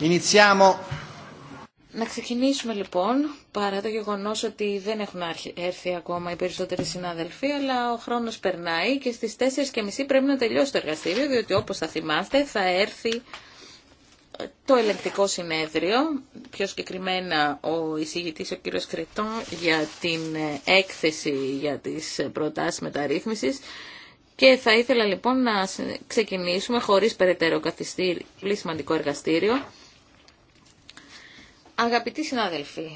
Iniziamo. Να ξεκινήσουμε λοιπόν, παρά το γεγονός ότι δεν έχουν έρθει ακόμα οι περισσότεροι συναδελφοί, αλλά ο χρόνος περνάει και στις 4.30 πρέπει να τελειώσει το εργαστήριο, διότι όπως θα θυμάστε θα έρθει το ελεγκτικό συνέδριο, πιο συγκεκριμένα ο εισηγητής ο κύριος Κρετών για την ε, έκθεση για τις προτάσεις μεταρρύθμισης και θα ήθελα λοιπόν να ξεκινήσουμε χωρίς περαιτέρω καθιστήριο, πολύ σημαντικό εργαστήριο Αγαπητοί συνάδελφοι,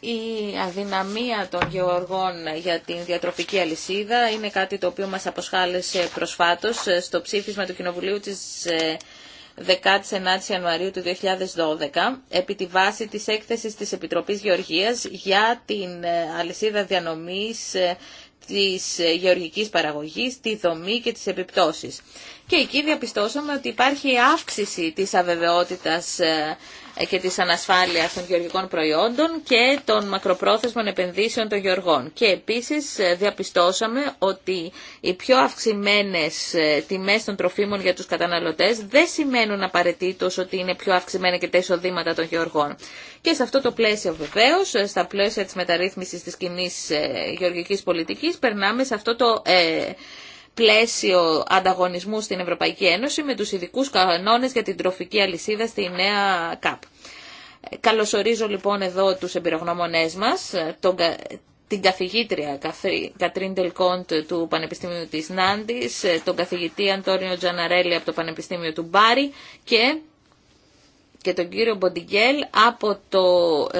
η αδυναμία των γεωργών για την διατροφική αλυσίδα είναι κάτι το οποίο μας αποσχάλεσε προσφάτως στο ψήφισμα του Κοινοβουλίου της 19 ε, Ιανουαρίου του 2012 επί τη βάση της έκθεσης της Επιτροπής Γεωργίας για την ε, αλυσίδα διανομής ε, της γεωργικής παραγωγής, τη δομή και τις επιπτώσεις. Και εκεί διαπιστώσαμε ότι υπάρχει αύξηση της αβεβαιότητας ε, και της ανασφάλειας των γεωργικών προϊόντων και των μακροπρόθεσμων επενδύσεων των γεωργών. Και επίσης ε, διαπιστώσαμε ότι οι πιο αυξημένες ε, τιμές των τροφίμων για τους καταναλωτές δεν σημαίνουν απαραίτητο ότι είναι πιο αυξημένα και τα εισοδήματα των γεωργών. Και σε αυτό το πλαίσιο βεβαίω, στα πλαίσια της μεταρρύθμισης της κοινή γεωργικής πολιτικής, περνάμε σε αυτό το πλαίσιο ανταγωνισμού στην Ευρωπαϊκή Ένωση με τους ειδικούς κανόνες για την τροφική αλυσίδα στη νέα ΚΑΠ. Καλωσορίζω λοιπόν εδώ τους εμπειρογνώμονές μας, τον, την καθηγήτρια Κατρίν Τελκόντ του Πανεπιστήμιου της Νάντης, τον καθηγητή Αντώνιο Τζαναρέλη από το Πανεπιστήμιο του Μπάρι και και τον κύριο Μποντιγκέλ από το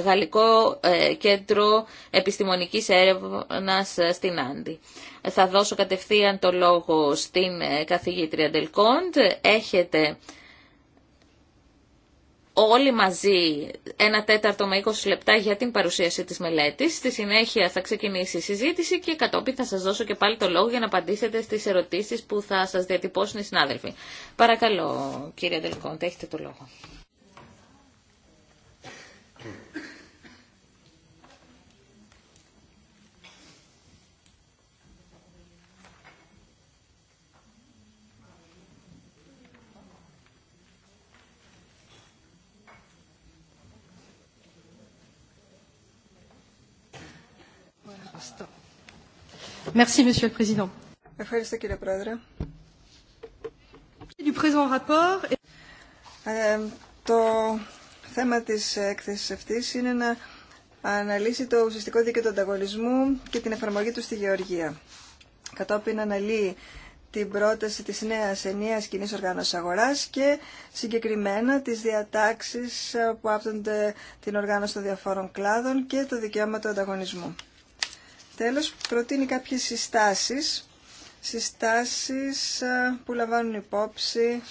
Γαλλικό ε, Κέντρο Επιστημονικής Έρευνας ε, στην Άντι. Θα δώσω κατευθείαν το λόγο στην ε, καθηγήτρια Ντελκόντ. Έχετε όλοι μαζί ένα τέταρτο με 20 λεπτά για την παρουσίαση της μελέτης. Στη συνέχεια θα ξεκινήσει η συζήτηση και κατόπιν θα σας δώσω και πάλι το λόγο για να απαντήσετε στις ερωτήσεις που θα σας διατυπώσουν οι συνάδελφοι. Παρακαλώ κύριε Ντελκόντ, έχετε το λόγο. Ευχαριστώ κύριε Πρόεδρε. Ε, το θέμα της έκθεσης αυτής είναι να αναλύσει το ουσιαστικό δίκαιο του ανταγωνισμού και την εφαρμογή του στη Γεωργία. Κατόπιν αναλύει την πρόταση της νέας ενιαίας κοινής οργάνωσης αγοράς και συγκεκριμένα τις διατάξεις που άπτονται την οργάνωση των διαφόρων κλάδων και το δικαίωμα του ανταγωνισμού. Τέλος, προτείνει κάποιες συστάσεις, συστάσεις ε, που λαμβάνουν υπόψη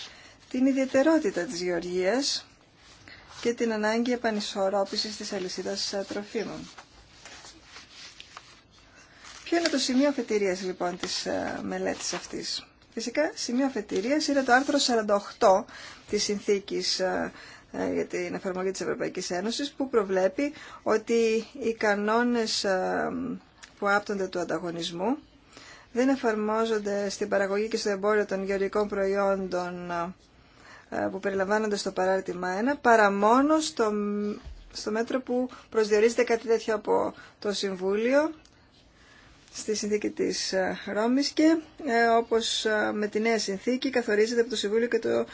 την ιδιαιτερότητα της γεωργίας και την ανάγκη επανισορρόπησης της αλυσίδας ε, τροφίμων. Ποιο είναι το σημείο αφετηρίας λοιπόν της ε, μελέτης αυτής. Φυσικά σημείο αφετηρίας είναι το άρθρο 48 της συνθήκης για την εφαρμογή της Ευρωπαϊκής Ένωσης που προβλέπει ότι οι κανόνες που άπτονται του ανταγωνισμού δεν εφαρμόζονται στην παραγωγή και στο εμπόριο των γεωργικών προϊόντων ε, που περιλαμβάνονται στο παράρτημα 1 παρά μόνο στο, στο μέτρο που προσδιορίζεται κάτι τέτοιο από το Συμβούλιο στη συνθήκη της ε, Ρώμης και ε, όπως με τη νέα συνθήκη καθορίζεται από το Συμβούλιο και το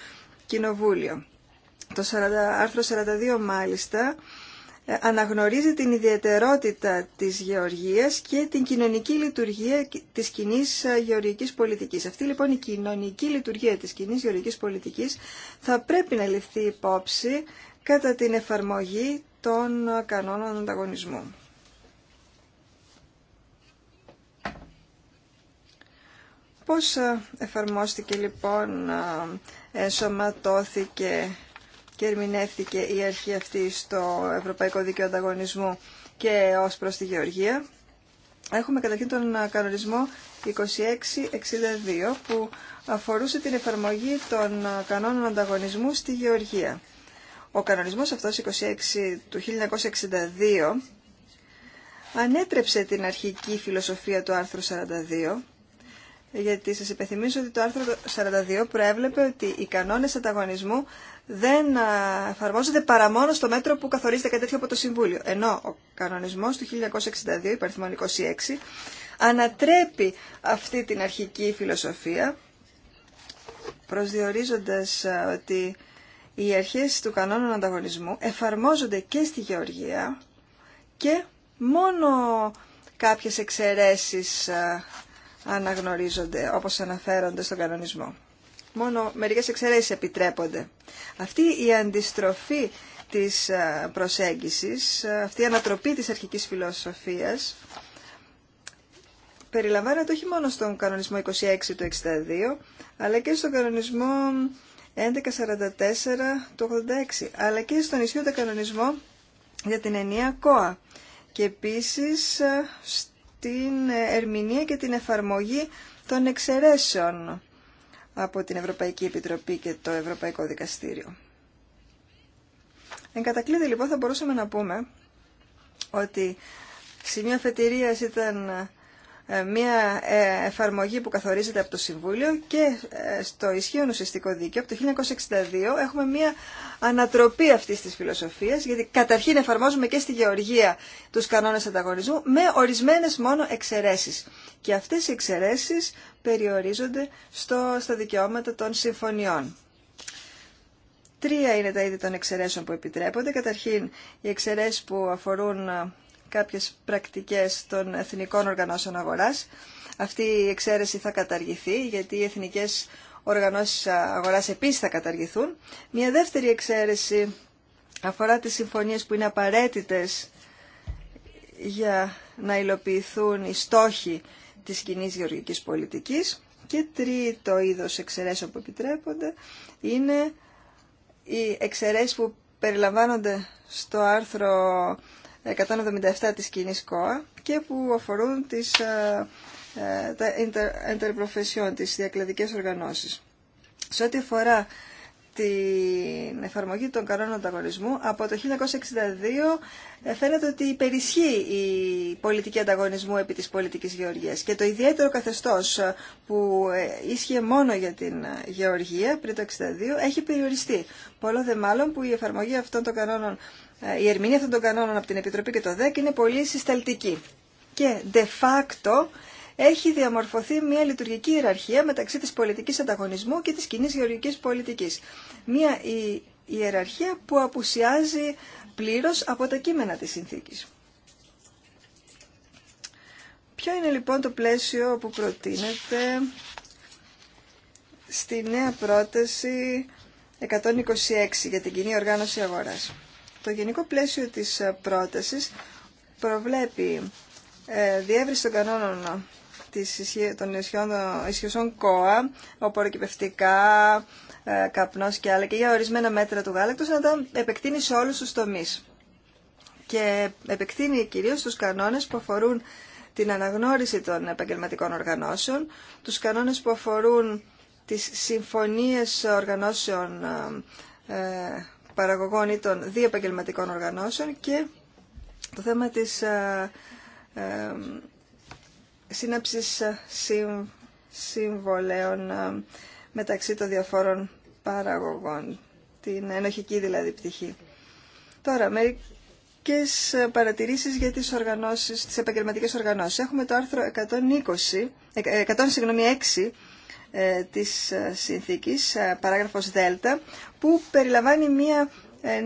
Κοινοβούλιο. Το 40, άρθρο 42 μάλιστα ε, αναγνωρίζει την ιδιαιτερότητα της γεωργίας και την κοινωνική λειτουργία της κοινή ε, γεωργικής πολιτικής. Αυτή λοιπόν η κοινωνική λειτουργία της κοινή γεωργικής πολιτικής θα πρέπει να ληφθεί υπόψη κατά την εφαρμογή των ε, κανόνων ανταγωνισμού. Πώς εφαρμόστηκε λοιπόν, ενσωματώθηκε και ερμηνεύτηκε η αρχή αυτή στο Ευρωπαϊκό Δίκαιο Ανταγωνισμού και ως προς τη Γεωργία. Έχουμε καταρχήν τον κανονισμό 2662 που αφορούσε την εφαρμογή των κανόνων ανταγωνισμού στη Γεωργία. Ο κανονισμός αυτός 26 του 1962 ανέτρεψε την αρχική φιλοσοφία του άρθρου 42 γιατί σας υπενθυμίζω ότι το άρθρο 42 προέβλεπε ότι οι κανόνες ανταγωνισμού δεν εφαρμόζονται παρά μόνο στο μέτρο που καθορίζεται κάτι τέτοιο από το Συμβούλιο. Ενώ ο κανονισμός του 1962, υπαριθμόν 26, ανατρέπει αυτή την αρχική φιλοσοφία, προσδιορίζοντας ότι οι αρχές του κανόνων ανταγωνισμού εφαρμόζονται και στη γεωργία και μόνο κάποιες εξαιρέσεις αναγνωρίζονται όπως αναφέρονται στον κανονισμό. Μόνο μερικές εξαιρέσεις επιτρέπονται. Αυτή η αντιστροφή της ε, προσέγγισης, ε, αυτή η ανατροπή της αρχικής φιλοσοφίας περιλαμβάνεται όχι μόνο στον κανονισμό 26 του 62, αλλά και στον κανονισμό 1144 του 86, αλλά και στον ισχύοντα κανονισμό για την ενία ΚΟΑ και επίσης ε, την ερμηνεία και την εφαρμογή των εξαιρέσεων από την Ευρωπαϊκή Επιτροπή και το Ευρωπαϊκό Δικαστήριο. Εν κατακλείδη λοιπόν θα μπορούσαμε να πούμε ότι σημείο αφετηρίας ήταν ε, μια ε, εφαρμογή που καθορίζεται από το Συμβούλιο και ε, στο ισχύον ουσιαστικό δίκαιο από το 1962 έχουμε μια ανατροπή αυτής της φιλοσοφίας γιατί καταρχήν εφαρμόζουμε και στη γεωργία τους κανόνες ανταγωνισμού με ορισμένες μόνο εξαιρέσεις και αυτές οι εξαιρέσεις περιορίζονται στο, στα δικαιώματα των συμφωνιών. Τρία είναι τα είδη των εξαιρέσεων που επιτρέπονται. Καταρχήν, οι εξαιρέσεις που αφορούν κάποιες πρακτικές των εθνικών οργανώσεων αγοράς. Αυτή η εξαίρεση θα καταργηθεί γιατί οι εθνικές οργανώσεις αγοράς επίσης θα καταργηθούν. Μια δεύτερη εξαίρεση αφορά τις συμφωνίες που είναι απαραίτητες για να υλοποιηθούν οι στόχοι της κοινή γεωργικής πολιτικής. Και τρίτο είδος εξαιρέσεων που επιτρέπονται είναι οι εξαιρέσεις που περιλαμβάνονται στο άρθρο 177 της κοινή ΚΟΑ και που αφορούν τις, ε, ε, τα interprofession, τις διακλαδικές οργανώσεις. Σε ό,τι αφορά την εφαρμογή των κανόνων ανταγωνισμού από το 1962 φαίνεται ότι υπερισχύει η πολιτική ανταγωνισμού επί της πολιτικής γεωργίας και το ιδιαίτερο καθεστώς ε, που ε, ίσχυε μόνο για την ε, γεωργία πριν το 1962 έχει περιοριστεί. Πολλό δε μάλλον που η εφαρμογή αυτών των κανόνων, η ερμηνεία αυτών των κανόνων από την Επιτροπή και το ΔΕΚ είναι πολύ συσταλτική και de facto έχει διαμορφωθεί μια λειτουργική ιεραρχία μεταξύ της πολιτικής ανταγωνισμού και της κοινή γεωργικής πολιτικής. Μια η ιεραρχία που απουσιάζει πλήρως από τα κείμενα της συνθήκης. Ποιο είναι λοιπόν το πλαίσιο που προτείνεται στη νέα πρόταση 126 για την κοινή οργάνωση αγοράς. Το γενικό πλαίσιο της πρότασης προβλέπει ε, διεύρυνση των κανόνων της, των ισχυωσών ΚΟΑ, οποροκυπευτικά, ε, καπνός και άλλα και για ορισμένα μέτρα του γάλακτος να τα επεκτείνει σε όλους τους τομείς. Και επεκτείνει κυρίως τους κανόνες που αφορούν την αναγνώριση των επαγγελματικών οργανώσεων, τους κανόνες που αφορούν τις συμφωνίες οργανώσεων ε, παραγωγών ή των διεπαγγελματικών οργανώσεων και το θέμα της ε, σύναψης ε, συμβολέων ε, μεταξύ των διαφόρων παραγωγών, την ενοχική δηλαδή πτυχή. Τώρα, μερικές ε, παρατηρήσεις για τις, οργανώσεις, τις επαγγελματικές οργανώσεις. Έχουμε το άρθρο 120, 100, της συνθήκης, παράγραφος Δέλτα, που περιλαμβάνει μία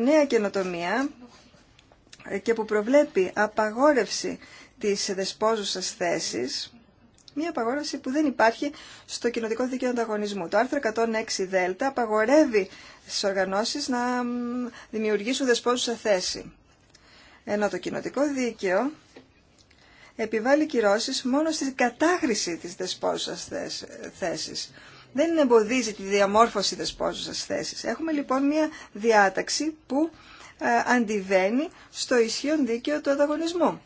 νέα καινοτομία και που προβλέπει απαγόρευση της δεσπόζουσας θέσης, μια απαγόρευση που δεν υπάρχει στο κοινοτικό δίκαιο ανταγωνισμού. Το άρθρο 106 Δέλτα απαγορεύει στις οργανώσεις να δημιουργήσουν δεσπόζουσα θέση. Ενώ το κοινοτικό δίκαιο επιβάλλει κυρώσεις μόνο στην κατάχρηση της δεσπόζουσας θέσης. Δεν εμποδίζει τη διαμόρφωση δεσπόζουσας θέσης. Έχουμε λοιπόν μια διάταξη που ε, αντιβαίνει στο ισχύον δίκαιο του ανταγωνισμού.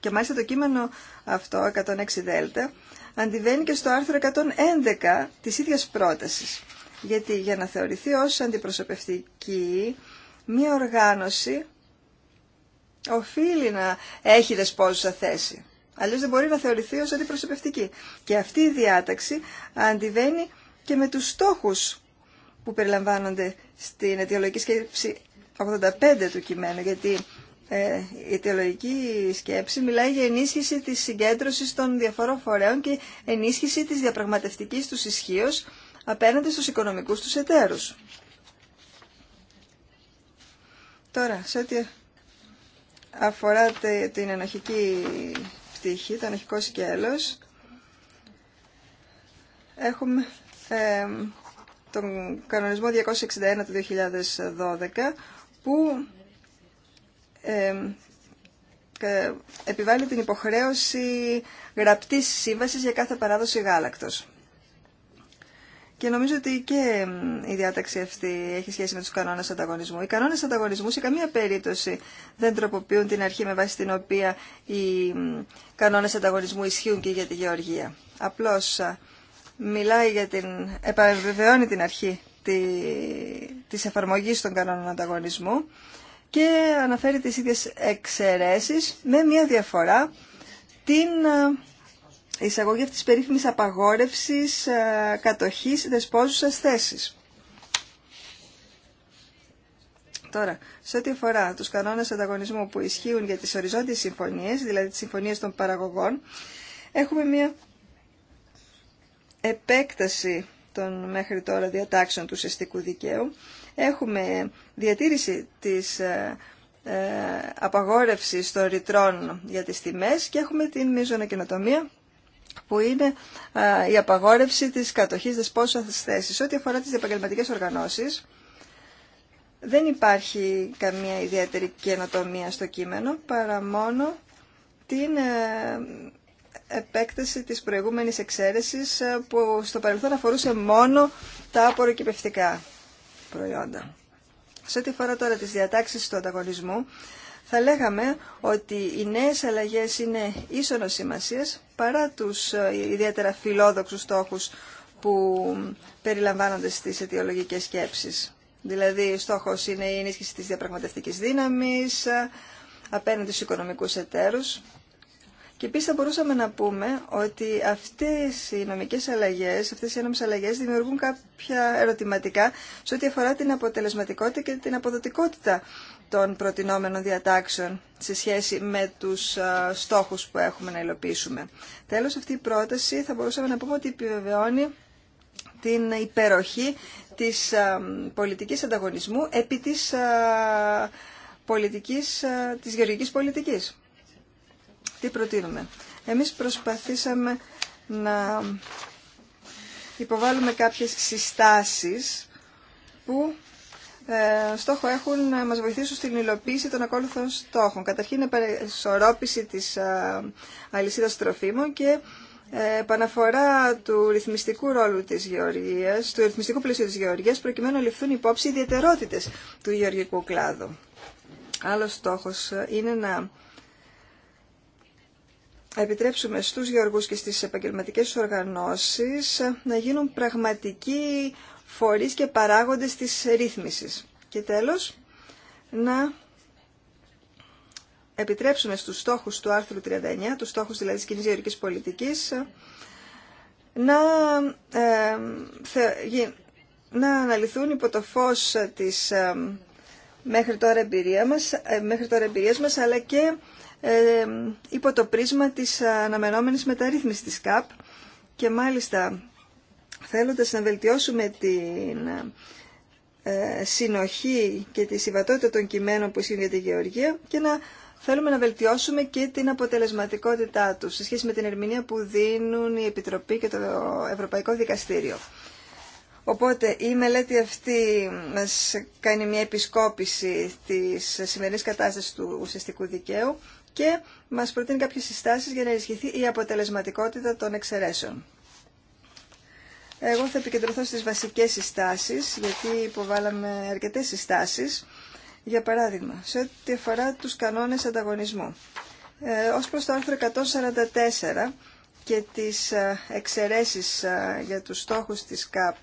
Και μάλιστα το κείμενο αυτό, 106 Δέλτα, αντιβαίνει και στο άρθρο 111 της ίδιας πρότασης. Γιατί για να θεωρηθεί ως αντιπροσωπευτική, μία οργάνωση οφείλει να έχει δεσπόζουσα θέση. Αλλιώς δεν μπορεί να θεωρηθεί ως αντιπροσωπευτική. Και αυτή η διάταξη αντιβαίνει και με τους στόχους που περιλαμβάνονται στην αιτιολογική σκέψη 85 του κειμένου, ε, η αιτιολογική σκέψη μιλάει για ενίσχυση της συγκέντρωσης των διαφορών φορέων και ενίσχυση της διαπραγματευτικής τους ισχύω απέναντι στους οικονομικούς τους εταίρους. Τώρα, σε ό,τι αφορά την ενοχική πτύχη, το ενοχικό σκέλος, έχουμε τον κανονισμό 261 του 2012 που ε, επιβάλλει την υποχρέωση γραπτής σύμβασης για κάθε παράδοση γάλακτος. Και νομίζω ότι και η διάταξη αυτή έχει σχέση με τους κανόνες ανταγωνισμού. Οι κανόνες ανταγωνισμού σε καμία περίπτωση δεν τροποποιούν την αρχή με βάση την οποία οι κανόνες ανταγωνισμού ισχύουν και για τη γεωργία. Απλώς μιλάει για την, επαβεβαιώνει την αρχή τη, της εφαρμογής των κανόνων ανταγωνισμού και αναφέρει τις ίδιες εξαιρέσεις με μία διαφορά την ε, εισαγωγή αυτής της περίφημης απαγόρευσης ε, κατοχής δεσπόζουσας θέσης. Τώρα, σε ό,τι αφορά τους κανόνες ανταγωνισμού που ισχύουν για τις οριζόντιες συμφωνίες, δηλαδή τις συμφωνίες των παραγωγών, έχουμε μία επέκταση των μέχρι τώρα διατάξεων του συστικού δικαίου έχουμε διατήρηση της ε, ε, απαγόρευσης των ρητρών για τις τιμές και έχουμε την μείζωνα καινοτομία που είναι ε, η απαγόρευση της κατοχής δεσπόσας θέσης. Ό,τι αφορά τις επαγγελματικές οργανώσεις, δεν υπάρχει καμία ιδιαίτερη καινοτομία στο κείμενο, παρά μόνο την επέκταση της προηγούμενης εξαίρεσης που στο παρελθόν αφορούσε μόνο τα απορροκυπευτικά προϊόντα. Σε ό,τι φορά τώρα τις διατάξεις του ανταγωνισμού, θα λέγαμε ότι οι νέες αλλαγές είναι ίσονο σημασία παρά τους ε, ιδιαίτερα φιλόδοξους στόχους που περιλαμβάνονται στις αιτιολογικές σκέψεις. Δηλαδή, στόχος είναι η ενίσχυση της διαπραγματευτικής δύναμης ε, απέναντι στους οικονομικούς εταίρους και επίση θα μπορούσαμε να πούμε ότι αυτέ οι νομικέ αλλαγέ, αυτέ οι ένομε αλλαγέ δημιουργούν κάποια ερωτηματικά σε ό,τι αφορά την αποτελεσματικότητα και την αποδοτικότητα των προτινόμενων διατάξεων σε σχέση με τους στόχους που έχουμε να υλοποιήσουμε. Τέλος, αυτή η πρόταση θα μπορούσαμε να πούμε ότι επιβεβαιώνει την υπεροχή της πολιτικής ανταγωνισμού επί της, πολιτικής, της γεωργικής πολιτικής. Τι προτείνουμε. Εμείς προσπαθήσαμε να υποβάλουμε κάποιες συστάσεις που ε, στόχο έχουν να μας βοηθήσουν στην υλοποίηση των ακόλουθων στόχων. Καταρχήν, σωρόπιση της ε, αλυσίδας τροφίμων και ε, επαναφορά του ρυθμιστικού ρόλου της γεωργίας, του ρυθμιστικού πλαισίου της γεωργίας, προκειμένου να ληφθούν υπόψη ιδιαιτερότητες του γεωργικού κλάδου. Άλλος στόχος είναι να επιτρέψουμε στους γεωργούς και στις επαγγελματικές οργανώσεις να γίνουν πραγματικοί φορείς και παράγοντες της ρύθμισης. Και τέλος, να επιτρέψουμε στους στόχους του άρθρου 39, τους στόχους δηλαδή της κοινής γεωργικής πολιτικής, να, ε, να αναλυθούν υπό το φως της ε, μέχρι τώρα εμπειρία μας, ε, μέχρι τώρα εμπειρίας μας, αλλά και ε, υπό το πρίσμα της αναμενόμενης μεταρρύθμισης της ΚΑΠ και μάλιστα θέλοντας να βελτιώσουμε την ε, συνοχή και τη συμβατότητα των κειμένων που ισχύουν για τη γεωργία και να θέλουμε να βελτιώσουμε και την αποτελεσματικότητά τους σε σχέση με την ερμηνεία που δίνουν η Επιτροπή και το Ευρωπαϊκό Δικαστήριο. Οπότε η μελέτη αυτή μας κάνει μια επισκόπηση της σημερινής κατάστασης του ουσιαστικού δικαίου και μας προτείνει κάποιες συστάσεις για να ισχυθεί η αποτελεσματικότητα των εξαιρέσεων. Εγώ θα επικεντρωθώ στις βασικές συστάσεις, γιατί υποβάλαμε αρκετές συστάσεις. Για παράδειγμα, σε ό,τι αφορά τους κανόνες ανταγωνισμού. Ε, ως προς το άρθρο 144 και τις ε, εξαιρέσεις ε, για τους στόχους της ΚΑΠ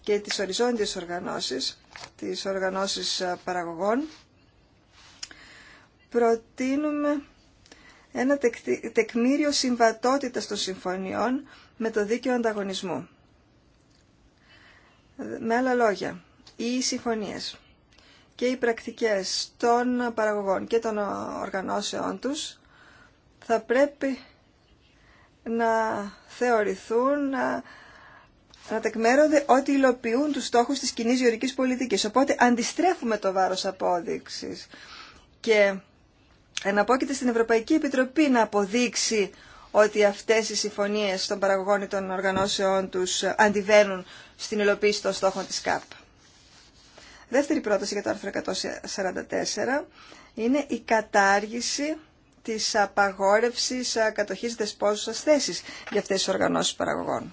και τις οριζόντιες οργανώσεις, τις οργανώσεις ε, παραγωγών, προτείνουμε ένα τεκμήριο συμβατότητας των συμφωνιών με το δίκαιο ανταγωνισμού. Με άλλα λόγια, οι συμφωνίες και οι πρακτικές των παραγωγών και των οργανώσεών τους θα πρέπει να θεωρηθούν, να, να τεκμέρονται ότι υλοποιούν τους στόχους της κοινή γεωρικής πολιτικής. Οπότε αντιστρέφουμε το βάρος απόδειξης και εναπόκειται στην Ευρωπαϊκή Επιτροπή να αποδείξει ότι αυτές οι συμφωνίες των παραγωγών ή των οργανώσεών τους αντιβαίνουν στην υλοποίηση των στόχων της ΚΑΠ. Δεύτερη πρόταση για το άρθρο 144 είναι η κατάργηση της απαγόρευσης κατοχής δεσπόζουσας θέσης για αυτές τις οργανώσεις παραγωγών.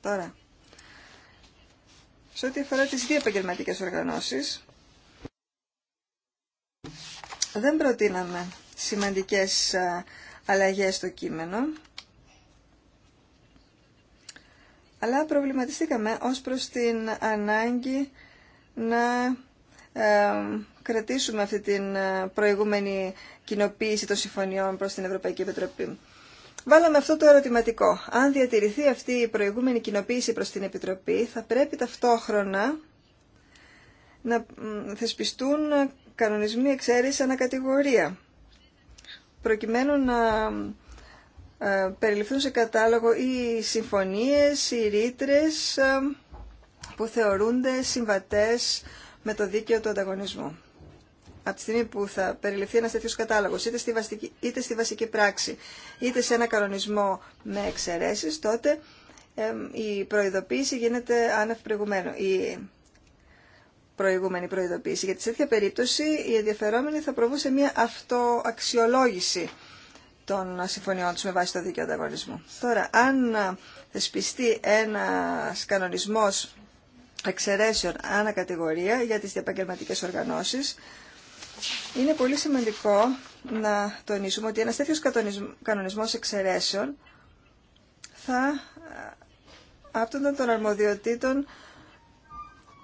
Τώρα, σε ό,τι αφορά τις δύο επαγγελματικέ οργανώσεις, δεν προτείναμε σημαντικές ε, αλλαγές στο κείμενο, αλλά προβληματιστήκαμε ως προς την ανάγκη να ε, κρατήσουμε αυτή την ε, προηγούμενη κοινοποίηση των συμφωνιών προς την Ευρωπαϊκή Επιτροπή. Βάλαμε αυτό το ερωτηματικό. Αν διατηρηθεί αυτή η προηγούμενη κοινοποίηση προς την Επιτροπή, θα πρέπει ταυτόχρονα να θεσπιστούν κανονισμοί εξαίρεση ανακατηγορία, προκειμένου να ε, περιληφθούν σε κατάλογο οι συμφωνίες, οι ρήτρε ε, που θεωρούνται συμβατές με το δίκαιο του ανταγωνισμού από τη στιγμή που θα περιληφθεί ένα τέτοιο κατάλογο, είτε, στη βασική, είτε στη βασική πράξη, είτε σε ένα κανονισμό με εξαιρέσει, τότε ε, η προειδοποίηση γίνεται άνευ προηγουμένου. Η προηγούμενη προειδοποίηση. Γιατί σε τέτοια περίπτωση οι ενδιαφερόμενοι θα προβούν σε μια αυτοαξιολόγηση των συμφωνιών του με βάση το δίκαιο ανταγωνισμού. Τώρα, αν θεσπιστεί ένα κανονισμό εξαιρέσεων ανακατηγορία για τις διαπαγγελματικές οργανώσεις, είναι πολύ σημαντικό να τονίσουμε ότι ένας τέτοιος κανονισμός εξαιρέσεων θα ε, άπτονταν των αρμοδιοτήτων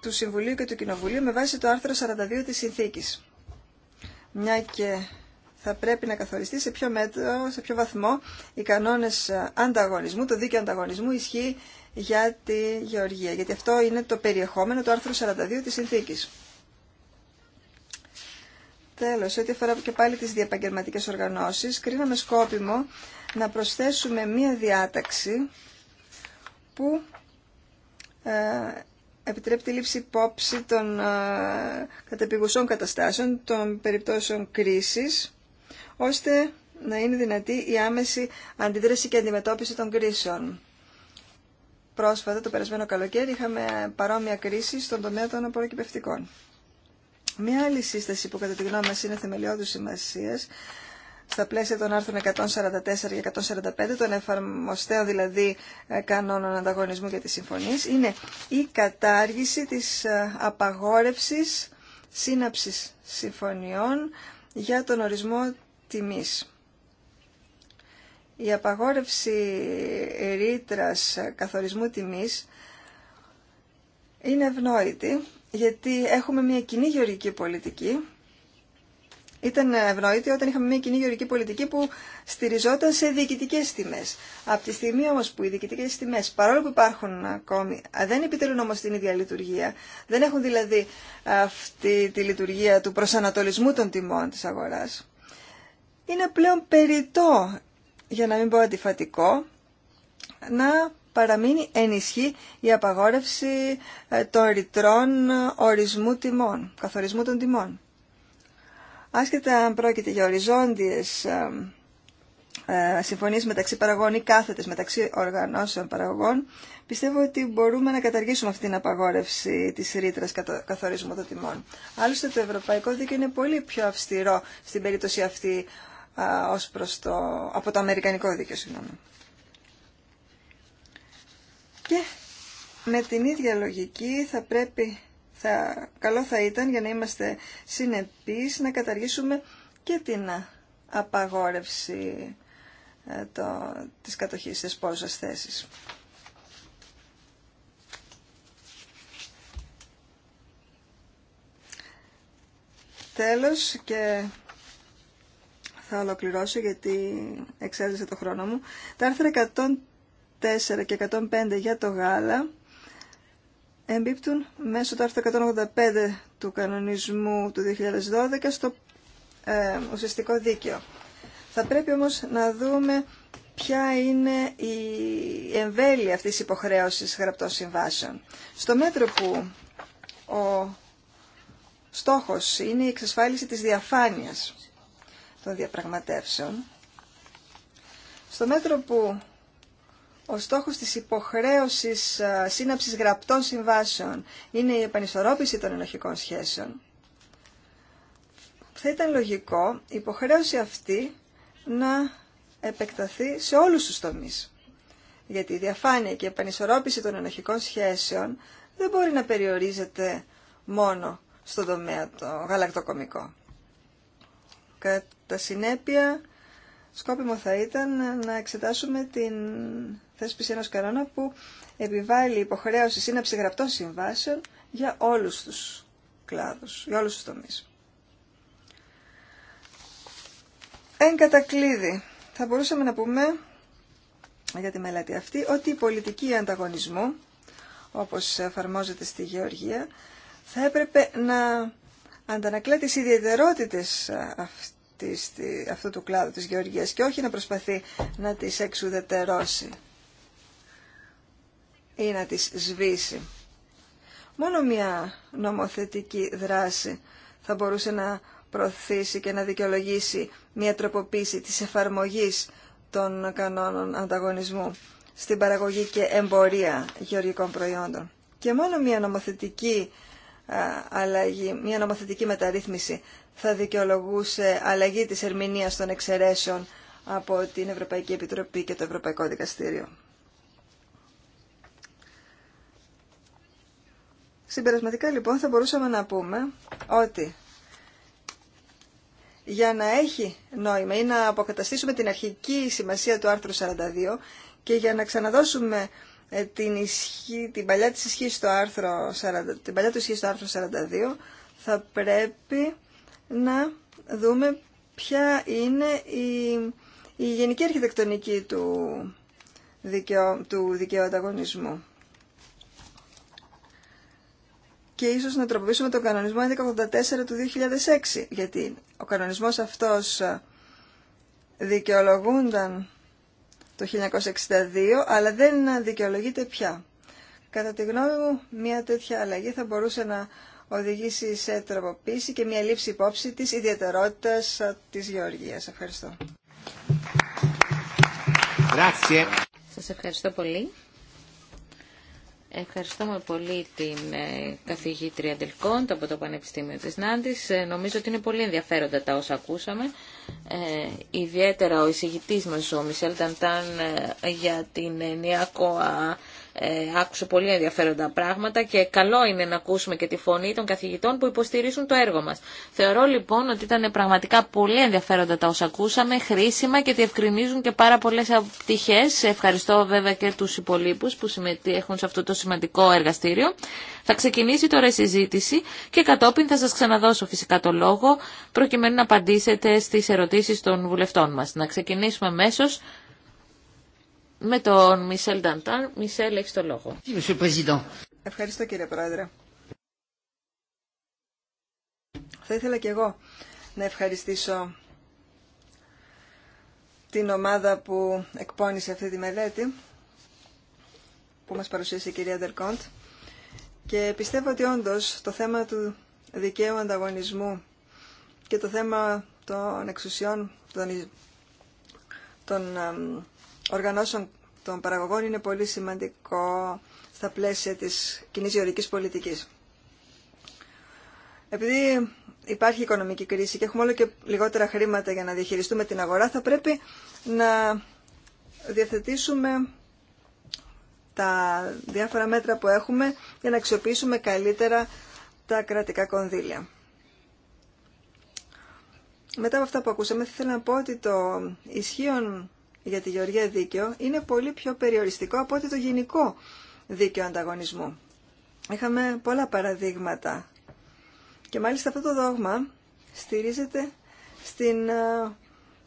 του Συμβουλίου και του Κοινοβουλίου με βάση το άρθρο 42 της Συνθήκης. Μια και θα πρέπει να καθοριστεί σε ποιο μέτρο, σε ποιο βαθμό οι κανόνες ε, ανταγωνισμού, το δίκαιο ανταγωνισμού ισχύει για τη γεωργία. Γιατί αυτό είναι το περιεχόμενο του άρθρου 42 της Συνθήκης. Τέλο, ό,τι αφορά και πάλι τις διαπαγγελματικέ οργανώσεις, κρίναμε σκόπιμο να προσθέσουμε μία διάταξη που ε, επιτρέπει τη λήψη υπόψη των ε, κατεπηγουσών καταστάσεων, των περιπτώσεων κρίσης, ώστε να είναι δυνατή η άμεση αντίδραση και αντιμετώπιση των κρίσεων. Πρόσφατα, το περασμένο καλοκαίρι, είχαμε παρόμοια κρίση στον τομέα των απορροκυπευτικών. Μία άλλη σύσταση που κατά τη γνώμη μας είναι θεμελιώδους σημασία, στα πλαίσια των άρθρων 144 και 145, των εφαρμοστέων δηλαδή ε, κανόνων ανταγωνισμού για της συμφωνίες, είναι η κατάργηση της ε, απαγόρευσης σύναψης συμφωνιών για τον ορισμό τιμής. Η απαγόρευση ρήτρας καθορισμού τιμής είναι ευνόητη γιατί έχουμε μια κοινή γεωργική πολιτική. Ήταν ευνοήτη όταν είχαμε μια κοινή γεωργική πολιτική που στηριζόταν σε διοικητικέ τιμέ. Από τη στιγμή όμω που οι διοικητικέ τιμέ, παρόλο που υπάρχουν ακόμη, δεν επιτελούν όμω την ίδια λειτουργία, δεν έχουν δηλαδή αυτή τη λειτουργία του προσανατολισμού των τιμών τη αγορά, είναι πλέον περιττό, για να μην πω αντιφατικό, να παραμείνει ενισχύ η απαγόρευση ε, των ρητρών ε, ορισμού τιμών, καθορισμού των τιμών. Άσχετα αν πρόκειται για οριζόντιες ε, συμφωνίες μεταξύ παραγών ή κάθετες μεταξύ οργανώσεων παραγωγών, πιστεύω ότι μπορούμε να καταργήσουμε αυτή την απαγόρευση της ρήτρα καθορισμού των τιμών. Άλλωστε το ευρωπαϊκό δίκαιο είναι πολύ πιο αυστηρό στην περίπτωση αυτή ως προς το, από το αμερικανικό δίκαιο. Συγγνώμη. Και με την ίδια λογική θα πρέπει, θα, καλό θα ήταν για να είμαστε συνεπείς να καταργήσουμε και την απαγόρευση ε, το, της κατοχής της πόσας θέσης. Τέλος και θα ολοκληρώσω γιατί εξέλιξε το χρόνο μου. Τα άρθρα και 105 για το γάλα εμπίπτουν μέσω του άρθρου 185 του κανονισμού του 2012 στο ε, ουσιαστικό δίκαιο. Θα πρέπει όμως να δούμε ποια είναι η εμβέλεια αυτής της υποχρέωσης γραπτών συμβάσεων. Στο μέτρο που ο στόχος είναι η εξασφάλιση της διαφάνειας των διαπραγματεύσεων, στο μέτρο που ο στόχος της υποχρέωσης ε, σύναψης γραπτών συμβάσεων είναι η επανισορρόπηση των ενοχικών σχέσεων, θα ήταν λογικό η υποχρέωση αυτή να επεκταθεί σε όλους τους τομείς. Γιατί η διαφάνεια και η επανισορρόπηση των ενοχικών σχέσεων δεν μπορεί να περιορίζεται μόνο στον τομέα το γαλακτοκομικό. Κατά συνέπεια, σκόπιμο θα ήταν να εξετάσουμε την θέσπισε ένα κανόνα που επιβάλλει υποχρέωση σύναψη γραπτών συμβάσεων για όλους τους κλάδους, για όλους τους τομείς. Εν κατακλείδη, θα μπορούσαμε να πούμε για τη μελέτη αυτή ότι η πολιτική ανταγωνισμού, όπως εφαρμόζεται στη Γεωργία, θα έπρεπε να αντανακλά τις ιδιαιτερότητες αυτού του κλάδου της Γεωργίας και όχι να προσπαθεί να τις εξουδετερώσει ή να τις σβήσει. Μόνο μια νομοθετική δράση θα μπορούσε να προωθήσει και να δικαιολογήσει μια τροποποίηση της εφαρμογής των κανόνων ανταγωνισμού στην παραγωγή και εμπορία γεωργικών προϊόντων. Και μόνο μια νομοθετική αλλαγή, μια νομοθετική μεταρρύθμιση θα δικαιολογούσε αλλαγή της ερμηνείας των εξαιρέσεων από την Ευρωπαϊκή Επιτροπή και το Ευρωπαϊκό Δικαστήριο. Συμπερασματικά λοιπόν θα μπορούσαμε να πούμε ότι για να έχει νόημα ή να αποκαταστήσουμε την αρχική σημασία του άρθρου 42 και για να ξαναδώσουμε ε, την, ισχύ, την παλιά της ισχύ στο άρθρο την παλιά του ισχύ στο άρθρο 42 θα πρέπει να δούμε ποια είναι η, η γενική αρχιτεκτονική του, δικαιο, του δικαίου και ίσως να τροποποιήσουμε τον κανονισμό 1184 του 2006, γιατί ο κανονισμός αυτός ε, δικαιολογούνταν το 1962, αλλά δεν δικαιολογείται πια. Κατά τη γνώμη μου, μια τέτοια αλλαγή θα μπορούσε να οδηγήσει σε τροποποίηση και μια λήψη υπόψη της ιδιαιτερότητας ε, της γεωργίας. Ευχαριστώ. Grazie. Σας ευχαριστώ πολύ. Ευχαριστούμε πολύ την ε, καθηγήτρια Ντελκόντ από το Πανεπιστήμιο της Νάντης. Ε, νομίζω ότι είναι πολύ ενδιαφέροντα τα όσα ακούσαμε. Ε, ιδιαίτερα ο εισηγητής μας, ο Μισελ Ταντάν, ε, για την ενιακό ε, άκουσε πολύ ενδιαφέροντα πράγματα και καλό είναι να ακούσουμε και τη φωνή των καθηγητών που υποστηρίζουν το έργο μας. Θεωρώ λοιπόν ότι ήταν πραγματικά πολύ ενδιαφέροντα τα όσα ακούσαμε, χρήσιμα και διευκρινίζουν και πάρα πολλές πτυχές. Ευχαριστώ βέβαια και τους υπολείπους που συμμετέχουν σε αυτό το σημαντικό εργαστήριο. Θα ξεκινήσει τώρα η συζήτηση και κατόπιν θα σας ξαναδώσω φυσικά το λόγο προκειμένου να απαντήσετε στις ερωτήσεις των βουλευτών μας. Να ξεκινήσουμε αμέσως με τον Μισελ Νταντάν. Μισελ, έχει το λόγο. Ευχαριστώ κύριε Πρόεδρε. Θα ήθελα και εγώ να ευχαριστήσω την ομάδα που εκπώνησε αυτή τη μελέτη που μας παρουσίασε η κυρία Ντερκόντ και πιστεύω ότι όντως το θέμα του δικαίου ανταγωνισμού και το θέμα των εξουσιών των, των οργανώσεων των παραγωγών είναι πολύ σημαντικό στα πλαίσια της κοινή γεωρικής πολιτικής. Επειδή υπάρχει οικονομική κρίση και έχουμε όλο και λιγότερα χρήματα για να διαχειριστούμε την αγορά, θα πρέπει να διαθετήσουμε τα διάφορα μέτρα που έχουμε για να αξιοποιήσουμε καλύτερα τα κρατικά κονδύλια. Μετά από αυτά που ακούσαμε, θα ήθελα να πω ότι το ισχύον για τη Γεωργία δίκαιο είναι πολύ πιο περιοριστικό από ότι το γενικό δίκαιο ανταγωνισμού. Είχαμε πολλά παραδείγματα και μάλιστα αυτό το δόγμα στηρίζεται στην ε,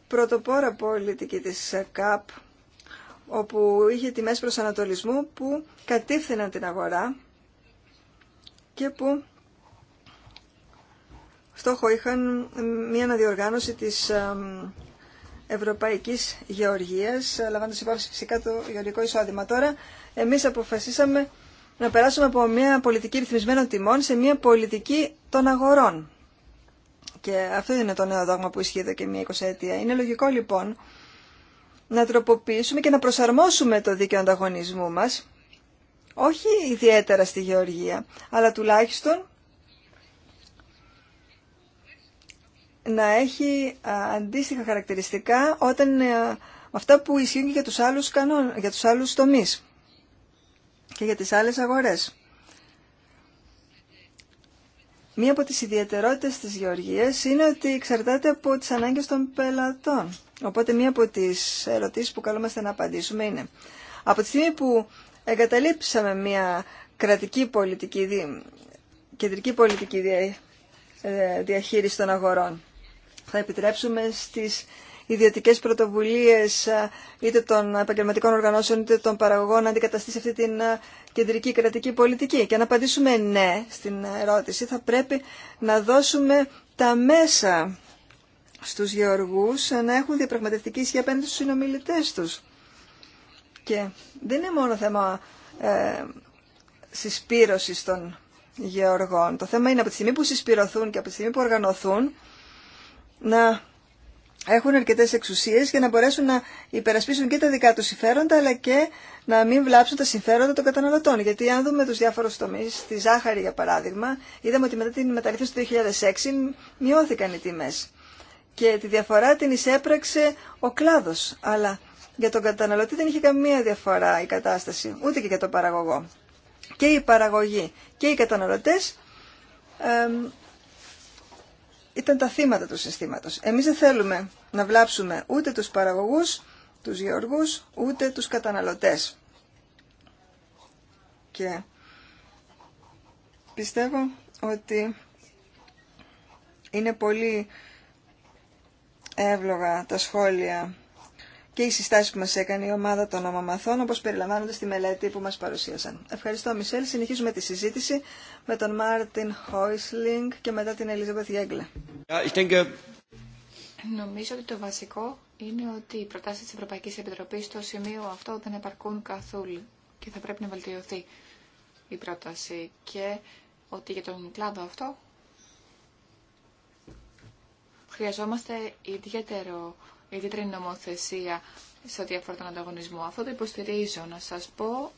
πρωτοπόρα πολιτική της ΚΑΠ όπου είχε τιμές ανατολισμού που κατήφθηναν την αγορά και που στόχο είχαν μια αναδιοργάνωση της ε, ευρωπαϊκής γεωργίας, λαμβάνοντας υπόψη φυσικά το γεωργικό εισόδημα. Τώρα, εμείς αποφασίσαμε να περάσουμε από μια πολιτική ρυθμισμένων τιμών σε μια πολιτική των αγορών. Και αυτό είναι το νέο δόγμα που ισχύει εδώ και μια εικοσαετία. Είναι λογικό λοιπόν να τροποποιήσουμε και να προσαρμόσουμε το δίκαιο ανταγωνισμού μας, όχι ιδιαίτερα στη γεωργία, αλλά τουλάχιστον να έχει αντίστοιχα χαρακτηριστικά όταν ε, αυτά που ισχύουν και για τους άλλους, κανόν, για τους άλλους τομείς και για τις άλλες αγορές. Μία από τις ιδιαιτερότητες της γεωργίας είναι ότι εξαρτάται από τις ανάγκες των πελατών. Οπότε μία από τις ερωτήσεις που καλούμαστε να απαντήσουμε είναι από τη στιγμή που εγκαταλείψαμε μία κρατική πολιτική, κεντρική πολιτική ε, διαχείριση των αγορών θα επιτρέψουμε στις ιδιωτικές πρωτοβουλίες είτε των επαγγελματικών οργανώσεων είτε των παραγωγών να αντικαταστήσει αυτή την κεντρική κρατική πολιτική. Και να απαντήσουμε ναι στην ερώτηση θα πρέπει να δώσουμε τα μέσα στους γεωργούς ε, να έχουν διαπραγματευτική ισχύ απέναντι στους συνομιλητές τους. Και δεν είναι μόνο θέμα ε, συσπήρωσης των γεωργών. Το θέμα είναι από τη στιγμή που συσπηρωθούν και από τη στιγμή που οργανωθούν να έχουν αρκετές εξουσίες για να μπορέσουν να υπερασπίσουν και τα δικά τους συμφέροντα αλλά και να μην βλάψουν τα συμφέροντα των καταναλωτών. Γιατί αν δούμε τους διάφορους τομείς, τη ζάχαρη για παράδειγμα, είδαμε ότι μετά την μεταρρύθμιση του 2006 μειώθηκαν οι τιμές. Και τη διαφορά την εισέπραξε ο κλάδος, αλλά για τον καταναλωτή δεν είχε καμία διαφορά η κατάσταση, ούτε και για τον παραγωγό. Και οι παραγωγοί και οι καταναλωτές ήταν τα θύματα του συστήματος. Εμείς δεν θέλουμε να βλάψουμε ούτε τους παραγωγούς, τους γεωργούς, ούτε τους καταναλωτές. Και πιστεύω ότι είναι πολύ εύλογα τα σχόλια και οι συστάσεις που μας έκανε η ομάδα των ομαμαθών, όπω περιλαμβάνονται στη μελέτη που μας παρουσίασαν. Ευχαριστώ, Μισελ. Συνεχίζουμε τη συζήτηση με τον Μάρτιν Χόισλινγκ και μετά την Ελίζα Γέγκλα. Νομίζω ότι το βασικό είναι ότι οι προτάσει της Ευρωπαϊκής Επιτροπής στο σημείο αυτό δεν επαρκούν καθόλου και θα πρέπει να βελτιωθεί η πρόταση και ότι για τον κλάδο αυτό χρειαζόμαστε ιδιαίτερο ιδιαίτερη νομοθεσία σε ό,τι αφορά τον ανταγωνισμό. Αυτό το υποστηρίζω. Να σας πω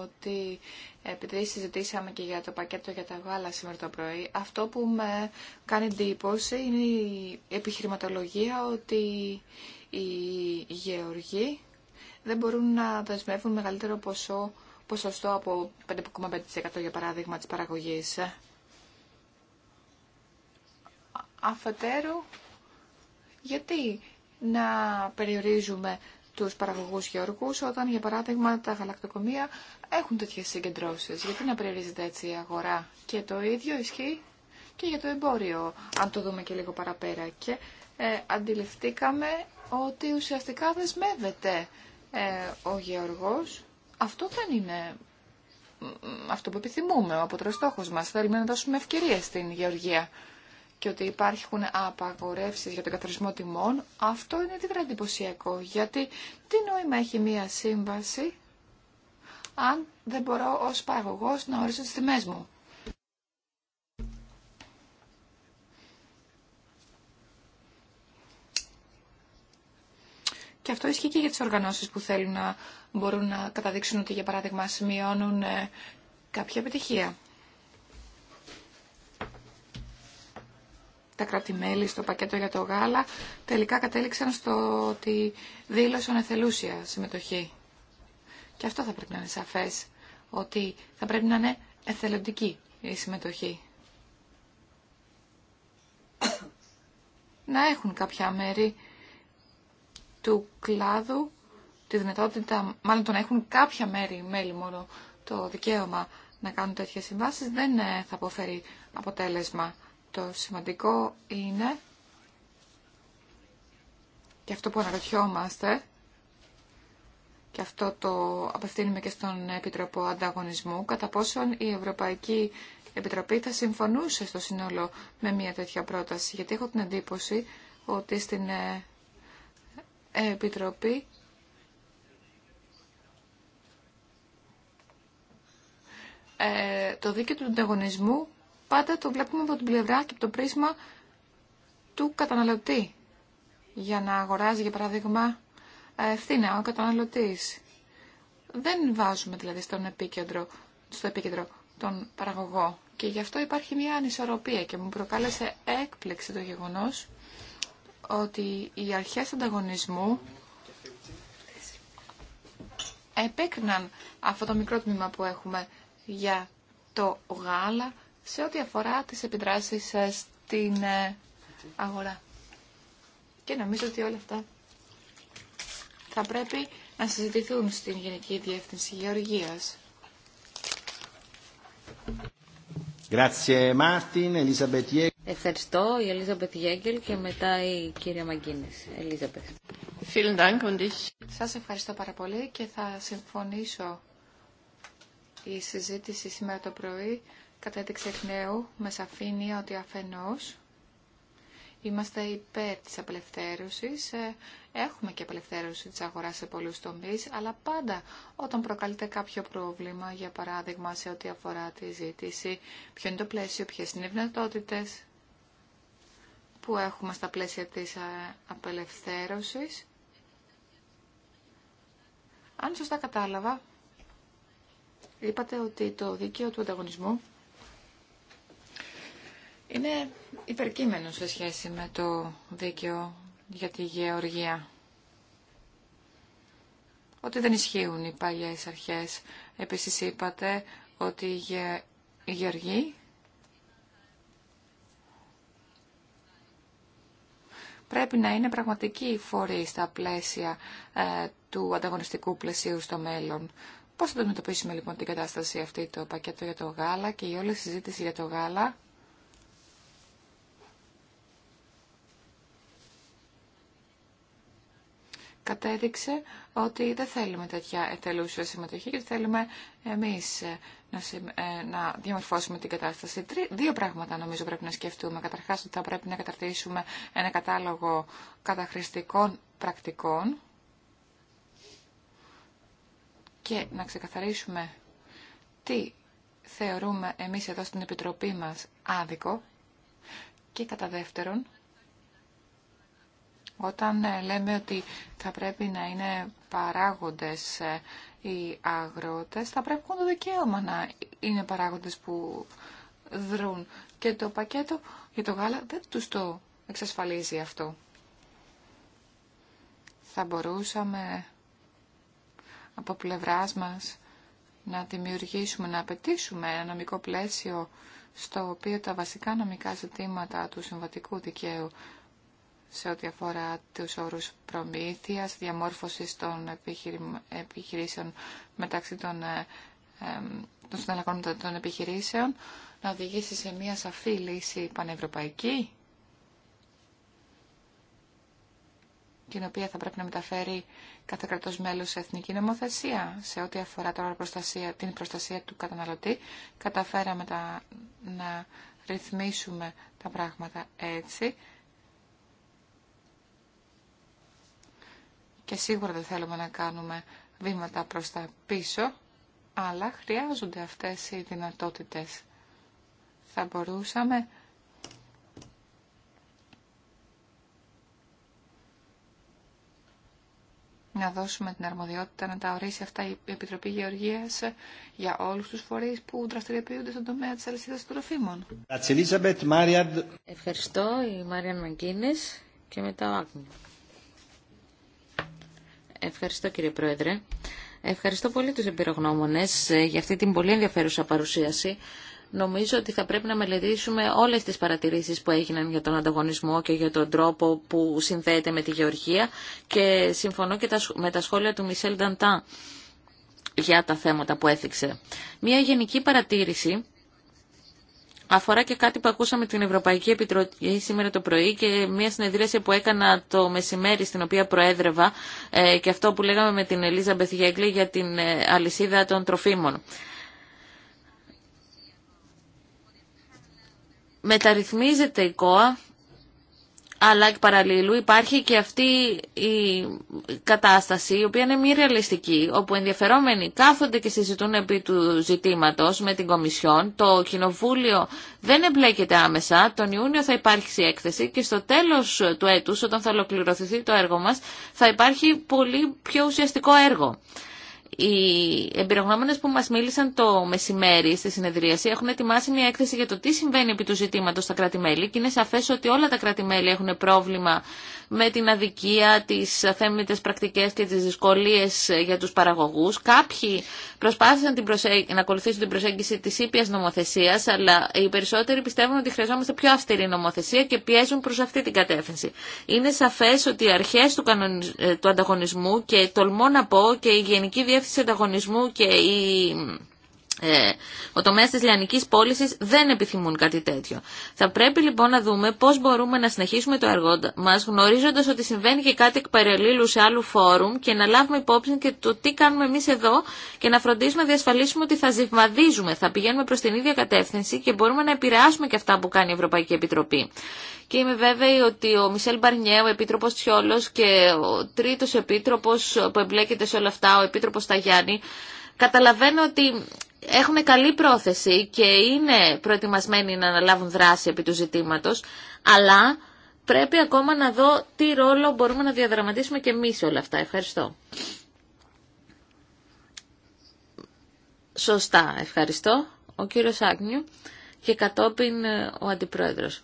ότι επειδή συζητήσαμε και για το πακέτο για τα γάλα σήμερα το πρωί, αυτό που με κάνει εντύπωση είναι η επιχειρηματολογία ότι οι γεωργοί δεν μπορούν να δεσμεύουν μεγαλύτερο ποσό, ποσοστό από 5,5% για παράδειγμα της παραγωγής. Αφετέρου, γιατί να περιορίζουμε τους παραγωγούς γεωργούς όταν, για παράδειγμα, τα γαλακτοκομεία έχουν τέτοιες συγκεντρώσεις. Γιατί να περιορίζεται έτσι η αγορά. Και το ίδιο ισχύει και για το εμπόριο, αν το δούμε και λίγο παραπέρα. Και ε, αντιληφθήκαμε ότι ουσιαστικά δεσμεύεται ε, ο γεωργός. Αυτό δεν είναι αυτό που επιθυμούμε, ο αποτροστόχος μας. Θέλουμε να δώσουμε ευκαιρίες στην γεωργία και ότι υπάρχουν απαγορεύσεις για τον καθορισμό τιμών, αυτό είναι ιδιαίτερα εντυπωσιακό, γιατί τι νόημα έχει μία σύμβαση αν δεν μπορώ ως παραγωγός να ορίσω τις τιμές μου. Και αυτό ισχύει και για τις οργανώσεις που θέλουν να μπορούν να καταδείξουν ότι, για παράδειγμα, σημειώνουν ε, κάποια επιτυχία. τα κρατη στο πακέτο για το γάλα τελικά κατέληξαν στο ότι δήλωσαν εθελούσια συμμετοχή. Και αυτό θα πρέπει να είναι σαφές, ότι θα πρέπει να είναι εθελοντική η συμμετοχή. να έχουν κάποια μέρη του κλάδου τη δυνατότητα, μάλλον το να έχουν κάποια μέρη, μέλη μόνο, το δικαίωμα να κάνουν τέτοιες συμβάσεις δεν ε, θα αποφέρει αποτέλεσμα. Το σημαντικό είναι, και αυτό που αναρωτιόμαστε, και αυτό το απευθύνουμε και στον Επιτροπό Ανταγωνισμού, κατά πόσον η Ευρωπαϊκή Επιτροπή θα συμφωνούσε στο σύνολο με μια τέτοια πρόταση. Γιατί έχω την εντύπωση ότι στην ε, Επιτροπή ε, το δίκαιο του ανταγωνισμού πάντα το βλέπουμε από την πλευρά και από το πρίσμα του καταναλωτή. Για να αγοράζει, για παράδειγμα, ευθύνα ο καταναλωτής. Δεν βάζουμε δηλαδή στον επίκεντρο, στο επίκεντρο τον παραγωγό. Και γι' αυτό υπάρχει μια ανισορροπία και μου προκάλεσε έκπληξη το γεγονός ότι οι αρχές ανταγωνισμού επέκριναν αυτό το μικρό τμήμα που έχουμε για το γάλα σε ό,τι αφορά τις επιδράσεις ε, στην ε, αγορά. Και νομίζω ότι όλα αυτά θα πρέπει να συζητηθούν στην Γενική Διεύθυνση Γεωργίας. Ευχαριστώ η Ελίζαμπετ Γέγκελ και μετά η κυρία Μαγκίνης. Ελίζαμπετ. Σας ευχαριστώ πάρα πολύ και θα συμφωνήσω η συζήτηση σήμερα το πρωί κατέδειξε εκ νέου με σαφήνεια ότι αφενός είμαστε υπέρ της απελευθέρωσης, ε, έχουμε και απελευθέρωση της αγοράς σε πολλούς τομείς, αλλά πάντα όταν προκαλείται κάποιο πρόβλημα, για παράδειγμα σε ό,τι αφορά τη ζήτηση, ποιο είναι το πλαίσιο, ποιες είναι οι δυνατότητες που έχουμε στα πλαίσια της ε, απελευθέρωσης. Αν σωστά κατάλαβα, είπατε ότι το δίκαιο του ανταγωνισμού είναι υπερκείμενο σε σχέση με το δίκαιο για τη γεωργία. Ότι δεν ισχύουν οι παλιές αρχές. Επίσης είπατε ότι η γεωργοί πρέπει να είναι πραγματική φορή στα πλαίσια ε, του ανταγωνιστικού πλαισίου στο μέλλον. Πώς θα το αντιμετωπίσουμε λοιπόν την κατάσταση αυτή το πακέτο για το γάλα και η όλη συζήτηση για το γάλα κατέδειξε ότι δεν θέλουμε τέτοια ετελούσια συμμετοχή και θέλουμε εμείς ε, να, ε, να διαμορφώσουμε την κατάσταση. δύο πράγματα νομίζω πρέπει να σκεφτούμε. Καταρχάς ότι θα πρέπει να καταρτήσουμε ένα κατάλογο καταχρηστικών πρακτικών και να ξεκαθαρίσουμε τι θεωρούμε εμείς εδώ στην Επιτροπή μας άδικο και κατά δεύτερον όταν ε, λέμε ότι θα πρέπει να είναι παράγοντες ε, οι αγρότες, θα πρέπει να το δικαίωμα να είναι παράγοντες που δρούν. Και το πακέτο για το γάλα δεν τους το εξασφαλίζει αυτό. Θα μπορούσαμε από πλευράς μας να δημιουργήσουμε, να απαιτήσουμε ένα νομικό πλαίσιο στο οποίο τα βασικά νομικά ζητήματα του συμβατικού δικαίου σε ό,τι αφορά τους όρους προμήθειας, διαμόρφωσης των επιχειρήσεων μεταξύ των, ε, των συναλλαγών των επιχειρήσεων, να οδηγήσει σε μια σαφή λύση πανευρωπαϊκή, την οποία θα πρέπει να μεταφέρει κάθε κρατός μέλος σε εθνική νομοθεσία. Σε ό,τι αφορά τώρα προστασία, την προστασία του καταναλωτή, καταφέραμε τα, να ρυθμίσουμε τα πράγματα έτσι, και σίγουρα δεν θέλουμε να κάνουμε βήματα προς τα πίσω, αλλά χρειάζονται αυτές οι δυνατότητες. Θα μπορούσαμε να δώσουμε την αρμοδιότητα να τα ορίσει αυτά η Επιτροπή Γεωργίας για όλους τους φορείς που δραστηριοποιούνται στον τομέα της αλυσίδας των τροφίμων. Ευχαριστώ η Μάριαν Μαγκίνης και μετά ο Ευχαριστώ κύριε Πρόεδρε. Ευχαριστώ πολύ τους εμπειρογνώμονες ε, για αυτή την πολύ ενδιαφέρουσα παρουσίαση. Νομίζω ότι θα πρέπει να μελετήσουμε όλες τις παρατηρήσεις που έγιναν για τον ανταγωνισμό και για τον τρόπο που συνδέεται με τη γεωργία και συμφωνώ και με τα σχόλια του Μισελ Νταντά για τα θέματα που έθιξε. Μία γενική παρατήρηση αφορά και κάτι που ακούσαμε την Ευρωπαϊκή Επιτροπή σήμερα το πρωί και μια συνεδρίαση που έκανα το μεσημέρι στην οποία προέδρευα ε, και αυτό που λέγαμε με την Ελίζα Μπεθιέγκλη για την ε, αλυσίδα των τροφίμων. Μεταρρυθμίζεται η ΚΟΑ αλλά και παραλλήλου υπάρχει και αυτή η κατάσταση η οποία είναι μη ρεαλιστική, όπου ενδιαφερόμενοι κάθονται και συζητούν επί του ζητήματος με την Κομισιόν, το Κοινοβούλιο δεν εμπλέκεται άμεσα, τον Ιούνιο θα υπάρξει έκθεση και στο τέλος του έτους, όταν θα ολοκληρωθεί το έργο μας, θα υπάρχει πολύ πιο ουσιαστικό έργο οι εμπειρογνώμονε που μα μίλησαν το μεσημέρι στη συνεδρίαση έχουν ετοιμάσει μια έκθεση για το τι συμβαίνει επί του ζητήματο στα κράτη-μέλη και είναι σαφέ ότι όλα τα κράτη-μέλη έχουν πρόβλημα με την αδικία, τι αθέμητε πρακτικέ και τι δυσκολίε για του παραγωγού. Κάποιοι προσπάθησαν την να ακολουθήσουν την προσέγγιση τη ήπια νομοθεσία, αλλά οι περισσότεροι πιστεύουν ότι χρειαζόμαστε πιο αυστηρή νομοθεσία και πιέζουν προ αυτή την κατεύθυνση. Είναι σαφέ ότι οι αρχέ του, ε, του ανταγωνισμού και τολμώ να πω και η Γενική Διεύθυνση Διεύθυνση Ανταγωνισμού και η ε, ο τομέας της λιανικής πώληση δεν επιθυμούν κάτι τέτοιο. Θα πρέπει λοιπόν να δούμε πώς μπορούμε να συνεχίσουμε το έργο μας γνωρίζοντας ότι συμβαίνει και κάτι εκ παρελίλου σε άλλου φόρουμ και να λάβουμε υπόψη και το τι κάνουμε εμείς εδώ και να φροντίσουμε να διασφαλίσουμε ότι θα ζυμαδίζουμε, θα πηγαίνουμε προς την ίδια κατεύθυνση και μπορούμε να επηρεάσουμε και αυτά που κάνει η Ευρωπαϊκή Επιτροπή. Και είμαι βέβαιη ότι ο Μισελ Μπαρνιέ, ο Επίτροπος Τσιόλος και ο τρίτος Επίτροπος που εμπλέκεται σε όλα αυτά, ο Επίτροπος Ταγιάννη, Καταλαβαίνω ότι έχουν καλή πρόθεση και είναι προετοιμασμένοι να αναλάβουν δράση επί του ζητήματος, αλλά πρέπει ακόμα να δω τι ρόλο μπορούμε να διαδραματίσουμε και εμείς όλα αυτά. Ευχαριστώ. Σωστά, ευχαριστώ. Ο κύριος Άγνιου και κατόπιν ε, ο Αντιπρόεδρος.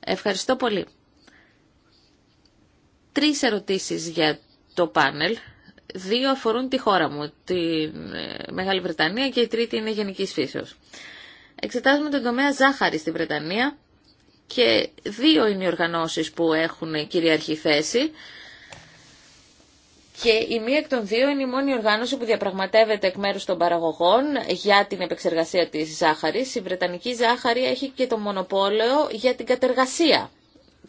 Ευχαριστώ πολύ. Τρεις ερωτήσεις για το πάνελ δύο αφορούν τη χώρα μου, τη ε, Μεγάλη Βρετανία και η τρίτη είναι γενικής φύσεως. Εξετάζουμε τον τομέα ζάχαρη στη Βρετανία και δύο είναι οι οργανώσεις που έχουν κυριαρχή θέση. Και η μία εκ των δύο είναι η μόνη οργάνωση που διαπραγματεύεται εκ μέρους των παραγωγών για την επεξεργασία της ζάχαρης. Η Βρετανική ζάχαρη έχει και το μονοπόλαιο για την κατεργασία,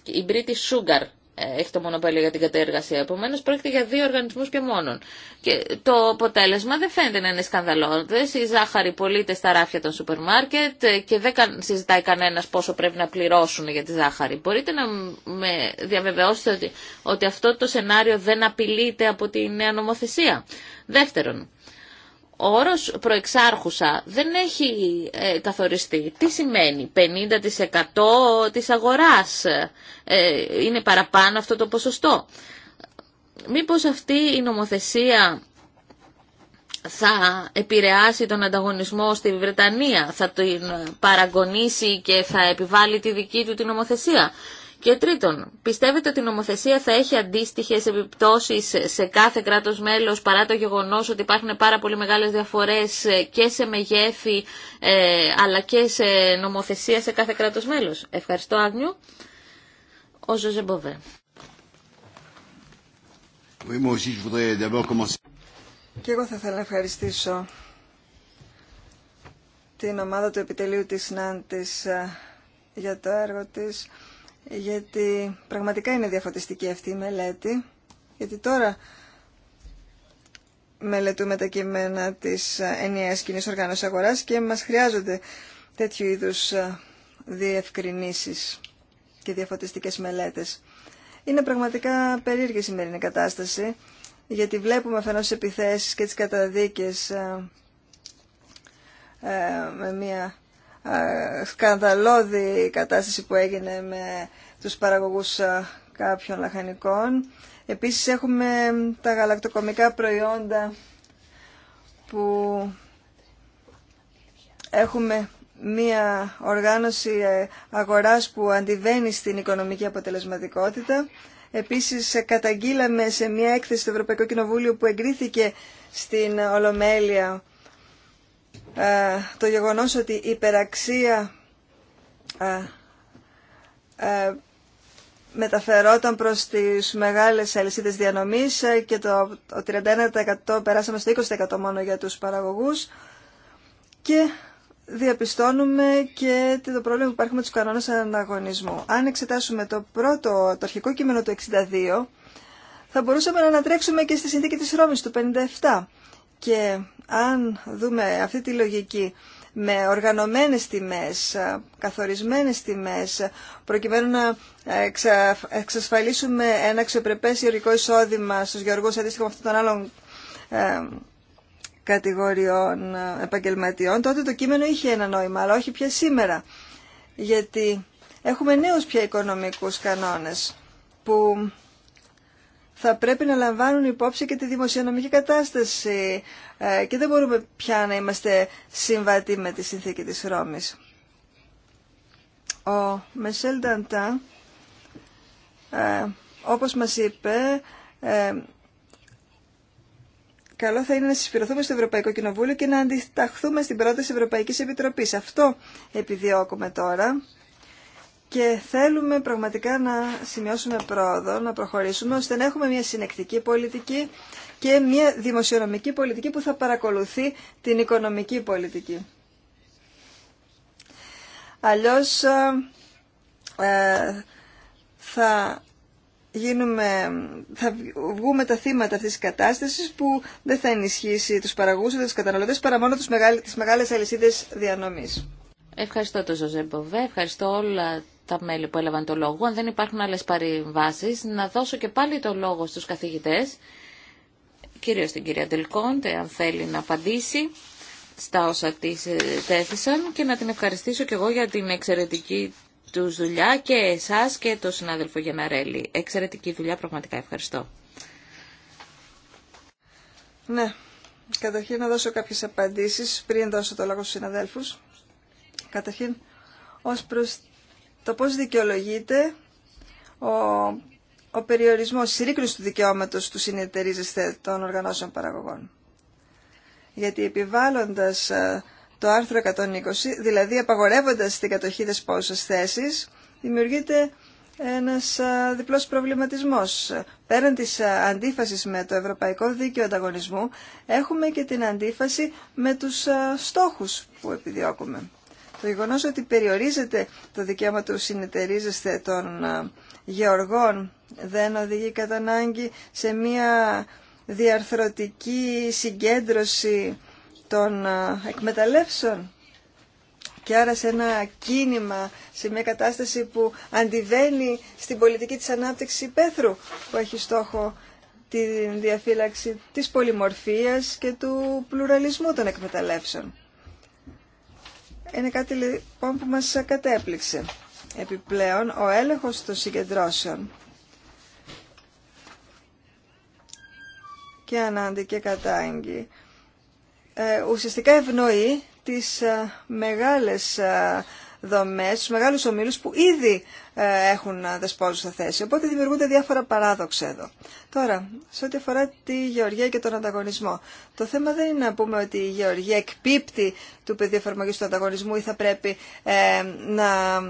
η British Sugar ε, έχει το μονοπέλιο για την κατεργασία. Επομένω, πρόκειται για δύο οργανισμού και μόνον. Και το αποτέλεσμα δεν φαίνεται να είναι σκανδαλώδε. Η ζάχαρη πωλείται στα ράφια των σούπερ μάρκετ και δεν συζητάει κανένα πόσο πρέπει να πληρώσουν για τη ζάχαρη. Μπορείτε να με διαβεβαιώσετε ότι, ότι αυτό το σενάριο δεν απειλείται από τη νέα νομοθεσία. Δεύτερον, ο όρος προεξάρχουσα δεν έχει ε, καθοριστεί. Τι σημαίνει 50% της αγοράς ε, είναι παραπάνω αυτό το ποσοστό. Μήπως αυτή η νομοθεσία θα επηρεάσει τον ανταγωνισμό στη Βρετανία, θα την παραγωνίσει και θα επιβάλλει τη δική του την νομοθεσία. Και τρίτον, πιστεύετε ότι η νομοθεσία θα έχει αντίστοιχε επιπτώσει σε κάθε κράτο μέλο παρά το γεγονό ότι υπάρχουν πάρα πολύ μεγάλε διαφορέ ε, και σε μεγέθη ε, αλλά και σε νομοθεσία σε κάθε κράτο μέλο. Ευχαριστώ, Άγνιου. Ο Ζωζεμποβέ. Και εγώ θα ήθελα να ευχαριστήσω την ομάδα του επιτελείου της Νάντης ε, για το έργο της γιατί πραγματικά είναι διαφωτιστική αυτή η μελέτη, γιατί τώρα μελετούμε τα κείμενα της ενιαίας κοινή οργάνωσης αγοράς και μας χρειάζονται τέτοιου είδους ε, διευκρινήσεις και διαφωτιστικές μελέτες. Είναι πραγματικά περίεργη η σημερινή κατάσταση, γιατί βλέπουμε αφενός επιθέσεις και τις καταδίκες ε, ε, με μια σκανδαλώδη κατάσταση που έγινε με τους παραγωγούς κάποιων λαχανικών. Επίσης έχουμε τα γαλακτοκομικά προϊόντα που έχουμε μία οργάνωση ε, αγοράς που αντιβαίνει στην οικονομική αποτελεσματικότητα. Επίσης ε, καταγγείλαμε σε μία έκθεση στο Ευρωπαϊκό Κοινοβούλιο που εγκρίθηκε στην Ολομέλεια ε, το γεγονός ότι η υπεραξία ε, ε, μεταφερόταν προς τις μεγάλες αλυσίδες διανομής και το 31% περάσαμε στο 20% μόνο για τους παραγωγούς και διαπιστώνουμε και το πρόβλημα που υπάρχει με τους κανόνες αναγωνισμού. Αν εξετάσουμε το πρώτο, το αρχικό κείμενο του 62, θα μπορούσαμε να ανατρέξουμε και στη συνθήκη της Ρώμης του 57 και αν δούμε αυτή τη λογική με οργανωμένες τιμές, καθορισμένες τιμές, προκειμένου να εξασφαλίσουμε ένα αξιοπρεπές ιερικό εισόδημα στους γεωργούς αντίστοιχο με αυτών των άλλων ε, κατηγοριών ε, επαγγελματιών, τότε το κείμενο είχε ένα νόημα, αλλά όχι πια σήμερα. Γιατί έχουμε νέους πια οικονομικούς κανόνες που θα πρέπει να λαμβάνουν υπόψη και τη δημοσιονομική κατάσταση ε, και δεν μπορούμε πια να είμαστε συμβατοί με τη συνθήκη της Ρώμης. Ο Μεσέλ Νταντά, ε, όπως μας είπε, ε, καλό θα είναι να συσπηρωθούμε στο Ευρωπαϊκό Κοινοβούλιο και να αντισταχθούμε στην πρόταση Ευρωπαϊκής Επιτροπής. Αυτό επιδιώκουμε τώρα και θέλουμε πραγματικά να σημειώσουμε πρόοδο, να προχωρήσουμε, ώστε να έχουμε μια συνεκτική πολιτική και μια δημοσιονομική πολιτική που θα παρακολουθεί την οικονομική πολιτική. Αλλιώς ε, θα, γίνουμε, θα βγούμε τα θύματα αυτής της κατάστασης που δεν θα ενισχύσει τους παραγούς ή τους καταναλωτές παρά μόνο τις μεγάλες αλυσίδες διανομής. Ευχαριστώ τον Ζωζέ ευχαριστώ όλα τα μέλη που έλαβαν το λόγο. Αν δεν υπάρχουν άλλες παρεμβάσεις, να δώσω και πάλι το λόγο στους καθηγητές, κυρίως την κυρία Ντελκόντε, αν θέλει να απαντήσει στα όσα της ε, τέθησαν και να την ευχαριστήσω και εγώ για την εξαιρετική τους δουλειά και εσάς και το συνάδελφο Γεναρέλη. Εξαιρετική δουλειά, πραγματικά ευχαριστώ. Ναι, καταρχήν να δώσω κάποιες απαντήσεις πριν δώσω το λόγο στους συναδέλφους. Καταρχήν, ως προς το πώς δικαιολογείται ο, ο περιορισμός, η του δικαιώματος του συνεταιρίζεσθε των οργανώσεων παραγωγών. Γιατί επιβάλλοντας ε, το άρθρο 120, δηλαδή απαγορεύοντας την κατοχή πόσες θέσης, δημιουργείται ένας ε, διπλός προβληματισμός. Πέραν της ε, αντίφασης με το Ευρωπαϊκό Δίκαιο Ανταγωνισμού, έχουμε και την αντίφαση με τους στόχους που επιδιώκουμε. Το γεγονό ότι περιορίζεται το δικαίωμα του συνεταιρίζεστε των γεωργών δεν οδηγεί κατά ανάγκη σε μια διαρθρωτική συγκέντρωση των εκμεταλλεύσεων και άρα σε ένα κίνημα, σε μια κατάσταση που αντιβαίνει στην πολιτική της ανάπτυξης υπαίθρου που έχει στόχο τη διαφύλαξη της πολυμορφίας και του πλουραλισμού των εκμεταλλεύσεων. Είναι κάτι λοιπόν που μας κατέπληξε. Επιπλέον, ο έλεγχος των συγκεντρώσεων και ανάντη και κατάγγι ε, ουσιαστικά ευνοεί τις ε, μεγάλες ε, δομές, στους μεγάλους ομίλους που ήδη ε, έχουν ε, δεσπόζουσα θέση. Οπότε δημιουργούνται διάφορα παράδοξα εδώ. Τώρα, σε ό,τι αφορά τη γεωργία και τον ανταγωνισμό. Το θέμα δεν είναι να πούμε ότι η γεωργία εκπίπτει του πεδίου εφαρμογή του ανταγωνισμού ή θα πρέπει ε, να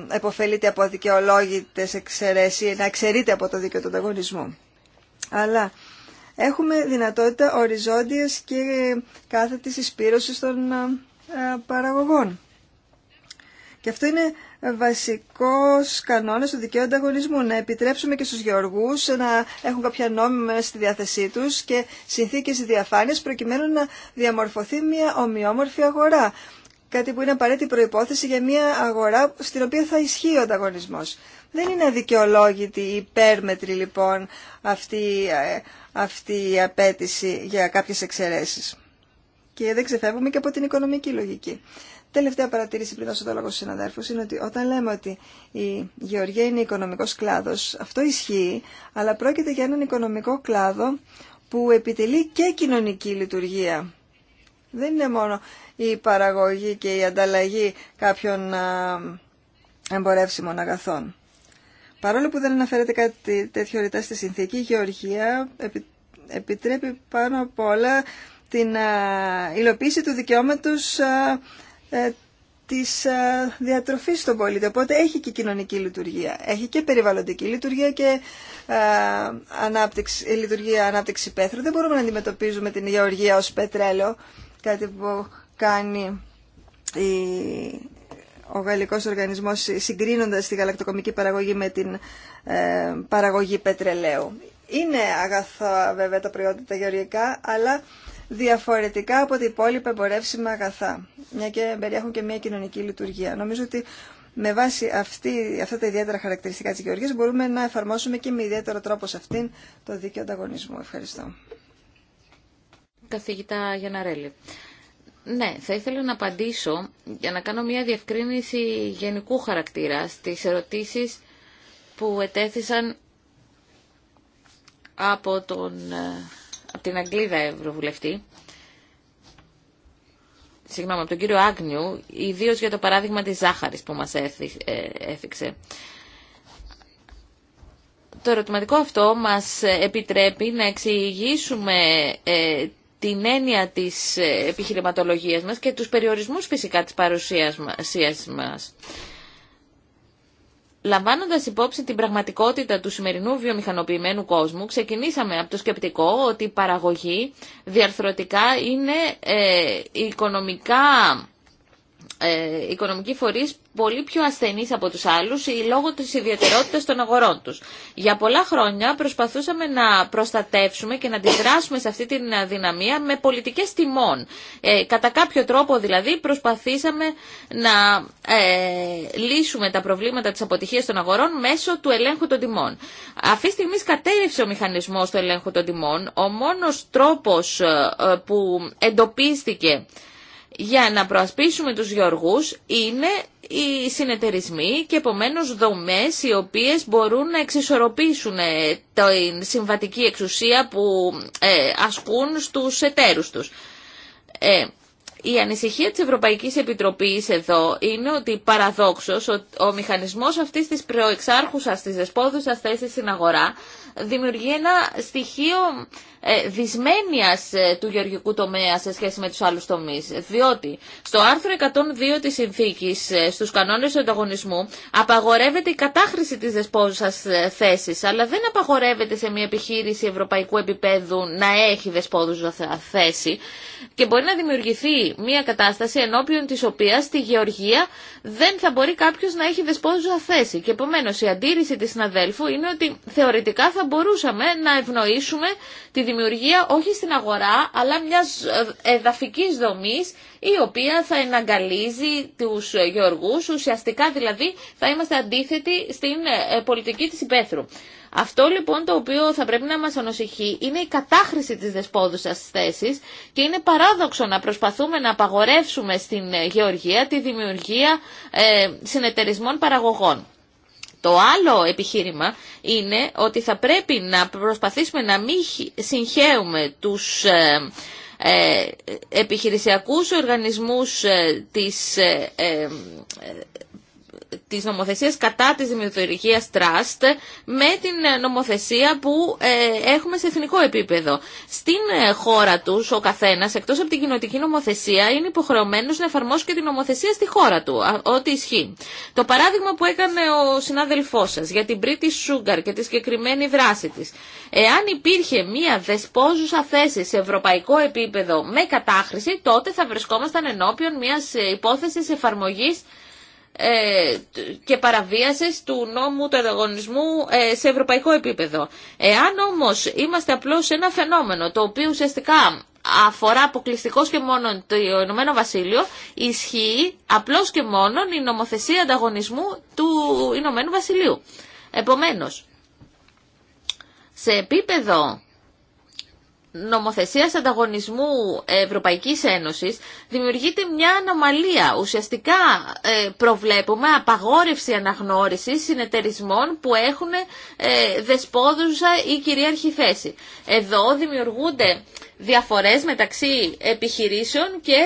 επωφελείται από δικαιολόγητε εξαιρέσει ή να εξαιρείται από το δίκαιο του ανταγωνισμού. Αλλά έχουμε δυνατότητα οριζόντιας και κάθετης εισπύρωσης των παραγωγών. Και αυτό είναι ε, βασικό κανόνα του δικαίου ανταγωνισμού, να επιτρέψουμε και στους γεωργού να έχουν κάποια νόμιμα στη διάθεσή του και συνθήκες διαφάνειας προκειμένου να διαμορφωθεί μια ομοιόμορφη αγορά. Κάτι που είναι απαραίτητη προπόθεση για μια αγορά στην οποία θα ισχύει ο ανταγωνισμό. Δεν είναι αδικαιολόγητη η υπέρμετρη λοιπόν αυτή, ε, αυτή η απέτηση για κάποιες εξαιρέσεις. Και δεν ξεφεύγουμε και από την οικονομική λογική. Τελευταία παρατήρηση πριν δώσω το λόγο στου είναι ότι όταν λέμε ότι η γεωργία είναι οικονομικός κλάδος, αυτό ισχύει, αλλά πρόκειται για έναν οικονομικό κλάδο που επιτελεί και κοινωνική λειτουργία. Δεν είναι μόνο η παραγωγή και η ανταλλαγή κάποιων εμπορεύσιμων αγαθών. Παρόλο που δεν αναφέρεται κάτι τέτοιο ρητά στη συνθήκη, η γεωργία επιτρέπει πάνω απ' όλα την υλοποίηση του δικαιώματος ε, της ε, διατροφής στον πολίτη. Οπότε έχει και κοινωνική λειτουργία, έχει και περιβαλλοντική λειτουργία και ε, ανάπτυξη, λειτουργία ανάπτυξη πέθρου. Δεν μπορούμε να αντιμετωπίζουμε την γεωργία ως πετρέλαιο, κάτι που κάνει η, ο γαλλικός οργανισμός συγκρίνοντας τη γαλακτοκομική παραγωγή με την ε, παραγωγή πετρελαίου. Είναι αγαθά βέβαια τα προϊόντα τα γεωργικά, αλλά διαφορετικά από τα υπόλοιπα εμπορεύσιμα αγαθά, μια και περιέχουν και μια κοινωνική λειτουργία. Νομίζω ότι με βάση αυτή, αυτά τα ιδιαίτερα χαρακτηριστικά της Γεωργίας μπορούμε να εφαρμόσουμε και με ιδιαίτερο τρόπο σε αυτήν το δίκαιο ανταγωνισμό. Ευχαριστώ. Καθηγητά Γιαναρέλη. Ναι, θα ήθελα να απαντήσω για να κάνω μια διευκρίνηση γενικού χαρακτήρα στις ερωτήσεις που ετέθησαν από τον ε, την Αγγλίδα Ευρωβουλευτή, συγγνώμη, από τον κύριο Άγνιου, ιδίω για το παράδειγμα της ζάχαρης που μας έφυξε. Ε, το ερωτηματικό αυτό μας επιτρέπει να εξηγήσουμε ε, την έννοια της ε, επιχειρηματολογίας μας και τους περιορισμούς φυσικά της παρουσίας μας. Λαμβάνοντα υπόψη την πραγματικότητα του σημερινού βιομηχανοποιημένου κόσμου, ξεκινήσαμε από το σκεπτικό ότι η παραγωγή διαρθρωτικά είναι ε, οικονομικά ε, οικονομικοί φορείς πολύ πιο ασθενείς από τους άλλους ή λόγω της ιδιαιτερότητας των αγορών τους. Για πολλά χρόνια προσπαθούσαμε να προστατεύσουμε και να αντιδράσουμε σε αυτή την αδυναμία με πολιτικές τιμών. Ε, κατά κάποιο τρόπο δηλαδή προσπαθήσαμε να ε, λύσουμε τα προβλήματα της αποτυχίας των αγορών μέσω του ελέγχου των τιμών. Αυτή τη στιγμή κατέρευσε ο μηχανισμός του ελέγχου των τιμών. Ο μόνος τρόπος ε, που εντοπίστηκε για να προασπίσουμε τους γεωργούς είναι οι συνεταιρισμοί και επομένως δομές οι οποίες μπορούν να εξισορροπήσουν ε, την συμβατική εξουσία που ε, ασκούν στους εταίρους τους. Ε, η ανησυχία της Ευρωπαϊκής Επιτροπής εδώ είναι ότι παραδόξως ο, ο μηχανισμός αυτής της προεξάρχουσας της δεσπόδουσας θέσης στην αγορά δημιουργεί ένα στοιχείο ε, δυσμένειας ε, του γεωργικού τομέα σε σχέση με τους άλλους τομείς. Διότι στο άρθρο 102 της συνθήκης ε, στους κανόνες του ανταγωνισμού απαγορεύεται η κατάχρηση της δεσπόζουσας θέσης, αλλά δεν απαγορεύεται σε μια επιχείρηση ευρωπαϊκού επίπεδου να έχει δεσπόζουσα θέση και μπορεί να δημιουργηθεί μια κατάσταση ενώπιον της οποίας στη γεωργία δεν θα μπορεί κάποιος να έχει δεσπόζουσα θέση. Και επομένως η αντίρρηση της συναδέλφου είναι ότι θεωρητικά θα μπορούσαμε να ευνοήσουμε τη δημιουργία όχι στην αγορά, αλλά μιας εδαφικής δομής η οποία θα εναγκαλίζει τους γεωργούς, ουσιαστικά δηλαδή θα είμαστε αντίθετοι στην ε, πολιτική της υπαίθρου. Αυτό λοιπόν το οποίο θα πρέπει να μας ανοσυχεί είναι η κατάχρηση της δεσπόδουσας θέσης και είναι παράδοξο να προσπαθούμε να απαγορεύσουμε στην γεωργία τη δημιουργία ε, συνεταιρισμών παραγωγών. Το άλλο επιχείρημα είναι ότι θα πρέπει να προσπαθήσουμε να μην συγχαίουμε τους ε, ε, επιχειρησιακούς οργανισμούς ε, της της νομοθεσίας κατά της δημιουργίας trust με την ε, νομοθεσία που ε, έχουμε σε εθνικό επίπεδο. Στην ε, χώρα τους ο καθένας εκτός από την κοινοτική νομοθεσία είναι υποχρεωμένος να εφαρμόσει και την νομοθεσία στη χώρα του, ό,τι ισχύει. Το παράδειγμα που έκανε ο συνάδελφός σας για την British Sugar και τη συγκεκριμένη δράση της. Εάν υπήρχε μία δεσπόζουσα θέση σε ευρωπαϊκό επίπεδο με κατάχρηση, τότε θα βρισκόμασταν ενώπιον μιας υπόθεσης εφαρμογής ε, και παραβίασες του νόμου του ανταγωνισμού ε, σε ευρωπαϊκό επίπεδο. Εάν όμως είμαστε απλώς ένα φαινόμενο το οποίο ουσιαστικά αφορά αποκλειστικώ και μόνο το Ηνωμένο Βασίλειο, ισχύει απλώς και μόνο η νομοθεσία ανταγωνισμού του Ηνωμένου Βασιλείου. Επομένως, σε επίπεδο νομοθεσίας ανταγωνισμού Ευρωπαϊκής Ένωσης δημιουργείται μια αναμαλία. Ουσιαστικά ε, προβλέπουμε απαγόρευση αναγνώρισης συνεταιρισμών που έχουν ε, δεσπόδουσα ή κυρίαρχη θέση. Εδώ δημιουργούνται διαφορές μεταξύ επιχειρήσεων και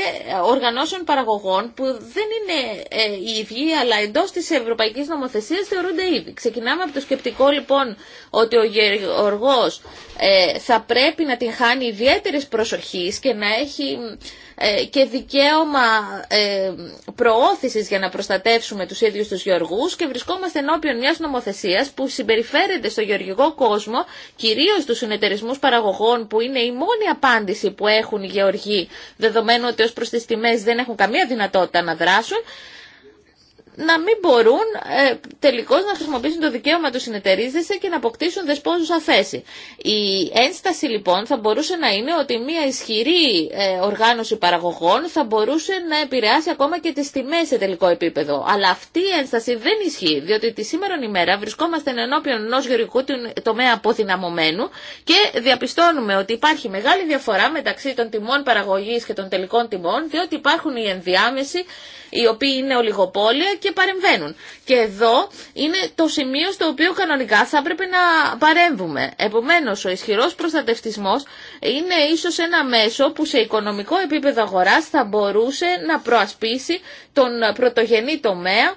οργανώσεων παραγωγών που δεν είναι ε, οι ίδιοι αλλά εντός της ευρωπαϊκής νομοθεσίας θεωρούνται ίδιοι. Ξεκινάμε από το σκεπτικό λοιπόν ότι ο γεωργός ε, θα πρέπει να την χάνει ιδιαίτερης προσοχής και να έχει ε, και δικαίωμα ε, προώθησης για να προστατεύσουμε τους ίδιους τους γεωργούς και βρισκόμαστε ενώπιον μιας νομοθεσίας που συμπεριφέρεται στο γεωργικό κόσμο, κυρίως τους συνεταιρισμούς παραγωγών που είναι η μόνη απάντηση που έχουν οι γεωργοί, δεδομένου ότι ως προς τις τιμές δεν έχουν καμία δυνατότητα να δράσουν, να μην μπορούν ε, τελικώς να χρησιμοποιήσουν το δικαίωμα του συνεταιρίζεσαι και να αποκτήσουν δεσπόζουσα θέση. Η ένσταση λοιπόν θα μπορούσε να είναι ότι μια ισχυρή ε, οργάνωση παραγωγών θα μπορούσε να επηρεάσει ακόμα και τις τιμές σε τελικό επίπεδο. Αλλά αυτή η ένσταση δεν ισχύει, διότι τη σήμερα ημέρα βρισκόμαστε ενώπιον ενός γεωργικού τομέα αποδυναμωμένου και διαπιστώνουμε ότι υπάρχει μεγάλη διαφορά μεταξύ των τιμών παραγωγής και των τελικών τιμών, διότι υπάρχουν οι ενδιάμεση, οι οποίοι είναι ολιγοπόλια και παρεμβαίνουν. Και εδώ είναι το σημείο στο οποίο κανονικά θα έπρεπε να παρέμβουμε. Επομένως, ο ισχυρό προστατευτισμός είναι ίσως ένα μέσο που σε οικονομικό επίπεδο αγορά θα μπορούσε να προασπίσει τον πρωτογενή τομέα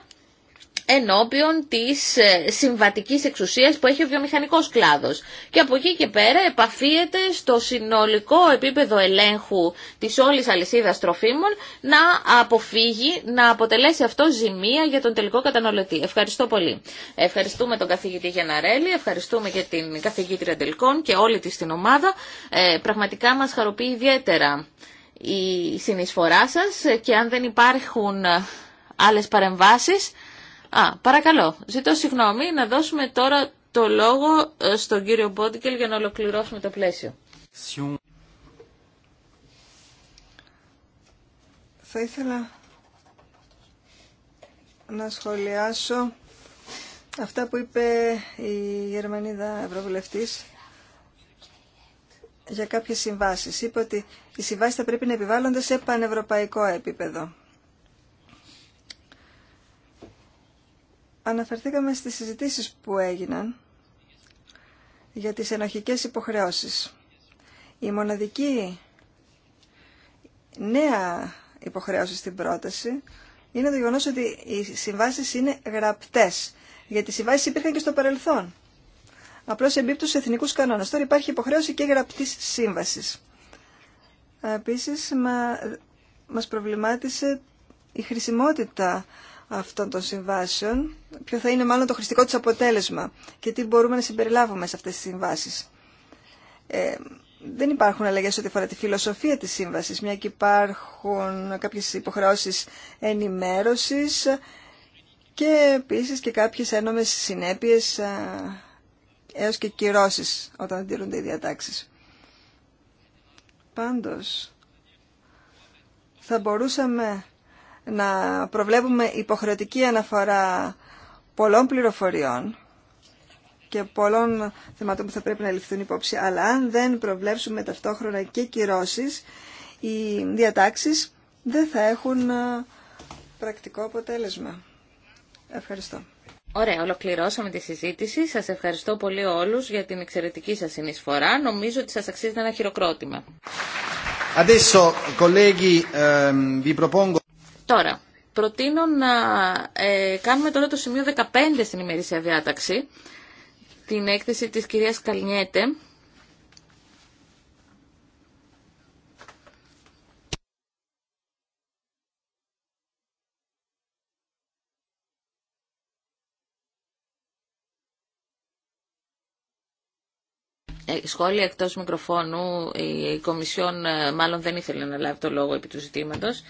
ενώπιον της ε, συμβατικής εξουσίας που έχει ο βιομηχανικός κλάδος. Και από εκεί και πέρα επαφίεται στο συνολικό επίπεδο ελέγχου της όλης αλυσίδας τροφίμων να αποφύγει, να αποτελέσει αυτό ζημία για τον τελικό καταναλωτή. Ευχαριστώ πολύ. Ευχαριστούμε τον καθηγητή Γιαναρέλη, ευχαριστούμε και την καθηγήτρια Τελικών και όλη της την ομάδα. Ε, πραγματικά μας χαροποιεί ιδιαίτερα η συνεισφορά σας και αν δεν υπάρχουν άλλες παρεμβάσεις Α, παρακαλώ, ζητώ συγγνώμη να δώσουμε τώρα το λόγο ε, στον κύριο Μπόντικελ για να ολοκληρώσουμε το πλαίσιο. Θα ήθελα να σχολιάσω αυτά που είπε η Γερμανίδα Ευρωβουλευτής για κάποιες συμβάσεις. Είπε ότι οι συμβάσεις θα πρέπει να επιβάλλονται σε πανευρωπαϊκό επίπεδο. αναφερθήκαμε στις συζητήσεις που έγιναν για τις ενοχικές υποχρεώσεις. Η μοναδική νέα υποχρέωση στην πρόταση είναι το γεγονός ότι οι συμβάσεις είναι γραπτές, γιατί οι συμβάσει υπήρχαν και στο παρελθόν. Απλώ εμπίπτουν σε εθνικού κανόνες. Τώρα υπάρχει υποχρέωση και γραπτή σύμβασης. Επίσης, μα, μας προβλημάτισε η χρησιμότητα αυτών των συμβάσεων, ποιο θα είναι μάλλον το χρηστικό τους αποτέλεσμα και τι μπορούμε να συμπεριλάβουμε σε αυτές τις συμβάσεις. Ε, δεν υπάρχουν αλλαγές ό,τι αφορά τη φιλοσοφία της σύμβασης, μια και υπάρχουν κάποιες υποχρεώσεις ενημέρωσης και επίσης και κάποιες ένομες συνέπειες ε, έως και κυρώσεις όταν τηρούνται οι διατάξεις. Πάντως, θα μπορούσαμε να προβλέπουμε υποχρεωτική αναφορά πολλών πληροφοριών και πολλών θεμάτων που θα πρέπει να ληφθούν υπόψη, αλλά αν δεν προβλέψουμε ταυτόχρονα και κυρώσεις, οι διατάξεις δεν θα έχουν ε, πρακτικό αποτέλεσμα. Ευχαριστώ. Ωραία, ολοκληρώσαμε τη συζήτηση. Σας ευχαριστώ πολύ όλους για την εξαιρετική σας συνεισφορά. Νομίζω ότι σας αξίζει ένα χειροκρότημα. Adesso, colleghi, ehm, vi propongo... Τώρα, προτείνω να ε, κάνουμε τώρα το σημείο 15 στην ημερήσια διάταξη, την έκθεση της κυρίας Καλνιέτε, ε, σχόλια εκτός μικροφώνου, η Κομισιόν ε, μάλλον δεν ήθελε να λάβει το λόγο επί του ζητήματος.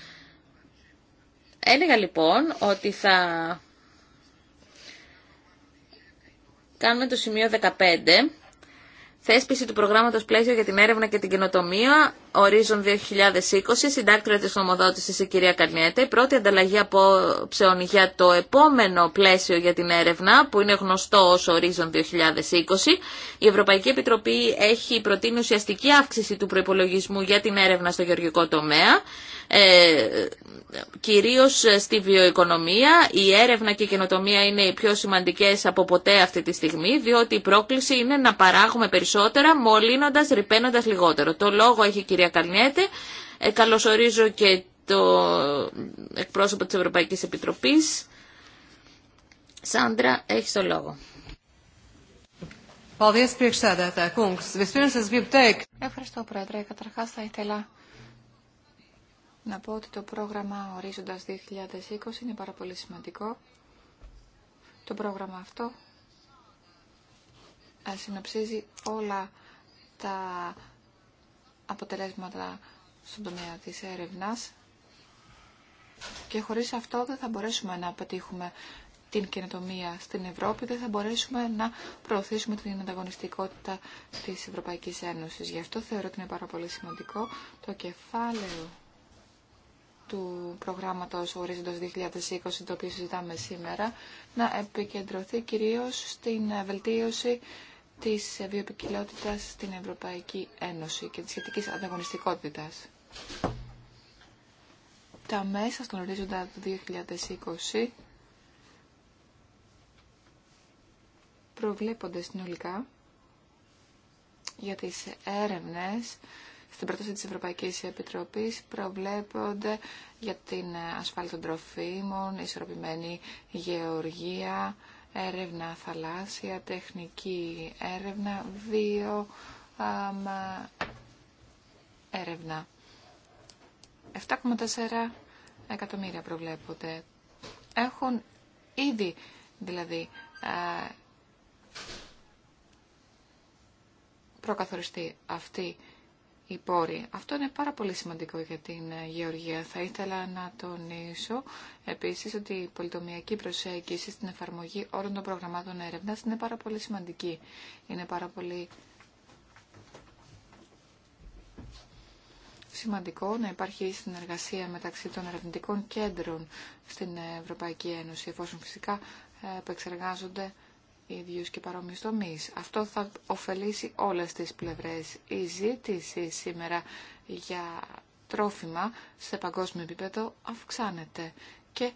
Έλεγα λοιπόν ότι θα κάνουμε το σημείο 15, θέσπιση του προγράμματος πλαίσιο για την έρευνα και την καινοτομία Ορίζον 2020, συντάκτρια της νομοδότησης η κυρία Καρνιέτα, η πρώτη ανταλλαγή απόψεων για το επόμενο πλαίσιο για την έρευνα, που είναι γνωστό ως Ορίζον 2020. Η Ευρωπαϊκή Επιτροπή έχει προτείνει ουσιαστική αύξηση του προϋπολογισμού για την έρευνα στο γεωργικό τομέα, ε, κυρίως στη βιοοικονομία. Η έρευνα και η καινοτομία είναι οι πιο σημαντικές από ποτέ αυτή τη στιγμή, διότι η πρόκληση είναι να παράγουμε περισσότερα, μολύνοντας, ρηπαίνοντας λιγότερο. Το λόγο έχει κυρία Καλνιέτε. Ε, καλωσορίζω και το εκπρόσωπο της Ευρωπαϊκής Επιτροπής. Σάντρα, έχεις το λόγο. Ευχαριστώ, Πρόεδρε. Καταρχάς θα ήθελα να πω ότι το πρόγραμμα Ορίζοντας 2020 είναι πάρα πολύ σημαντικό. Το πρόγραμμα αυτό συνοψίζει όλα τα αποτελέσματα στον τομέα της έρευνας και χωρίς αυτό δεν θα μπορέσουμε να πετύχουμε την καινοτομία στην Ευρώπη, δεν θα μπορέσουμε να προωθήσουμε την ανταγωνιστικότητα της Ευρωπαϊκής Ένωσης. Γι' αυτό θεωρώ ότι είναι πάρα πολύ σημαντικό το κεφάλαιο του προγράμματος Ορίζοντος 2020, το οποίο συζητάμε σήμερα, να επικεντρωθεί κυρίως στην βελτίωση της βιοπικιλότητας στην Ευρωπαϊκή Ένωση και της σχετικής ανταγωνιστικότητας. Τα μέσα στον ορίζοντα του 2020 προβλέπονται συνολικά για τις έρευνες στην πρόταση της Ευρωπαϊκής Επιτροπής προβλέπονται για την ασφάλεια των τροφίμων, ισορροπημένη γεωργία, έρευνα θαλάσσια, τεχνική έρευνα, δύο έρευνα. 7,4 εκατομμύρια προβλέπονται. Έχουν ήδη δηλαδή προκαθοριστεί αυτή οι πόροι. Αυτό είναι πάρα πολύ σημαντικό για την ε, γεωργία. Θα ήθελα να τονίσω επίσης ότι η πολυτομιακή προσέγγιση στην εφαρμογή όλων των προγραμμάτων έρευνας είναι πάρα πολύ σημαντική. Είναι πάρα πολύ σημαντικό να υπάρχει συνεργασία μεταξύ των ερευνητικών κέντρων στην Ευρωπαϊκή Ένωση, εφόσον φυσικά ε, επεξεργάζονται ίδιους και παρόμοιους τομεί. Αυτό θα ωφελήσει όλες τις πλευρές. Η ζήτηση σήμερα για τρόφιμα σε παγκόσμιο επίπεδο αυξάνεται και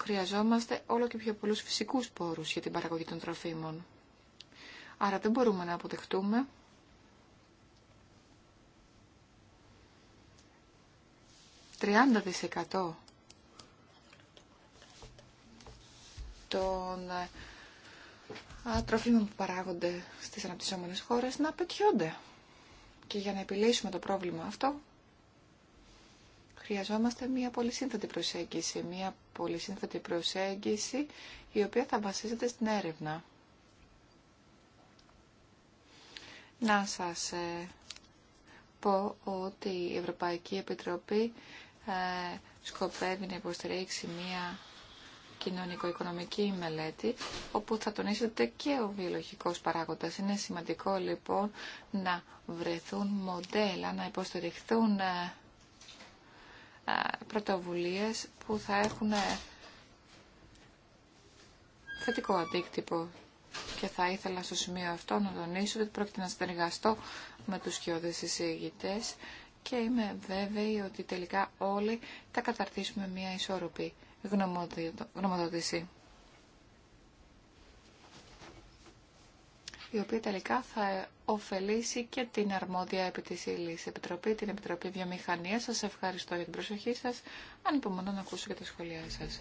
χρειαζόμαστε όλο και πιο πολλούς φυσικούς πόρους για την παραγωγή των τροφίμων. Άρα δεν μπορούμε να αποτεχτούμε «30% των τροφίμων που παράγονται στις αναπτυσσόμενες χώρες να πετιόνται. Και για να επιλύσουμε το πρόβλημα αυτό, χρειαζόμαστε μια πολυσύνθετη προσέγγιση, μια πολυσύνθετη προσέγγιση η οποία θα βασίζεται στην έρευνα. Να σας ε, πω ότι η Ευρωπαϊκή Επιτροπή ε, σκοπεύει να υποστηρίξει μια κοινωνικο-οικονομική μελέτη, όπου θα τονίσετε και ο βιολογικός παράγοντας. Είναι σημαντικό λοιπόν να βρεθούν μοντέλα, να υποστηριχθούν ε, ε, πρωτοβουλίες που θα έχουν ε, θετικό αντίκτυπο. Και θα ήθελα στο σημείο αυτό να τονίσω ότι πρόκειται να συνεργαστώ με τους σκιώδες εισηγητές και είμαι βέβαιη ότι τελικά όλοι θα καταρτήσουμε μια ισόρροπη γνωμοδότηση. η οποία τελικά θα ωφελήσει και την αρμόδια επί της ύλης Επιτροπή, την Επιτροπή Βιομηχανία. Σας ευχαριστώ για την προσοχή σας. Αν υπομονώ να ακούσω και τα σχόλιά σας.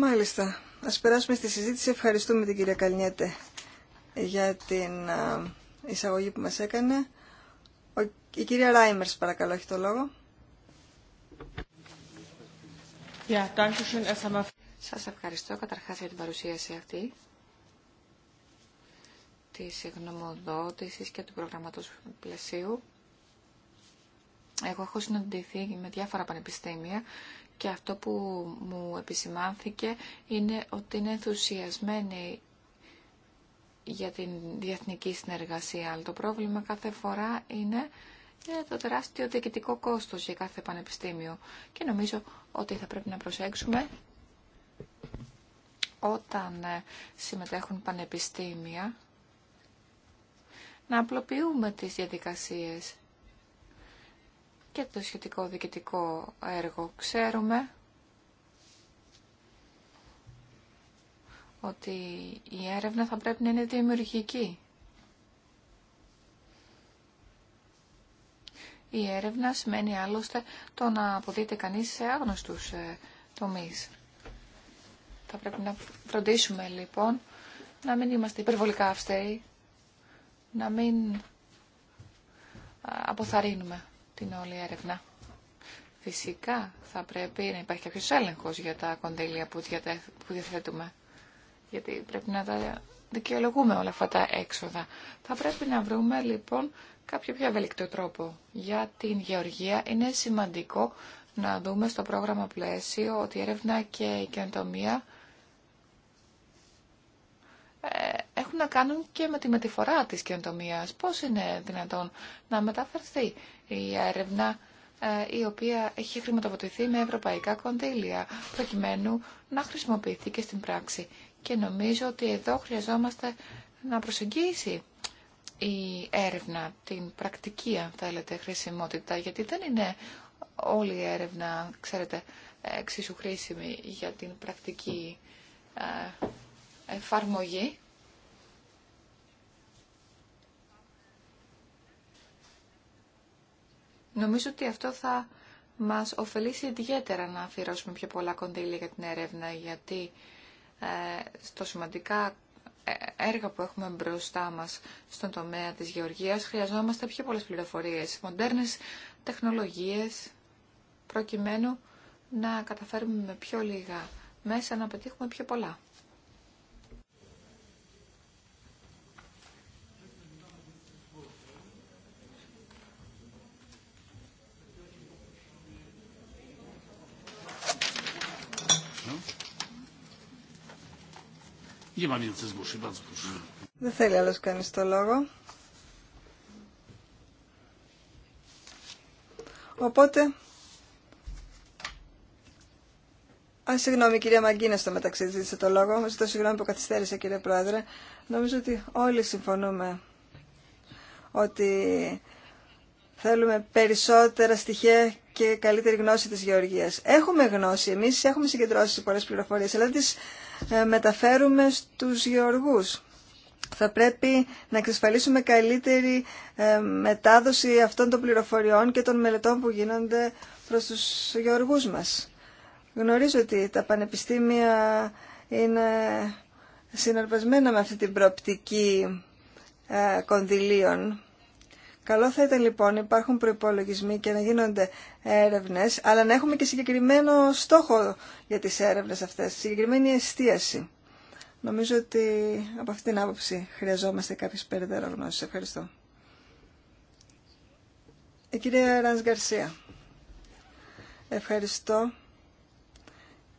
Μάλιστα. Ας περάσουμε στη συζήτηση. Ευχαριστούμε την κυρία Καλνιέτε για την εισαγωγή που μας έκανε. η κυρία Ράιμερς παρακαλώ έχει το λόγο. Σας ευχαριστώ καταρχάς για την παρουσίαση αυτή της γνωμοδότησης και του προγραμματός πλαισίου. Εγώ έχω συναντηθεί με διάφορα πανεπιστήμια και αυτό που μου επισημάνθηκε είναι ότι είναι ενθουσιασμένη για την διεθνική συνεργασία, αλλά το πρόβλημα κάθε φορά είναι ε, το τεράστιο διοικητικό κόστος για κάθε πανεπιστήμιο. Και νομίζω ότι θα πρέπει να προσέξουμε όταν ε, συμμετέχουν πανεπιστήμια να απλοποιούμε τις διαδικασίες και το σχετικό διοικητικό έργο. Ξέρουμε ότι η έρευνα θα πρέπει να είναι δημιουργική. Η έρευνα σημαίνει άλλωστε το να αποδείται κανείς σε άγνωστους ε, τομείς. Θα πρέπει να φροντίσουμε λοιπόν να μην είμαστε υπερβολικά αυσταίοι, να μην αποθαρρύνουμε την όλη έρευνα. Φυσικά θα πρέπει να υπάρχει κάποιος έλεγχος για τα κονδύλια που διαθέτουμε γιατί πρέπει να δικαιολογούμε όλα αυτά τα έξοδα. Θα πρέπει να βρούμε λοιπόν κάποιο πιο ευελικτό τρόπο. Για την γεωργία είναι σημαντικό να δούμε στο πρόγραμμα πλαίσιο ότι η έρευνα και η καινοτομία ε, έχουν να κάνουν και με τη μεταφορά της καινοτομίας. Πώς είναι δυνατόν να μεταφερθεί η έρευνα ε, η οποία έχει χρηματοδοτηθεί με ευρωπαϊκά κονδύλια, προκειμένου να χρησιμοποιηθεί και στην πράξη και νομίζω ότι εδώ χρειαζόμαστε να προσεγγίσει η έρευνα, την πρακτική αν θέλετε χρησιμότητα, γιατί δεν είναι όλη η έρευνα, ξέρετε, εξίσου χρήσιμη για την πρακτική ε, εφαρμογή. Νομίζω ότι αυτό θα μας ωφελήσει ιδιαίτερα να αφιερώσουμε πιο πολλά κονδύλια για την έρευνα, γιατί ε, στο σημαντικά ε, έργα που έχουμε μπροστά μας στον τομέα της γεωργίας χρειαζόμαστε πιο πολλές πληροφορίες, μοντέρνες τεχνολογίες προκειμένου να καταφέρουμε με πιο λίγα μέσα να πετύχουμε πιο πολλά. Δεν θέλει άλλος κανείς το λόγο. Οπότε... Α, συγγνώμη, κυρία Μαγκίνα, στο μεταξύ ζήτησε το λόγο. Ζητώ συγγνώμη που καθυστέρησα, κύριε Πρόεδρε. Νομίζω ότι όλοι συμφωνούμε ότι Θέλουμε περισσότερα στοιχεία και καλύτερη γνώση της γεωργίας. Έχουμε γνώση, εμείς έχουμε συγκεντρώσει πολλές πληροφορίες, αλλά τις ε, μεταφέρουμε στους γεωργούς. Θα πρέπει να εξασφαλίσουμε καλύτερη ε, μετάδοση αυτών των πληροφοριών και των μελετών που γίνονται προς τους γεωργούς μας. Γνωρίζω ότι τα πανεπιστήμια είναι συναρπασμένα με αυτή την προοπτική ε, κονδυλίων Καλό θα ήταν λοιπόν να υπάρχουν προπολογισμοί και να γίνονται έρευνε, αλλά να έχουμε και συγκεκριμένο στόχο για τι έρευνε αυτέ, συγκεκριμένη εστίαση. Νομίζω ότι από αυτήν την άποψη χρειαζόμαστε κάποιε περαιτέρω γνώσει. Ευχαριστώ. Η ε, κυρία Ρανς Γκαρσία. Ευχαριστώ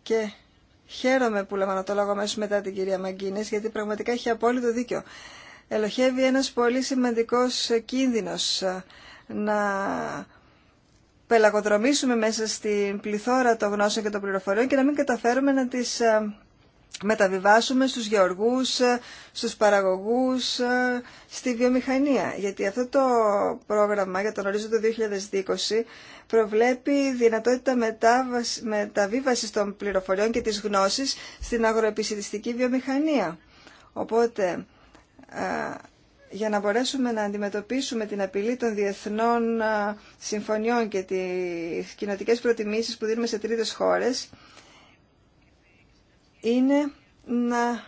και χαίρομαι που λαμβάνω το λόγο αμέσω μετά την κυρία Μαγκίνες γιατί πραγματικά έχει απόλυτο δίκιο ελοχεύει ένας πολύ σημαντικός κίνδυνος ε, να πελαγοδρομήσουμε μέσα στην πληθώρα των γνώσεων και των πληροφοριών και να μην καταφέρουμε να τις ε, μεταβιβάσουμε στους γεωργούς, ε, στους παραγωγούς, στη βιομηχανία. Γιατί αυτό το πρόγραμμα για τον ορίζοντα 2020 προβλέπει δυνατότητα μετάβαση, μεταβίβασης των πληροφοριών και της γνώσης στην αγροεπισητιστική βιομηχανία. Οπότε ε, για να μπορέσουμε να αντιμετωπίσουμε την απειλή των διεθνών ε, συμφωνιών και τις κοινοτικέ προτιμήσεις που δίνουμε σε τρίτες χώρες είναι να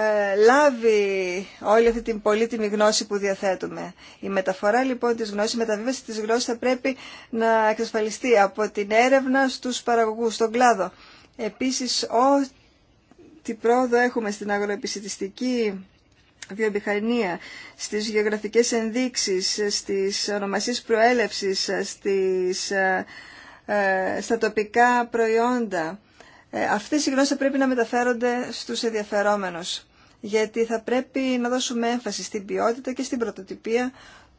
ε, λάβει όλη αυτή την πολύτιμη γνώση που διαθέτουμε. Η μεταφορά λοιπόν της γνώσης, η μεταβίβαση της γνώσης θα πρέπει να εξασφαλιστεί από την έρευνα στους παραγωγούς, στον κλάδο. Επίσης, ό,τι πρόοδο έχουμε στην αγροεπισητιστική βιομηχανία, στις γεωγραφικές ενδείξεις, στις ονομασίες προέλευσης, στις, ε, ε, στα τοπικά προϊόντα. Ε, αυτές οι γνώσεις πρέπει να μεταφέρονται στους ενδιαφερόμενους, γιατί θα πρέπει να δώσουμε έμφαση στην ποιότητα και στην πρωτοτυπία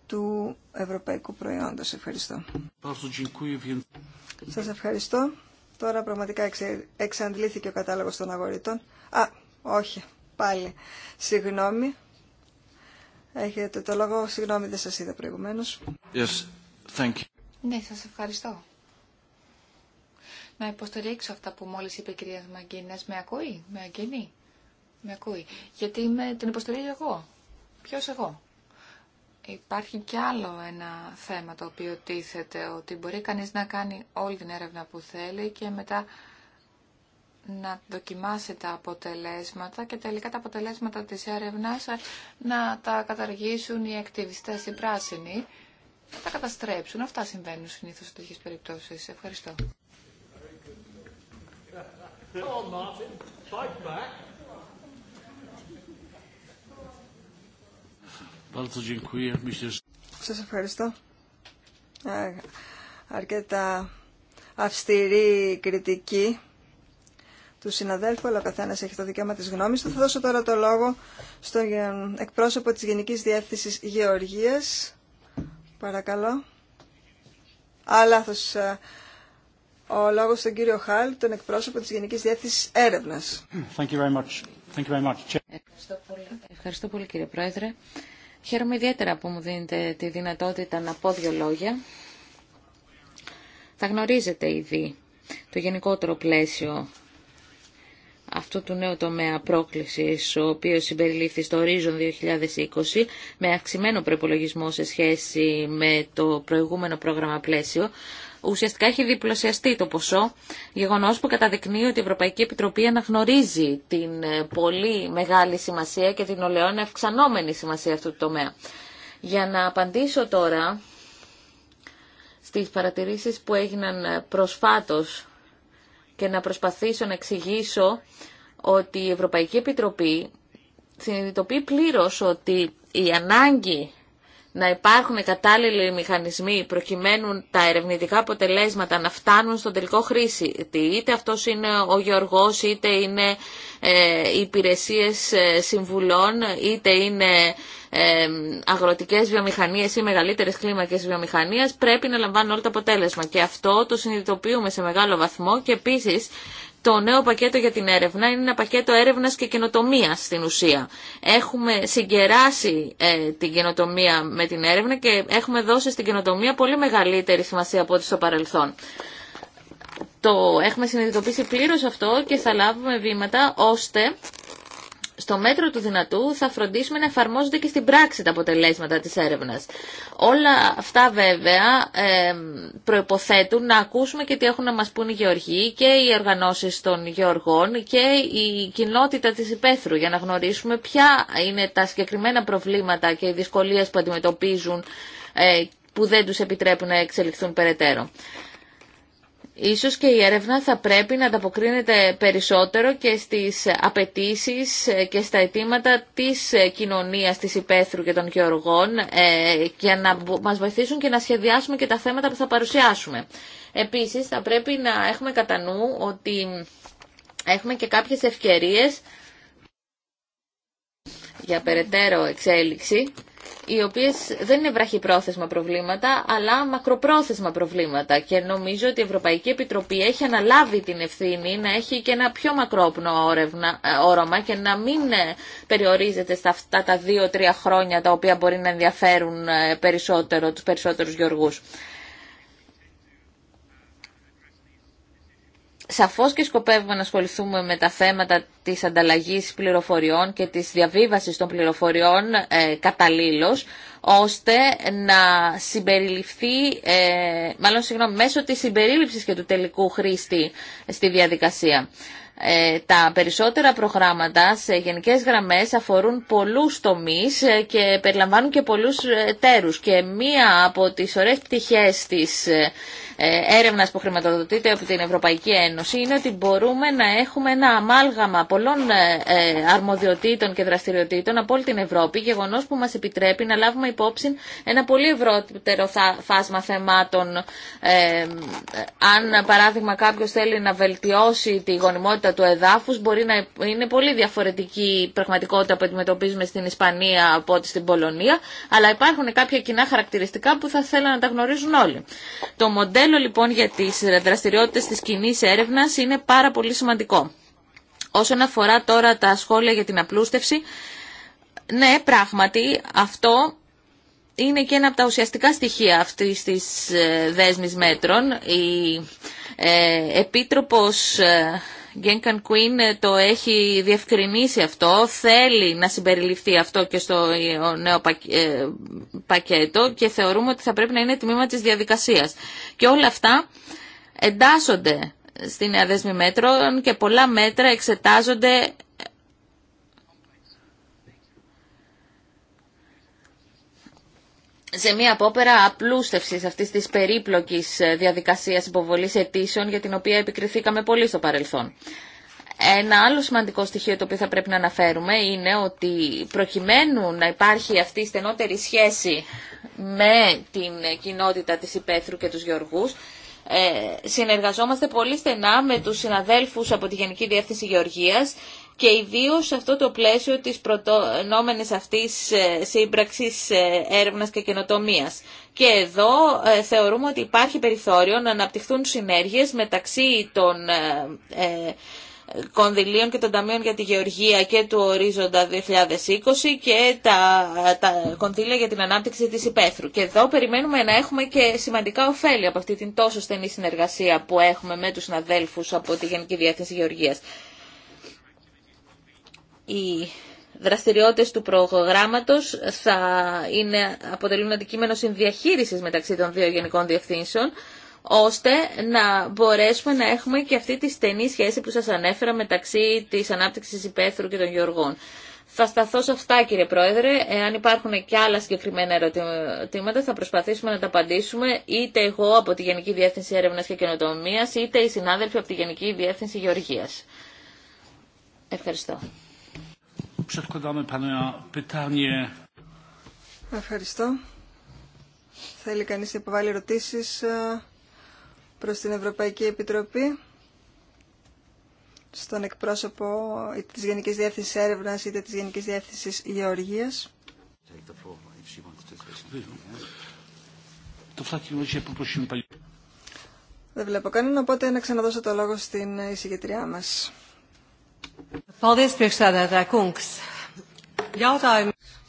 του ευρωπαϊκού προϊόντος. Ευχαριστώ. Σας ευχαριστώ. Τώρα πραγματικά εξαντλήθηκε ο κατάλογος των αγορητών. Α, όχι. Πάλι. Συγγνώμη. Έχετε το λόγο. Συγγνώμη, δεν σας είδα προηγουμένως. Yes, thank you. Ναι, σας ευχαριστώ. Να υποστηρίξω αυτά που μόλις είπε η κυρία Μαγκίνες. Με ακούει, με ακίνει. Με ακούει. Γιατί με την υποστηρίζω εγώ. Ποιος εγώ. Υπάρχει κι άλλο ένα θέμα το οποίο τίθεται, ότι μπορεί κανείς να κάνει όλη την έρευνα που θέλει και μετά να δοκιμάσει τα αποτελέσματα και τελικά τα αποτελέσματα της έρευνας να τα καταργήσουν οι ακτιβιστές, οι πράσινοι, να τα καταστρέψουν. Αυτά συμβαίνουν συνήθως σε τέτοιες περιπτώσεις. Ευχαριστώ. Σας ευχαριστώ. Αρκετά αυστηρή κριτική του συναδέλφου, αλλά ο καθένα έχει το δικαίωμα τη γνώμη. του. Θα δώσω τώρα το λόγο στον εκπρόσωπο τη Γενική Διεύθυνση Γεωργία. Παρακαλώ. Α, ε, Ο λόγο στον κύριο Χάλ, τον εκπρόσωπο τη Γενική Διεύθυνση Έρευνα. Ευχαριστώ, πολύ. Ευχαριστώ πολύ κύριε Πρόεδρε. Χαίρομαι ιδιαίτερα που μου δίνετε τη δυνατότητα να πω δύο λόγια. Θα γνωρίζετε ήδη το γενικότερο πλαίσιο αυτό του νέου τομέα πρόκλησης, ο οποίος συμπεριλήφθη στο Horizon 2020, με αυξημένο προπολογισμό σε σχέση με το προηγούμενο πρόγραμμα πλαίσιο, ουσιαστικά έχει διπλασιαστεί το ποσό, γεγονός που καταδεικνύει ότι η Ευρωπαϊκή Επιτροπή αναγνωρίζει την ε, πολύ μεγάλη σημασία και την ολαιόν αυξανόμενη σημασία αυτού του τομέα. Για να απαντήσω τώρα στις παρατηρήσεις που έγιναν ε, προσφάτως και να προσπαθήσω να εξηγήσω ότι η Ευρωπαϊκή Επιτροπή συνειδητοποιεί πλήρως ότι η ανάγκη να υπάρχουν κατάλληλοι μηχανισμοί προκειμένου τα ερευνητικά αποτελέσματα να φτάνουν στον τελικό χρήση. Είτε αυτός είναι ο Γεωργός, είτε είναι ε, οι υπηρεσίες ε, συμβουλών, είτε είναι αγροτικές βιομηχανίες ή μεγαλύτερες κλίμακες βιομηχανία πρέπει να λαμβάνουν όλο το αποτέλεσμα. Και αυτό το συνειδητοποιούμε σε μεγάλο βαθμό και επίσης το νέο πακέτο για την έρευνα είναι ένα πακέτο έρευνας και καινοτομία στην ουσία. Έχουμε συγκεράσει ε, την καινοτομία με την έρευνα και έχουμε δώσει στην καινοτομία πολύ μεγαλύτερη σημασία από ό,τι στο παρελθόν. Το έχουμε συνειδητοποιήσει πλήρως αυτό και θα λάβουμε βήματα ώστε στο μέτρο του δυνατού θα φροντίσουμε να εφαρμόζονται και στην πράξη τα αποτελέσματα της έρευνας. Όλα αυτά βέβαια προϋποθέτουν να ακούσουμε και τι έχουν να μας πούν οι γεωργοί και οι οργανώσεις των γεωργών και η κοινότητα της υπαίθρου για να γνωρίσουμε ποια είναι τα συγκεκριμένα προβλήματα και οι δυσκολίες που αντιμετωπίζουν ε, που δεν τους επιτρέπουν να εξελιχθούν περαιτέρω. Ίσως και η έρευνα θα πρέπει να ανταποκρίνεται περισσότερο και στις απαιτήσει και στα αιτήματα της κοινωνίας της υπαίθρου και των γεωργών ε, για να μας βοηθήσουν και να σχεδιάσουμε και τα θέματα που θα παρουσιάσουμε. Επίσης θα πρέπει να έχουμε κατά νου ότι έχουμε και κάποιες ευκαιρίες για περαιτέρω εξέλιξη οι οποίες δεν είναι βραχυπρόθεσμα προβλήματα, αλλά μακροπρόθεσμα προβλήματα. Και νομίζω ότι η Ευρωπαϊκή Επιτροπή έχει αναλάβει την ευθύνη να έχει και ένα πιο μακρόπνο ε, όρομα και να μην ε, περιορίζεται στα αυτά τα δύο-τρία χρόνια τα οποία μπορεί να ενδιαφέρουν ε, περισσότερο τους περισσότερους γεωργούς. Σαφώς και σκοπεύουμε να ασχοληθούμε με τα θέματα της ανταλλαγής πληροφοριών και της διαβίβασης των πληροφοριών ε, καταλήλως, ώστε να συμπεριληφθεί, ε, μάλλον συγγνώμη, μέσω της συμπερίληψης και του τελικού χρήστη στη διαδικασία. Ε, τα περισσότερα προγράμματα σε γενικές γραμμές αφορούν πολλούς τομείς ε, και περιλαμβάνουν και πολλούς τέρους. Και μία από τις ωραίες πτυχές της ε, έρευνας που χρηματοδοτείται από την Ευρωπαϊκή Ένωση είναι ότι μπορούμε να έχουμε ένα αμάλγαμα πολλών ε, ε, αρμοδιοτήτων και δραστηριοτήτων από όλη την Ευρώπη, γεγονός που μας επιτρέπει να λάβουμε υπόψη ένα πολύ ευρωτερό φάσμα θεμάτων. αν παράδειγμα κάποιος θέλει να βελτιώσει τη γονιμότητα του εδάφους, μπορεί να είναι πολύ διαφορετική η πραγματικότητα που αντιμετωπίζουμε στην Ισπανία από ό,τι στην Πολωνία, αλλά υπάρχουν κάποια κοινά χαρακτηριστικά που θα θέλουν να τα γνωρίζουν όλοι. Το μοντέλο λοιπόν για τι δραστηριότητες τη κοινή έρευνας είναι πάρα πολύ σημαντικό. Όσον αφορά τώρα τα σχόλια για την απλούστευση, ναι πράγματι αυτό είναι και ένα από τα ουσιαστικά στοιχεία αυτής της ε, δέσμης μέτρων. Η ε, Γκένκαν Κουίν ε, το έχει διευκρινίσει αυτό, θέλει να συμπεριληφθεί αυτό και στο ε, νέο ε, πακέτο και θεωρούμε ότι θα πρέπει να είναι τμήμα της διαδικασίας. Και όλα αυτά εντάσσονται στην Δέσμη μέτρων και πολλά μέτρα εξετάζονται σε μια απόπερα απλούστευσης αυτής της περίπλοκης ε, διαδικασίας υποβολής αιτήσεων για την οποία επικριθήκαμε πολύ στο παρελθόν. Ένα άλλο σημαντικό στοιχείο το οποίο θα πρέπει να αναφέρουμε είναι ότι προκειμένου να υπάρχει αυτή η στενότερη σχέση με την κοινότητα της Υπέθρου και τους γεωργούς, ε, συνεργαζόμαστε πολύ στενά με τους συναδέλφους από τη Γενική Διεύθυνση Γεωργίας και ιδίω σε αυτό το πλαίσιο της προτονόμενης αυτής ε, σύμπραξης ε, έρευνας και καινοτομίας. Και εδώ ε, θεωρούμε ότι υπάρχει περιθώριο να αναπτυχθούν συνέργειες μεταξύ των κονδυλίων και των ταμείων για τη γεωργία και του ορίζοντα 2020 και τα, τα κονδύλια για την ανάπτυξη της υπαίθρου. Και εδώ περιμένουμε να έχουμε και σημαντικά ωφέλη από αυτή την τόσο στενή συνεργασία που έχουμε με τους συναδέλφους από τη Γενική Διεύθυνση Γεωργίας οι δραστηριότητες του προγράμματος θα είναι, αποτελούν αντικείμενο συνδιαχείρισης μεταξύ των δύο γενικών διευθύνσεων, ώστε να μπορέσουμε να έχουμε και αυτή τη στενή σχέση που σας ανέφερα μεταξύ της ανάπτυξης υπαίθρου και των γεωργών. Θα σταθώ σε αυτά κύριε Πρόεδρε. Εάν υπάρχουν και άλλα συγκεκριμένα ερωτήματα θα προσπαθήσουμε να τα απαντήσουμε είτε εγώ από τη Γενική Διεύθυνση Έρευνα και Καινοτομίας είτε οι συνάδελφοι από τη Γενική Διεύθυνση Γεωργίας. Ευχαριστώ. Ευχαριστώ. Θέλει κανείς να υποβάλει ερωτήσεις ε, προς την Ευρωπαϊκή Επιτροπή στον εκπρόσωπο είτε της Γενικής Διεύθυνσης Έρευνας είτε της Γενικής Διεύθυνσης Γεωργίας. Δεν βλέπω κανέναν, οπότε να ξαναδώσω το λόγο στην εισηγητριά μας.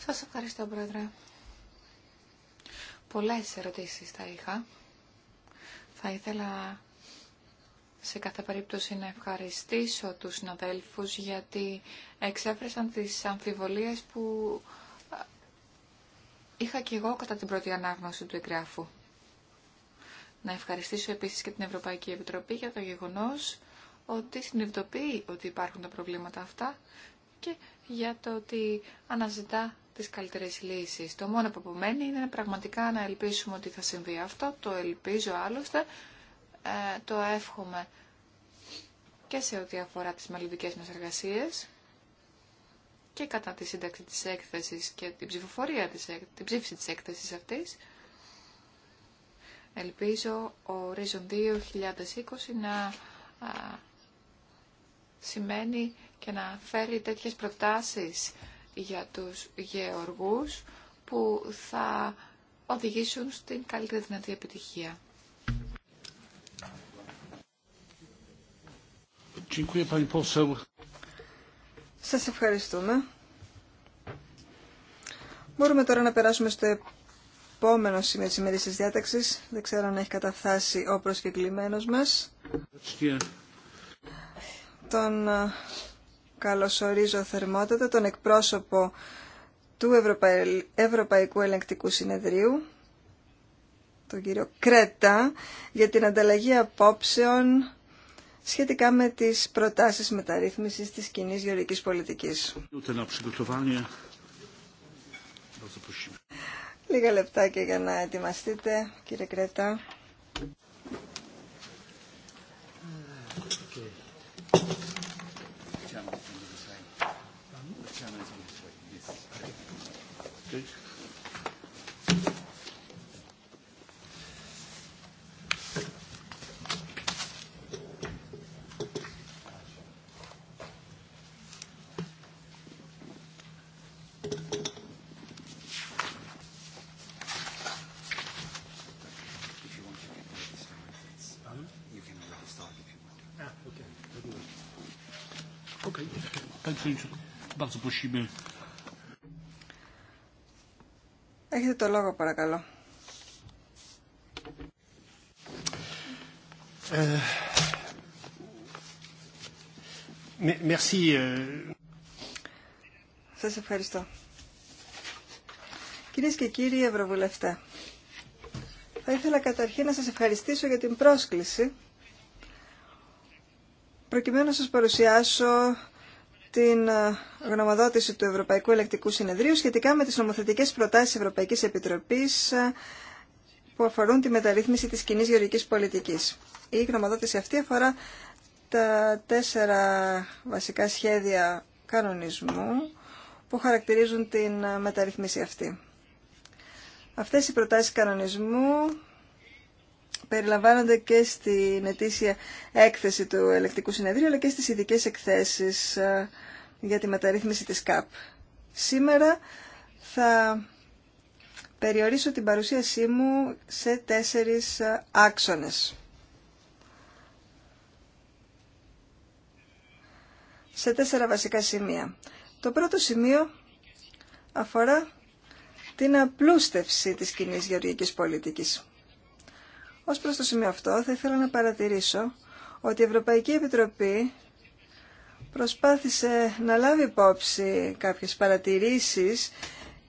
Σας ευχαριστώ, Πρόεδρε. Πολλές ερωτήσεις θα είχα. Θα ήθελα σε κάθε περίπτωση να ευχαριστήσω τους συναδέλφους γιατί εξέφρασαν τις αμφιβολίες που είχα και εγώ κατά την πρώτη ανάγνωση του εγγράφου. Να ευχαριστήσω επίσης και την Ευρωπαϊκή Επιτροπή για το γεγονός ότι συνειδητοποιεί ότι υπάρχουν τα προβλήματα αυτά και για το ότι αναζητά τις καλύτερες λύσεις. Το μόνο που απομένει είναι πραγματικά να ελπίσουμε ότι θα συμβεί αυτό. Το ελπίζω άλλωστε, ε, το εύχομαι και σε ό,τι αφορά τις μελλοντικές μας εργασίες και κατά τη σύνταξη της έκθεσης και την ψηφοφορία της, την ψήφιση της έκθεσης αυτής. Ελπίζω ο Horizon 2020 να σημαίνει και να φέρει τέτοιες προτάσεις για τους γεωργούς που θα οδηγήσουν στην καλύτερη δυνατή επιτυχία. Σας ευχαριστούμε. Μπορούμε τώρα να περάσουμε στο επόμενο σημείο της ημερής της διάταξης. Δεν ξέρω αν έχει καταφθάσει ο προσκεκλημένος μας τον ε, καλωσορίζω θερμότατα τον εκπρόσωπο του Ευρωπαϊκού Ελεγκτικού Συνεδρίου, τον κύριο Κρέτα, για την ανταλλαγή απόψεων σχετικά με τις προτάσεις μεταρρύθμισης της κοινής γεωργικής πολιτικής. Λίγα λεπτάκια για να ετοιμαστείτε, κύριε Κρέτα. Έχετε το λόγο παρακαλώ. Ε, merci. Ε. Σας ευχαριστώ. Κυρίε και κύριοι Ευρωβουλευτέ, θα ήθελα καταρχήν να σας ευχαριστήσω για την πρόσκληση προκειμένου να σας παρουσιάσω την ε, γνωμοδότηση του Ευρωπαϊκού Ελεκτικού Συνεδρίου σχετικά με τις νομοθετικές προτάσεις Ευρωπαϊκής Επιτροπής ε, που αφορούν τη μεταρρύθμιση της κοινή γεωργικής πολιτικής. Η γνωμοδότηση αυτή αφορά τα τέσσερα βασικά σχέδια κανονισμού που χαρακτηρίζουν την ε, μεταρρύθμιση αυτή. Αυτές οι προτάσεις κανονισμού περιλαμβάνονται και στην ετήσια έκθεση του ελεκτικού συνεδρίου αλλά και στις ειδικές εκθέσεις ε, για τη μεταρρύθμιση της ΚΑΠ. Σήμερα θα περιορίσω την παρουσίασή μου σε τέσσερις ε, άξονες. Σε τέσσερα βασικά σημεία. Το πρώτο σημείο αφορά την απλούστευση της κοινή γεωργικής πολιτικής. Ως προς το σημείο αυτό θα ήθελα να παρατηρήσω ότι η Ευρωπαϊκή Επιτροπή προσπάθησε να λάβει υπόψη κάποιες παρατηρήσεις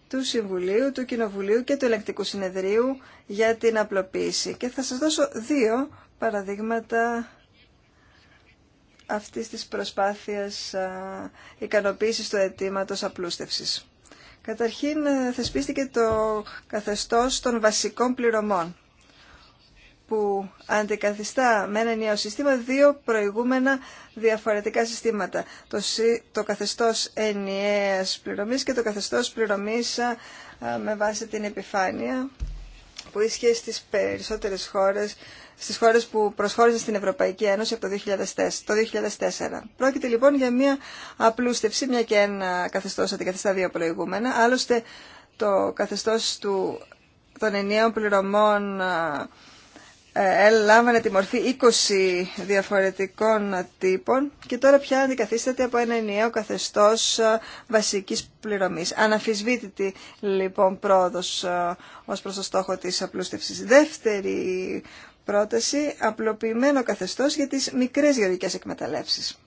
του Συμβουλίου, του Κοινοβουλίου και του Ελεκτικού Συνεδρίου για την απλοποίηση. Και θα σας δώσω δύο παραδείγματα αυτής της προσπάθειας ικανοποίηση ικανοποίησης του αιτήματο απλούστευσης. Καταρχήν ε, θεσπίστηκε το καθεστώς των βασικών πληρωμών που αντικαθιστά με ένα νέο σύστημα δύο προηγούμενα διαφορετικά συστήματα. Το, το καθεστώς ενιαίας πληρωμής και το καθεστώς πληρωμής με βάση την επιφάνεια που ίσχυε στις περισσότερες χώρες, στις χώρες που προσχώρησαν στην Ευρωπαϊκή Ένωση από το 2004. Το 2004. Πρόκειται λοιπόν για μια απλούστευση, μια και ένα καθεστώς αντικαθιστά δύο προηγούμενα. Άλλωστε το καθεστώς του, των ενιαίων πληρωμών έλαμβανε ε, ε, τη μορφή 20 διαφορετικών τύπων και τώρα πια αντικαθίσταται από ένα ενιαίο καθεστώς ε, βασικής πληρωμής. Αναφυσβήτητη λοιπόν πρόοδος ως προς το στόχο της απλούστευσης. Δεύτερη πρόταση, απλοποιημένο καθεστώς για τις μικρές γεωργικές εκμεταλλεύσεις.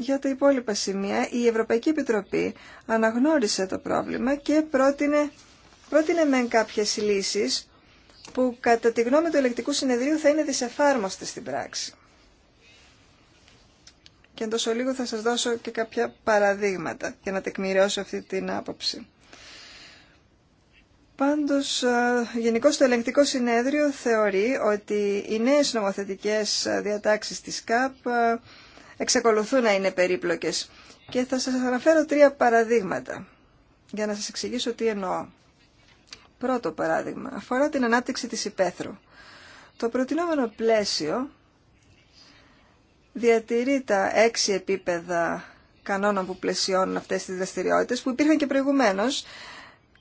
Για τα υπόλοιπα σημεία, η Ευρωπαϊκή Επιτροπή αναγνώρισε το πρόβλημα και πρότεινε πρότεινε μεν κάποιες λύσεις που κατά τη γνώμη του ελεκτικού συνεδρίου θα είναι δυσεφάρμοστες στην πράξη. Και εντός λίγο θα σας δώσω και κάποια παραδείγματα για να τεκμηριώσω αυτή την άποψη. Πάντως, γενικώ το ελεγκτικό συνέδριο θεωρεί ότι οι νέες νομοθετικές διατάξεις της ΚΑΠ εξακολουθούν να είναι περίπλοκες. Και θα σας αναφέρω τρία παραδείγματα για να σας εξηγήσω τι εννοώ. Πρώτο παράδειγμα αφορά την ανάπτυξη της υπαίθρου. Το προτινόμενο πλαίσιο διατηρεί τα έξι επίπεδα κανόνων που πλαισιώνουν αυτές τις δραστηριότητες που υπήρχαν και προηγουμένως.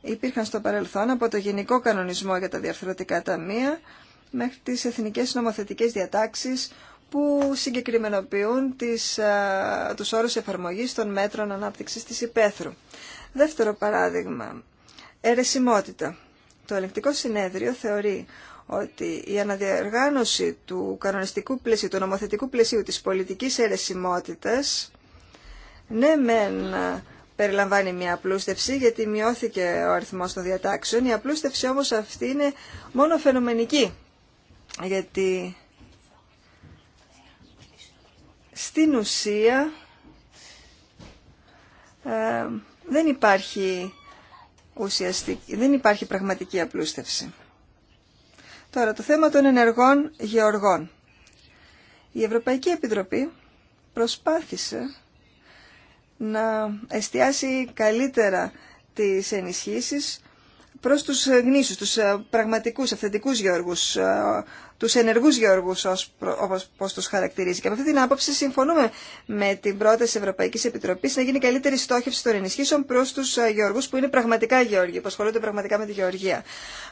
Υπήρχαν στο παρελθόν από το Γενικό Κανονισμό για τα Διαρθρωτικά Ταμεία μέχρι τις Εθνικές Νομοθετικές Διατάξεις που συγκεκριμενοποιούν τις, α, τους όρους εφαρμογής των μέτρων ανάπτυξης της υπαίθρου. Δεύτερο παράδειγμα, ερεσιμότητα. Το ελεγκτικό συνέδριο θεωρεί ότι η αναδιαργάνωση του κανονιστικού πλαισίου, του νομοθετικού πλαισίου της πολιτικής αιρεσιμότητας, ναι μεν ε, περιλαμβάνει μια απλούστευση, γιατί μειώθηκε ο αριθμός των διατάξεων, η απλούστευση όμως αυτή είναι μόνο φαινομενική, γιατί στην ουσία ε, δεν υπάρχει ουσιαστική, δεν υπάρχει πραγματική απλούστευση. Τώρα, το θέμα των ενεργών γεωργών. Η Ευρωπαϊκή Επιτροπή προσπάθησε να εστιάσει καλύτερα τις ενισχύσεις προς τους γνήσους, τους ε, πραγματικούς, αυθεντικούς γεωργούς, ε, τους ενεργούς γεωργούς όπως τους χαρακτηρίζει. Και από αυτή την άποψη συμφωνούμε με την πρόταση Ευρωπαϊκή Επιτροπής να γίνει καλύτερη στόχευση των ενισχύσεων προς τους ε, γεωργούς που είναι πραγματικά γεωργοί, που ασχολούνται πραγματικά με τη γεωργία.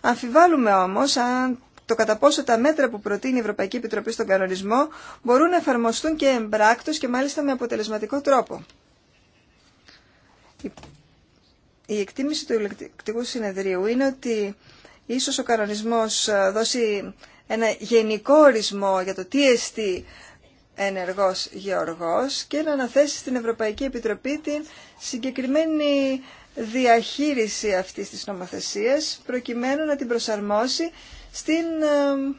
Αμφιβάλλουμε όμως αν το κατά πόσο τα μέτρα που προτείνει η Ευρωπαϊκή Επιτροπή στον κανονισμό μπορούν να εφαρμοστούν και εμπράκτος και μάλιστα με αποτελεσματικό τρόπο η εκτίμηση του ηλεκτρικού συνεδρίου είναι ότι ίσως ο κανονισμός ε, δώσει ένα γενικό ορισμό για το τι εστί ενεργός γεωργός και να αναθέσει στην Ευρωπαϊκή Επιτροπή την συγκεκριμένη διαχείριση αυτής της νομοθεσίας προκειμένου να την προσαρμόσει στην ε,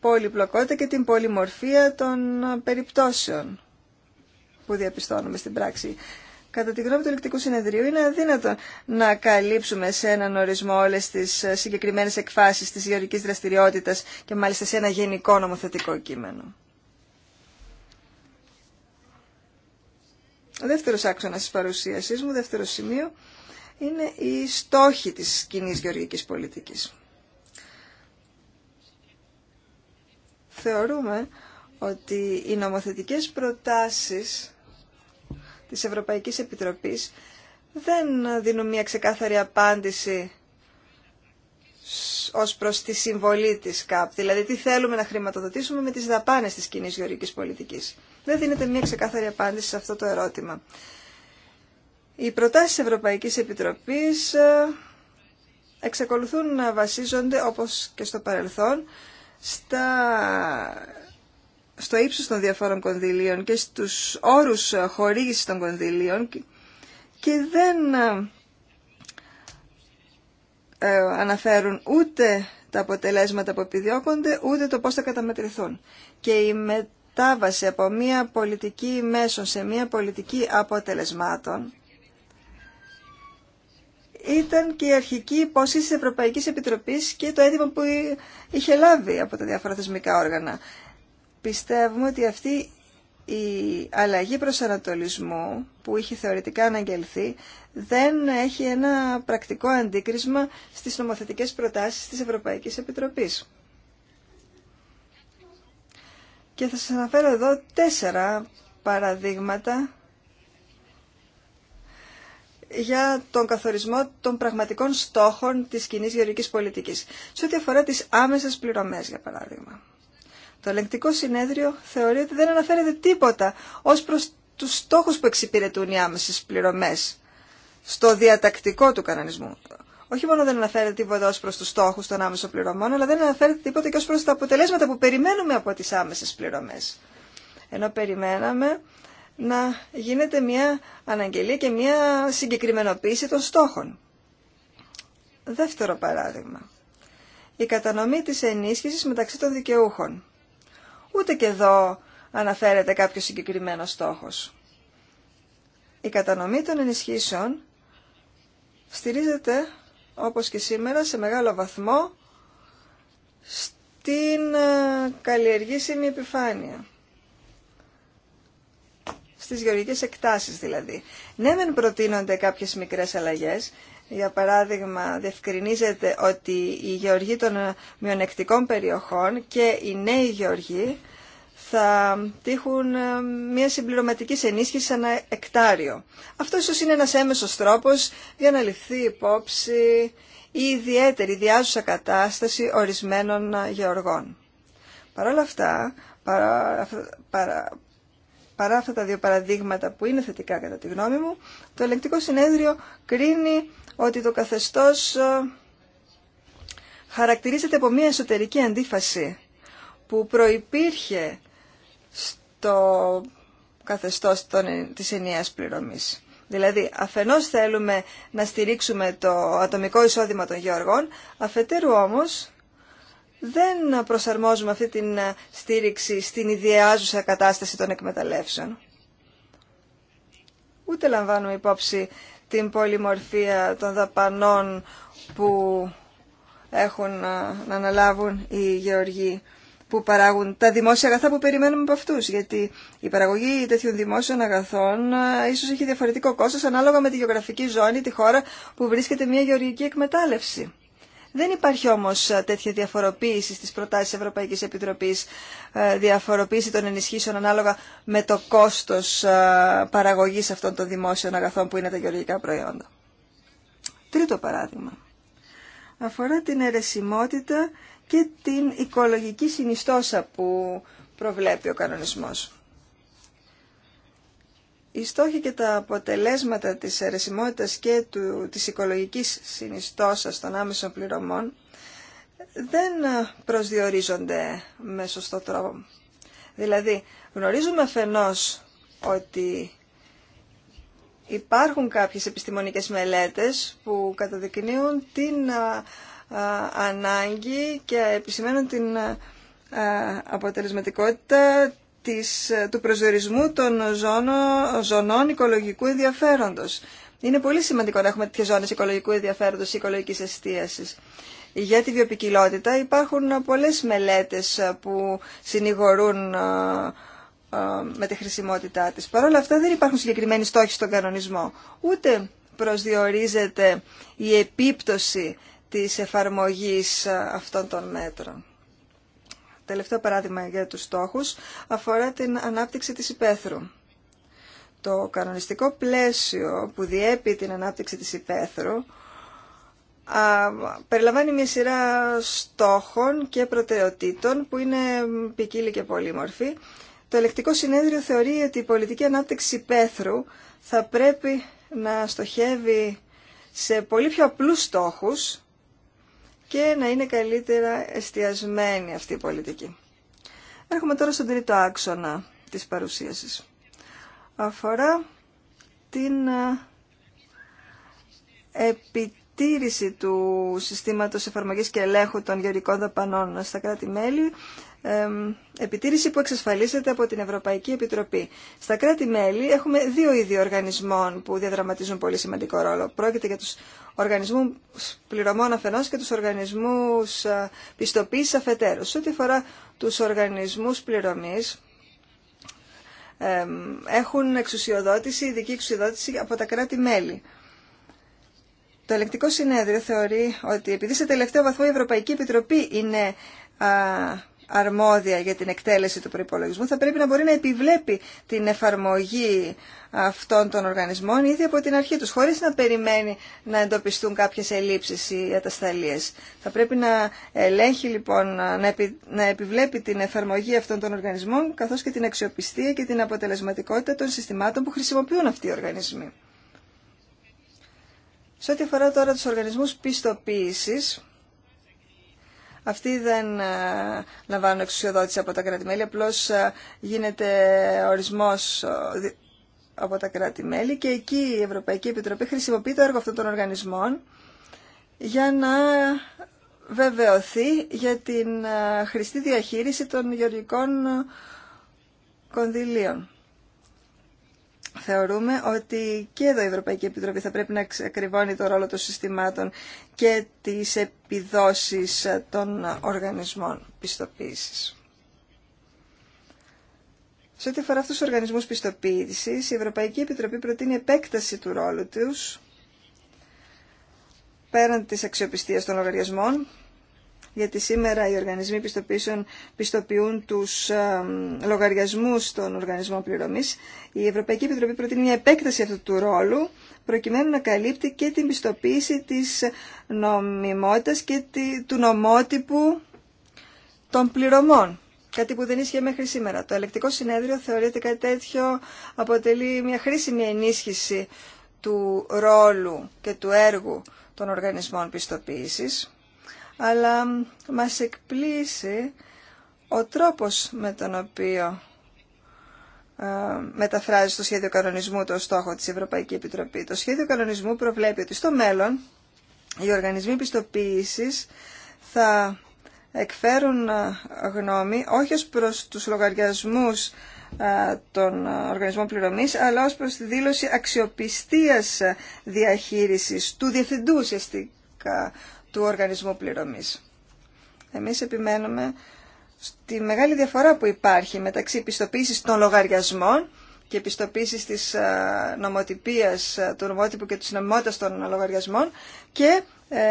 πολυπλοκότητα και την πολυμορφία των ε, περιπτώσεων που διαπιστώνουμε στην πράξη. Κατά τη γνώμη του Ελεκτικού Συνεδρίου είναι αδύνατο να καλύψουμε σε έναν ορισμό όλες τις ε, συγκεκριμένες εκφάσεις της γεωρικής δραστηριότητας και μάλιστα σε ένα γενικό νομοθετικό κείμενο. Ο δεύτερος άξονας της παρουσίασής μου, δεύτερο σημείο, είναι οι στόχοι της κοινή γεωργικής πολιτικής. Θεωρούμε ότι οι νομοθετικές προτάσεις της Ευρωπαϊκής Επιτροπής δεν δίνουν μια ξεκάθαρη απάντηση ως προς τη συμβολή της ΚΑΠ, δηλαδή τι θέλουμε να χρηματοδοτήσουμε με τις δαπάνες της κοινή γεωργικής πολιτικής. Δεν δίνεται μια ξεκάθαρη απάντηση σε αυτό το ερώτημα. Οι προτάσεις της Ευρωπαϊκής Επιτροπής ε, εξακολουθούν να βασίζονται, όπως και στο παρελθόν, στα στο ύψος των διαφόρων κονδυλίων και στους όρους χορήγησης των κονδυλίων και δεν ε, αναφέρουν ούτε τα αποτελέσματα που επιδιώκονται, ούτε το πώς θα καταμετρηθούν. Και η μετάβαση από μια πολιτική μέσων σε μια πολιτική αποτελεσμάτων ήταν και η αρχική υπόσχεση της Ευρωπαϊκής Επιτροπής και το έτοιμο που είχε λάβει από τα διάφορα θεσμικά όργανα πιστεύουμε ότι αυτή η αλλαγή προσανατολισμού που είχε θεωρητικά αναγγελθεί δεν έχει ένα πρακτικό αντίκρισμα στις νομοθετικές προτάσεις της Ευρωπαϊκής Επιτροπής. Και θα σας αναφέρω εδώ τέσσερα παραδείγματα για τον καθορισμό των πραγματικών στόχων της κοινή γεωργικής πολιτικής, σε ό,τι αφορά τις άμεσες πληρωμές, για παράδειγμα. Το ελεγκτικό συνέδριο θεωρεί ότι δεν αναφέρεται τίποτα ως προς τους στόχους που εξυπηρετούν οι άμεσες πληρωμές στο διατακτικό του κανονισμού. Όχι μόνο δεν αναφέρεται τίποτα ως προς τους στόχους των άμεσων πληρωμών, αλλά δεν αναφέρεται τίποτα και ως προς τα αποτελέσματα που περιμένουμε από τις άμεσες πληρωμές. Ενώ περιμέναμε να γίνεται μια αναγγελία και μια συγκεκριμενοποίηση των στόχων. Δεύτερο παράδειγμα. Η κατανομή της ενίσχυσης μεταξύ των δικαιούχων. Ούτε και εδώ αναφέρεται κάποιο συγκεκριμένο στόχος. Η κατανομή των ενισχύσεων στηρίζεται, όπως και σήμερα, σε μεγάλο βαθμό στην ε, καλλιεργήσιμη επιφάνεια. Στις γεωργικές εκτάσεις δηλαδή. Ναι, δεν προτείνονται κάποιες μικρές αλλαγές, για παράδειγμα, διευκρινίζεται ότι οι γεωργοί των μειονεκτικών περιοχών και οι νέοι γεωργοί θα τύχουν ε, μια συμπληρωματική ενίσχυση ένα εκτάριο. Αυτό ίσω είναι ένα έμεσο τρόπο για να ληφθεί υπόψη η ιδιαίτερη διάζουσα κατάσταση ορισμένων ε, γεωργών. Παρ' όλα αυτά, παρά, παρά, παρά αυτά τα δύο παραδείγματα που είναι θετικά κατά τη γνώμη μου, το ελεγκτικό συνέδριο κρίνει ότι το καθεστώς ε, χαρακτηρίζεται από μια εσωτερική αντίφαση που προϋπήρχε στο καθεστώς των, της ενιαίας πληρωμής. Δηλαδή, αφενός θέλουμε να στηρίξουμε το ατομικό εισόδημα των γεωργών, αφετέρου όμως δεν προσαρμόζουμε αυτή την ε, στήριξη στην ιδιαιάζουσα κατάσταση των εκμεταλλεύσεων. Ούτε λαμβάνουμε υπόψη την πολυμορφία των δαπανών που έχουν ε, να αναλάβουν οι γεωργοί που παράγουν τα δημόσια αγαθά που περιμένουμε από αυτούς. Γιατί η παραγωγή τέτοιων δημόσιων αγαθών ε, ίσως έχει διαφορετικό κόστος ανάλογα με τη γεωγραφική ζώνη, τη χώρα που βρίσκεται μια γεωργική εκμετάλλευση. Δεν υπάρχει όμως ε, τέτοια διαφοροποίηση στις προτάσεις Ευρωπαϊκής Επιτροπής, ε, διαφοροποίηση των ενισχύσεων ανάλογα με το κόστος ε, παραγωγής αυτών των δημόσιων αγαθών που είναι τα γεωργικά προϊόντα. Τρίτο παράδειγμα. Αφορά την αιρεσιμότητα και την οικολογική συνιστόσα που προβλέπει ο κανονισμός οι στόχοι και τα αποτελέσματα της αιρεσιμότητας και του, της οικολογικής συνιστώσας των άμεσων πληρωμών δεν προσδιορίζονται με σωστό τρόπο. Δηλαδή, γνωρίζουμε αφενός ότι υπάρχουν κάποιες επιστημονικές μελέτες που καταδεικνύουν την ανάγκη και επισημαίνουν την αποτελεσματικότητα της, του προσδιορισμού των ζωνών οικολογικού ενδιαφέροντος. Είναι πολύ σημαντικό να έχουμε τέτοιες ζώνες οικολογικού ενδιαφέροντος ή οικολογικής εστίασης. Για τη βιοπικιλότητα υπάρχουν πολλές μελέτες που συνηγορούν με τη χρησιμότητά της. Παρ' όλα αυτά δεν υπάρχουν συγκεκριμένοι στόχοι στον κανονισμό. Ούτε προσδιορίζεται η επίπτωση της εφαρμογής αυτών των μέτρων τελευταίο παράδειγμα για τους στόχους αφορά την ανάπτυξη της υπαίθρου. Το κανονιστικό πλαίσιο που διέπει την ανάπτυξη της υπαίθρου α, περιλαμβάνει μια σειρά στόχων και προτεραιοτήτων που είναι ποικίλη και πολύμορφη. Το ελεκτικό συνέδριο θεωρεί ότι η πολιτική ανάπτυξη υπαίθρου θα πρέπει να στοχεύει σε πολύ πιο απλούς στόχους και να είναι καλύτερα εστιασμένη αυτή η πολιτική. Έρχομαι τώρα στον τρίτο άξονα της παρουσίασης. Αφορά την ε, επιτήρηση του συστήματος εφαρμογής και ελέγχου των γεωρικών δαπανών στα κράτη-μέλη επιτήρηση που εξασφαλίζεται από την Ευρωπαϊκή Επιτροπή. Στα κράτη-μέλη έχουμε δύο είδη οργανισμών που διαδραματίζουν πολύ σημαντικό ρόλο. Πρόκειται για τους οργανισμούς πληρωμών αφενός και τους οργανισμούς ε, πιστοποίησης αφετέρου. Σε ό,τι αφορά τους οργανισμούς πληρωμής, έχουν εξουσιοδότηση, ειδική εξουσιοδότηση από τα κράτη-μέλη. Το ελεκτικό συνέδριο θεωρεί ότι επειδή σε τελευταίο βαθμό η Ευρωπαϊκή Επιτροπή είναι αρμόδια για την εκτέλεση του προπολογισμού, θα πρέπει να μπορεί να επιβλέπει την εφαρμογή αυτών των οργανισμών ήδη από την αρχή τους, χωρίς να περιμένει να εντοπιστούν κάποιες ελλείψεις ή ατασταλίες. Θα πρέπει να ελέγχει λοιπόν, να επιβλέπει την εφαρμογή αυτών των οργανισμών, καθώς και την αξιοπιστία και την αποτελεσματικότητα των συστημάτων που χρησιμοποιούν αυτοί οι οργανισμοί. Σε ό,τι αφορά τώρα τους οργανισμούς πιστοποίησης, αυτοί δεν ε, λαμβάνουν εξουσιοδότηση από τα κράτη-μέλη, απλώς ε, γίνεται ορισμός ε, από τα κράτη-μέλη και εκεί η Ευρωπαϊκή Επιτροπή χρησιμοποιεί το έργο αυτών των οργανισμών για να βεβαιωθεί για την χρηστή διαχείριση των γεωργικών κονδυλίων θεωρούμε ότι και εδώ η Ευρωπαϊκή Επιτροπή θα πρέπει να ακριβώνει το ρόλο των συστημάτων και τις επιδόσεις των οργανισμών πιστοποίησης. Σε ό,τι αφορά αυτούς τους οργανισμούς πιστοποίησης, η Ευρωπαϊκή Επιτροπή προτείνει επέκταση του ρόλου τους πέραν της αξιοπιστίας των λογαριασμών γιατί σήμερα οι οργανισμοί πιστοποιήσεων πιστοποιούν τους λογαριασμούς των οργανισμών πληρωμής, η Ευρωπαϊκή Επιτροπή προτείνει μια επέκταση αυτού του ρόλου, προκειμένου να καλύπτει και την πιστοποίηση της νομιμότητας και του νομότυπου των πληρωμών. Κάτι που δεν ίσχυε μέχρι σήμερα. Το ελεκτικό συνέδριο θεωρείται κάτι τέτοιο αποτελεί μια χρήσιμη ενίσχυση του ρόλου και του έργου των οργανισμών πιστοποίησης αλλά μας εκπλήσει ο τρόπος με τον οποίο ε, μεταφράζει στο σχέδιο κανονισμού το στόχο της Ευρωπαϊκή Επιτροπή. Το σχέδιο κανονισμού προβλέπει ότι στο μέλλον οι οργανισμοί πιστοποίησης θα εκφέρουν ε, γνώμη όχι ως προς τους λογαριασμούς ε, των οργανισμών πληρωμής αλλά ως προς τη δήλωση αξιοπιστίας διαχείρισης του διευθυντού ουσιαστικά του οργανισμού πληρωμής. Εμείς επιμένουμε στη μεγάλη διαφορά που υπάρχει μεταξύ πιστοποίησης των λογαριασμών και πιστοποίησης της νομοτυπίας του νομότυπου και της νομιμότητας των λογαριασμών και ε,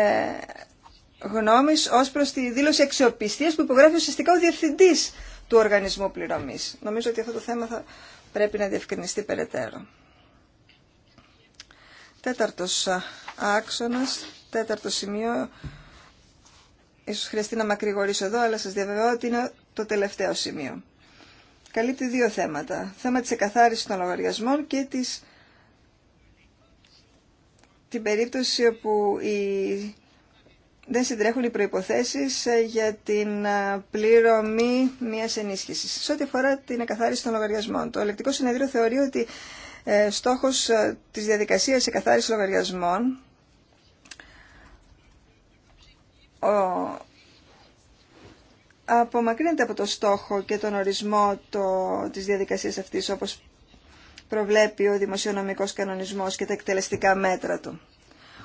γνώμης ως προς τη δήλωση αξιοπιστίας που υπογράφει ουσιαστικά ο διευθυντής του οργανισμού πληρωμής. Νομίζω ότι αυτό το θέμα θα πρέπει να διευκρινιστεί περαιτέρω. Τέταρτος άξονας, τέταρτο σημείο, ίσως χρειαστεί να μακρηγορήσω εδώ, αλλά σας διαβεβαιώ ότι είναι το τελευταίο σημείο. Καλύπτει δύο θέματα. Θέμα της εκαθάρισης των λογαριασμών και της... την περίπτωση όπου δεν συντρέχουν οι προϋποθέσεις ε, για την ε, πληρωμή μιας ενίσχυσης. Σε ό,τι αφορά την εκαθάριση των λογαριασμών, το ελεκτικό συνεδρίο θεωρεί ότι ε, στόχος της διαδικασίας εκαθάρισης λογαριασμών απομακρύνεται από το στόχο και τον ορισμό το, της διαδικασίας αυτής όπως προβλέπει ο δημοσιονομικός κανονισμός και τα εκτελεστικά μέτρα του.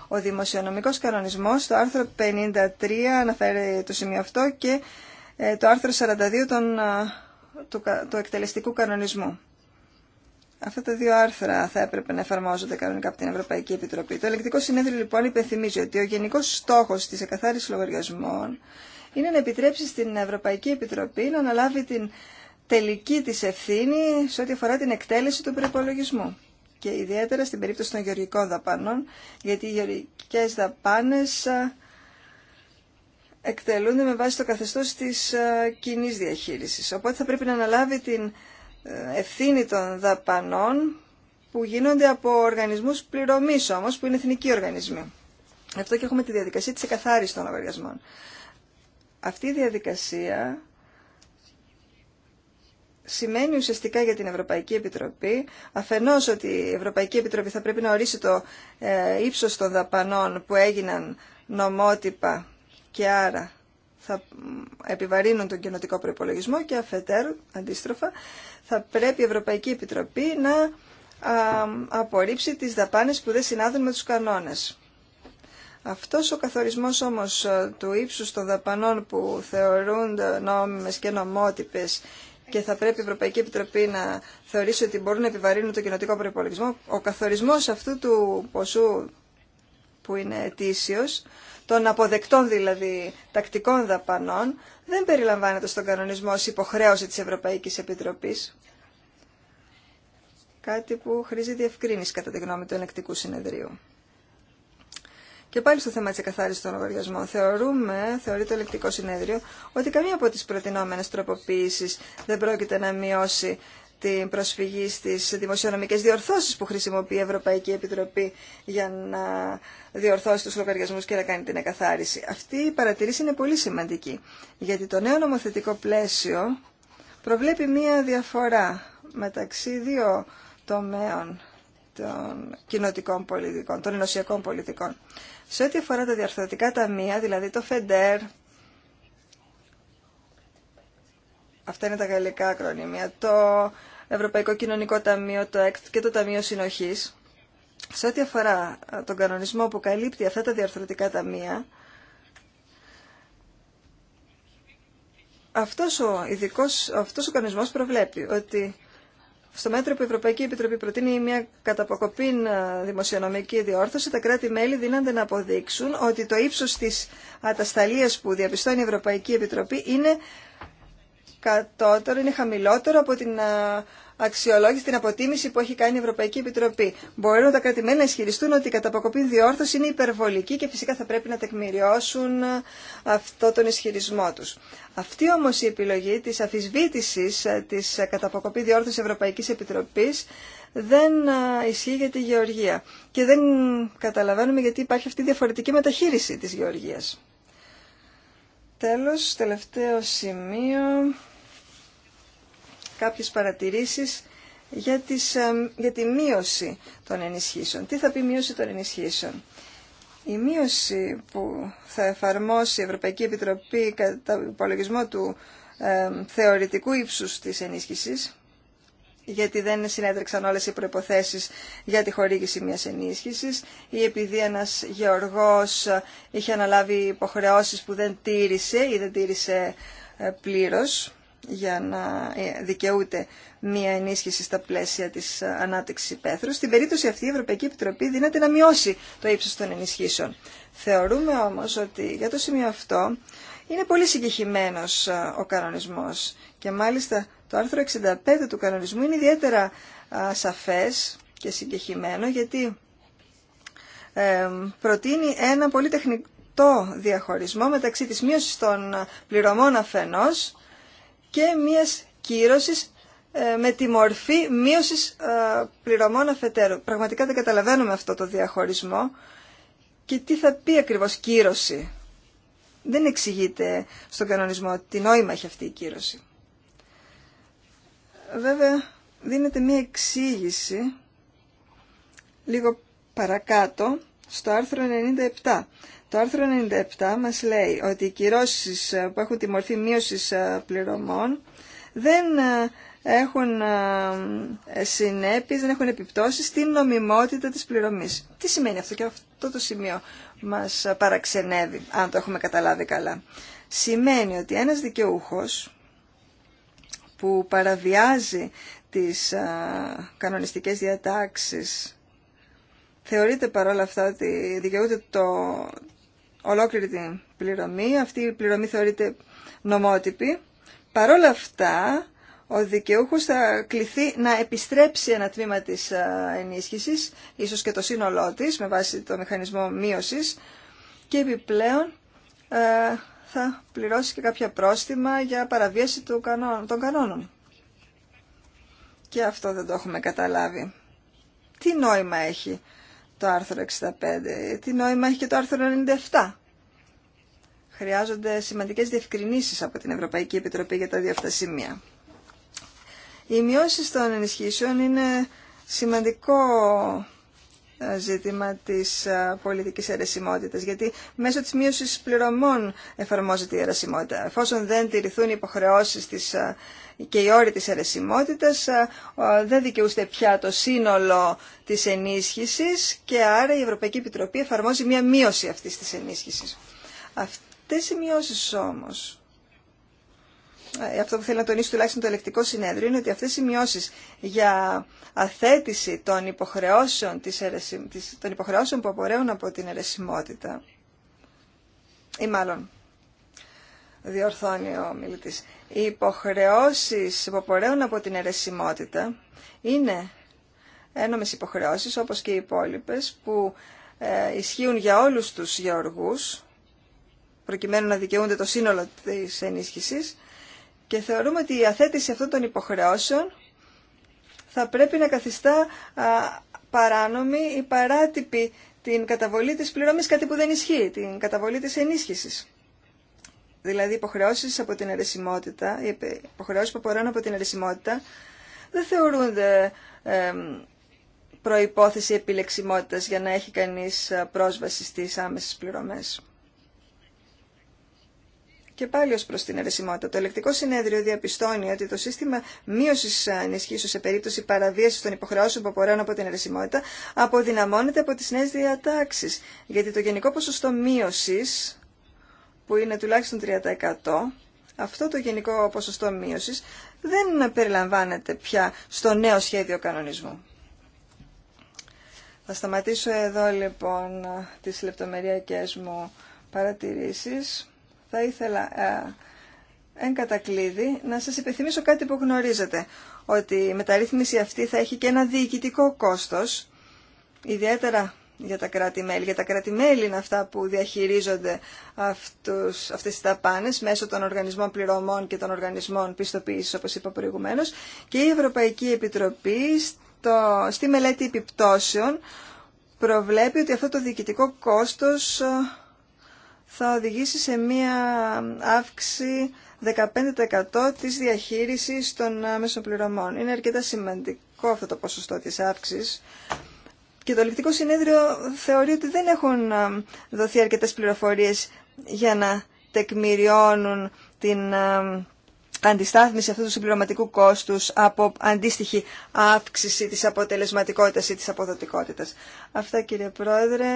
Ο δημοσιονομικός κανονισμός, το άρθρο 53 αναφέρει το σημείο αυτό και ε, το άρθρο 42 ε, του εκτελεστικού κανονισμού. Αυτά τα δύο άρθρα θα έπρεπε να εφαρμόζονται κανονικά από την Ευρωπαϊκή Επιτροπή. Το ελεκτικό συνέδριο λοιπόν υπενθυμίζει ότι ο γενικό στόχο τη εκαθάριση λογαριασμών είναι να επιτρέψει στην Ευρωπαϊκή Επιτροπή να αναλάβει την τελική της ευθύνη σε ό,τι αφορά την εκτέλεση του προπολογισμού. Και ιδιαίτερα στην περίπτωση των γεωργικών δαπάνων, γιατί οι γεωργικές δαπάνες εκτελούνται με βάση το καθεστώς της κοινή διαχείρισης. Οπότε θα πρέπει να αναλάβει την ε, ευθύνη των δαπανών που γίνονται από οργανισμούς πληρωμής όμως, που είναι εθνικοί οργανισμοί. Αυτό και έχουμε τη διαδικασία της εκαθάρισης των λογαριασμών. Αυτή η διαδικασία σημαίνει ουσιαστικά για την Ευρωπαϊκή Επιτροπή αφενός ότι η Ευρωπαϊκή Επιτροπή θα πρέπει να ορίσει το ε, ύψος των δαπανών που έγιναν νομότυπα και άρα θα επιβαρύνουν τον κοινοτικό προπολογισμό και αφετέρου, αντίστροφα, θα πρέπει η Ευρωπαϊκή Επιτροπή να απορρίψει τις δαπάνες που δεν συνάδουν με τους κανόνες. Αυτός ο καθορισμός όμως ε, του ύψους των δαπανών που θεωρούν νόμιμες και νομότυπες και θα πρέπει η Ευρωπαϊκή Επιτροπή να θεωρήσει ότι μπορούν να επιβαρύνουν το κοινοτικό προπολογισμό. Ο καθορισμός αυτού του ποσού που είναι αιτήσιος, των αποδεκτών δηλαδή τακτικών δαπανών, δεν περιλαμβάνεται στον κανονισμό ως υποχρέωση της Ευρωπαϊκής Επιτροπής. Κάτι που χρήζει διευκρίνηση κατά τη γνώμη του ελεκτικού συνεδρίου. Και πάλι στο θέμα τη εκαθάριση των λογαριασμών. Θεωρούμε, θεωρεί το ελεκτικό συνέδριο, ότι καμία από τι προτινόμενε τροποποίησει δεν πρόκειται να μειώσει την προσφυγή στις δημοσιονομικές διορθώσεις που χρησιμοποιεί η Ευρωπαϊκή Επιτροπή για να διορθώσει τους λογαριασμούς και να κάνει την εκαθάριση. Αυτή η παρατηρήση είναι πολύ σημαντική, γιατί το νέο νομοθετικό πλαίσιο προβλέπει μία διαφορά μεταξύ δύο τομέων των κοινοτικών πολιτικών, των ενωσιακών πολιτικών. Σε ό,τι αφορά τα διαρθρωτικά ταμεία, δηλαδή το ΦΕΝΤΕΡ, αυτά είναι τα γαλλικά ακρονίμια, το Ευρωπαϊκό Κοινωνικό Ταμείο, το ΕΚΤ και το Ταμείο Συνοχής. Σε ό,τι αφορά τον κανονισμό που καλύπτει αυτά τα διαρθρωτικά ταμεία, αυτός ο, ειδικός, αυτός ο κανονισμός προβλέπει ότι στο μέτρο που η Ευρωπαϊκή Επιτροπή προτείνει μια καταποκοπή δημοσιονομική διόρθωση, τα κράτη-μέλη δίνονται να αποδείξουν ότι το ύψος της ατασταλίας που διαπιστώνει η Ευρωπαϊκή Επιτροπή είναι κατώτερο, είναι χαμηλότερο από την αξιολόγηση, την αποτίμηση που έχει κάνει η Ευρωπαϊκή Επιτροπή. Μπορούν τα κρατημένα να ισχυριστούν ότι η καταποκοπή διόρθωση είναι υπερβολική και φυσικά θα πρέπει να τεκμηριώσουν αυτό τον ισχυρισμό τους. Αυτή όμως η επιλογή της αφισβήτησης της καταποκοπή διόρθωσης Ευρωπαϊκής Επιτροπής δεν ισχύει για τη γεωργία και δεν καταλαβαίνουμε γιατί υπάρχει αυτή η διαφορετική μεταχείριση της γεωργίας. Τέλος, τελευταίο σημείο κάποιες παρατηρήσεις για, τις, για τη μείωση των ενισχύσεων. Τι θα πει μείωση των ενισχύσεων. Η μείωση που θα εφαρμόσει η Ευρωπαϊκή Επιτροπή κατά υπολογισμό του θεωρητικού ύψους της ενίσχυσης, γιατί δεν συνέτρεξαν όλες οι προϋποθέσεις για τη χορήγηση μιας ενίσχυσης ή επειδή ένας γεωργός ε, είχε αναλάβει υποχρεώσεις που δεν τήρησε ή δεν τήρησε ε, πλήρως για να ε, δικαιούται μία ενίσχυση στα πλαίσια της ε, ανάπτυξη υπαίθρου. Στην περίπτωση αυτή η Ευρωπαϊκή Επιτροπή δυνάται να μειώσει το ύψο των ενισχύσεων. Θεωρούμε όμως ότι για το σημείο αυτό είναι πολύ συγκεχημένος ε, ο κανονισμός και μάλιστα το άρθρο 65 του κανονισμού είναι ιδιαίτερα σαφές και συγκεχημένο γιατί προτείνει ένα πολύ τεχνικό διαχωρισμό μεταξύ της μείωσης των πληρωμών αφενός και μιας κύρωσης ε, με τη μορφή μείωσης ε, πληρωμών αφετέρου. Πραγματικά δεν καταλαβαίνουμε αυτό το διαχωρισμό και τι θα πει ακριβώς κύρωση. Δεν εξηγείται στον κανονισμό τι νόημα έχει αυτή η κύρωση. Βέβαια δίνεται μια εξήγηση λίγο παρακάτω στο άρθρο 97. Το άρθρο 97 μας λέει ότι οι κυρώσεις που έχουν τη μορφή μείωσης ε, πληρωμών δεν ε, έχουν ε, συνέπειες, δεν έχουν επιπτώσεις στην νομιμότητα της πληρωμής. Τι σημαίνει αυτό και αυτό το σημείο μας παραξενεύει, αν το έχουμε καταλάβει καλά. Σημαίνει ότι ένας δικαιούχος που παραβιάζει τις κανονιστικές διατάξεις θεωρείται παρόλα αυτά ότι δικαιούται το, ολόκληρη την πληρωμή. Αυτή η πληρωμή θεωρείται νομότυπη. Παρ' όλα αυτά, ο δικαιούχος θα κληθεί να επιστρέψει ένα τμήμα της ε, ενίσχυσης, ίσως και το σύνολό της, με βάση το μηχανισμό μείωσης, και επιπλέον ε, θα πληρώσει και κάποια πρόστιμα για παραβίαση του των κανόνων. Και αυτό δεν το έχουμε καταλάβει. Τι νόημα έχει το άρθρο 65. Τι νόημα έχει και το άρθρο 97. Χρειάζονται σημαντικές διευκρινήσεις από την Ευρωπαϊκή Επιτροπή για τα δύο αυτά σημεία. Οι μειώσεις των ενισχύσεων είναι σημαντικό ε, ζήτημα της ε, πολιτικής αιρεσιμότητας, γιατί μέσω της μείωσης πληρωμών εφαρμόζεται η αιρεσιμότητα. Εφόσον δεν τηρηθούν οι υποχρεώσεις της ε, και οι όροι της αιρεσιμότητας, δεν δικαιούστε πια το σύνολο της ενίσχυσης και άρα η Ευρωπαϊκή Επιτροπή εφαρμόζει μια μείωση αυτής της ενίσχυσης. Αυτές οι μειώσεις όμως ε, αυτό που θέλω να τονίσω τουλάχιστον το ελεκτικό συνέδριο είναι ότι αυτές οι μειώσεις για αθέτηση των υποχρεώσεων, της των υποχρεώσεων που απορρέουν από την αιρεσιμότητα ή μάλλον διορθώνει ο μιλητής οι υποχρεώσεις που απορρέουν από την αιρεσιμότητα είναι ένομες υποχρεώσεις όπως και οι υπόλοιπε που ε, ισχύουν για όλους τους γεωργούς προκειμένου να δικαιούνται το σύνολο της ενίσχυσης και θεωρούμε ότι η αθέτηση αυτών των υποχρεώσεων θα πρέπει να καθιστά παράνομη ή παράτυπη την καταβολή της πληρωμής, κάτι που δεν ισχύει, την καταβολή της ενίσχυσης. Δηλαδή υποχρεώσεις από την αρεσιμότητα, οι υποχρεώσεις που απορρέουν από την αρεσιμότητα, δεν θεωρούνται προϋπόθεση επιλεξιμότητας για να έχει κανείς πρόσβαση στις άμεσες πληρωμές. Και πάλι ω προ την αιρεσιμότητα. Το ελεκτικό συνέδριο διαπιστώνει ότι το σύστημα μείωση ενισχύσεω σε περίπτωση παραβίαση των υποχρεώσεων που απορρέουν από την αιρεσιμότητα αποδυναμώνεται από τι νέε διατάξει. Γιατί το γενικό ποσοστό μείωση, που είναι τουλάχιστον 30%, αυτό το γενικό ποσοστό μείωση δεν περιλαμβάνεται πια στο νέο σχέδιο κανονισμού. Θα σταματήσω εδώ λοιπόν τις λεπτομεριακές μου παρατηρήσεις θα ήθελα ε, εν κατακλείδη να σας υπενθυμίσω κάτι που γνωρίζετε, ότι η μεταρρύθμιση αυτή θα έχει και ένα διοικητικό κόστος, ιδιαίτερα για τα κράτη-μέλη. Για τα κράτη-μέλη είναι αυτά που διαχειρίζονται αυτούς, αυτές τις ταπάνες μέσω των οργανισμών πληρωμών και των οργανισμών πιστοποίησης, όπως είπα προηγουμένως, και η Ευρωπαϊκή Επιτροπή στη μελέτη επιπτώσεων προβλέπει ότι αυτό το διοικητικό κόστος ε, θα οδηγήσει σε μία αύξηση 15% της διαχείρισης των ε, μεσοπληρωμών. πληρωμών. Είναι αρκετά σημαντικό αυτό το ποσοστό της αύξησης. Και το Λεκτικό συνέδριο θεωρεί ότι δεν έχουν ε, δοθεί αρκετές πληροφορίες για να τεκμηριώνουν την ε, αντιστάθμιση αυτού του συμπληρωματικού κόστους από αντίστοιχη αύξηση της αποτελεσματικότητας ή της αποδοτικότητας. Αυτά κύριε Πρόεδρε.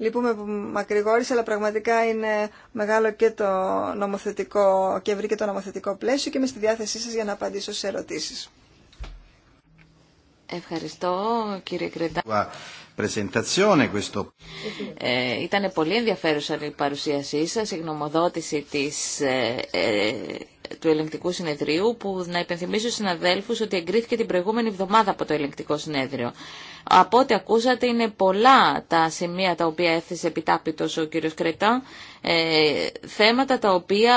Λυπούμε που μακρηγόρησα, αλλά πραγματικά είναι μεγάλο και το νομοθετικό και βρήκε το νομοθετικό πλαίσιο και είμαι στη διάθεσή σας για να απαντήσω σε ερωτήσεις. Ευχαριστώ κύριε Κρετά. Ε, ήταν πολύ ενδιαφέρουσα η παρουσίασή σας, η γνωμοδότηση της, ε, ε, του ελεγκτικού συνεδρίου που να υπενθυμίσω στους συναδέλφους ότι εγκρίθηκε την προηγούμενη εβδομάδα από το ελεγκτικό συνέδριο. Από ό,τι ακούσατε είναι πολλά τα σημεία τα οποία έθεσε επιτάπητος ο κύριος Κρετά, ε, θέματα τα οποία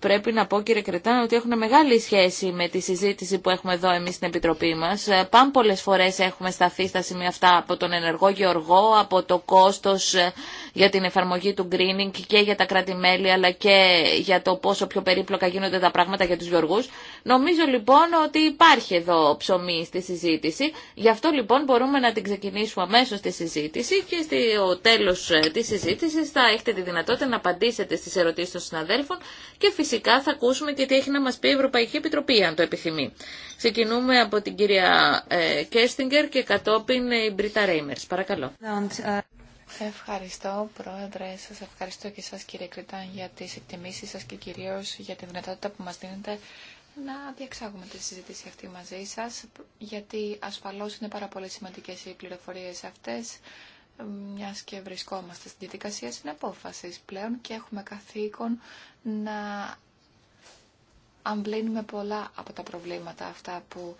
πρέπει να πω κύριε Κρετάν ότι έχουν μεγάλη σχέση με τη συζήτηση που έχουμε εδώ εμείς στην Επιτροπή μας. Ε, πάν πολλές φορές έχουμε σταθεί στα σημεία αυτά από τον ενεργό γεωργό, από το κόστος ε, για την εφαρμογή του greening και για τα κρατη αλλά και για το πόσο πιο περίπλοκα γίνονται τα πράγματα για τους γεωργούς. Νομίζω λοιπόν ότι υπάρχει εδώ ψωμί στη συζήτηση. Γι' αυτό λοιπόν μπορούμε να την ξεκινήσουμε αμέσω τη συζήτηση και στο τέλο ε, τη συζήτηση θα έχετε τη δυνατότητα να απαντήσετε στι ερωτήσει των συναδέλφων και φυσικά θα ακούσουμε και τι έχει να μα πει η Ευρωπαϊκή Επιτροπή, αν το επιθυμεί. Ξεκινούμε από την κυρία ε, Κέστιγκερ και κατόπιν ε, η Μπρίτα Ρέιμερ. Παρακαλώ. Ευχαριστώ, Πρόεδρε. Σα ευχαριστώ και εσά, κύριε Κρυτάν, για τι εκτιμήσει σα και κυρίω για τη δυνατότητα που μα δίνετε να διεξάγουμε τη συζήτηση αυτή μαζί σας, γιατί ασφαλώς είναι πάρα πολύ σημαντικές οι πληροφορίες αυτές, μιας και βρισκόμαστε στην διαδικασία συναπόφασης πλέον και έχουμε καθήκον να αμβλύνουμε πολλά από τα προβλήματα αυτά που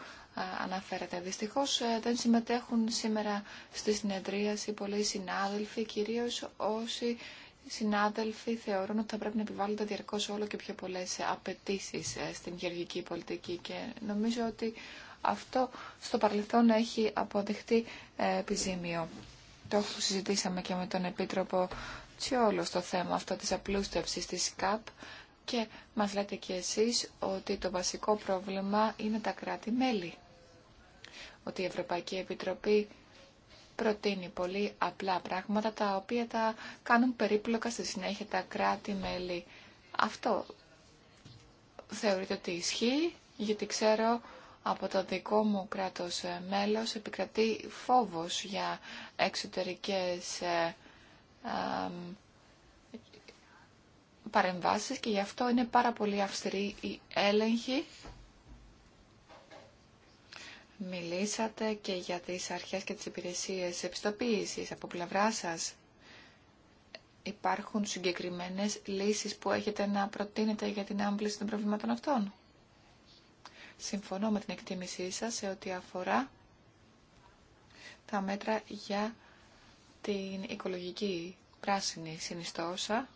αναφέρατε. Δυστυχώς ε, δεν συμμετέχουν σήμερα στη συνεδρίαση πολλοί συνάδελφοι, κυρίως όσοι συνάδελφοι θεωρούν ότι θα πρέπει να επιβάλλονται διαρκώ όλο και πιο πολλέ απαιτήσει ε, στην γεωργική πολιτική και νομίζω ότι αυτό στο παρελθόν έχει αποδειχτεί ε, επιζήμιο. Το συζητήσαμε και με τον Επίτροπο Τσιόλο στο θέμα αυτό της απλούστευσης της ΚΑΠ και μας λέτε και εσείς ότι το βασικό πρόβλημα είναι τα κράτη-μέλη. Ότι η Ευρωπαϊκή Επιτροπή προτείνει πολύ απλά πράγματα τα οποία τα κάνουν περίπλοκα στη συνέχεια τα κράτη-μέλη. Αυτό θεωρείται ότι ισχύει, γιατί ξέρω από το δικό μου κράτος ε, μέλος επικρατεί φόβος για εξωτερικές ε, παρεμβάσεις και γι' αυτό είναι πάρα πολύ αυστηρή η έλεγχη Μιλήσατε και για τις αρχές και τις υπηρεσίες επιστοποίησης από πλευρά σας. Υπάρχουν συγκεκριμένες λύσεις που έχετε να προτείνετε για την άμπληση των προβλημάτων αυτών. Συμφωνώ με την εκτίμησή σας σε ό,τι αφορά τα μέτρα για την οικολογική πράσινη συνιστόσα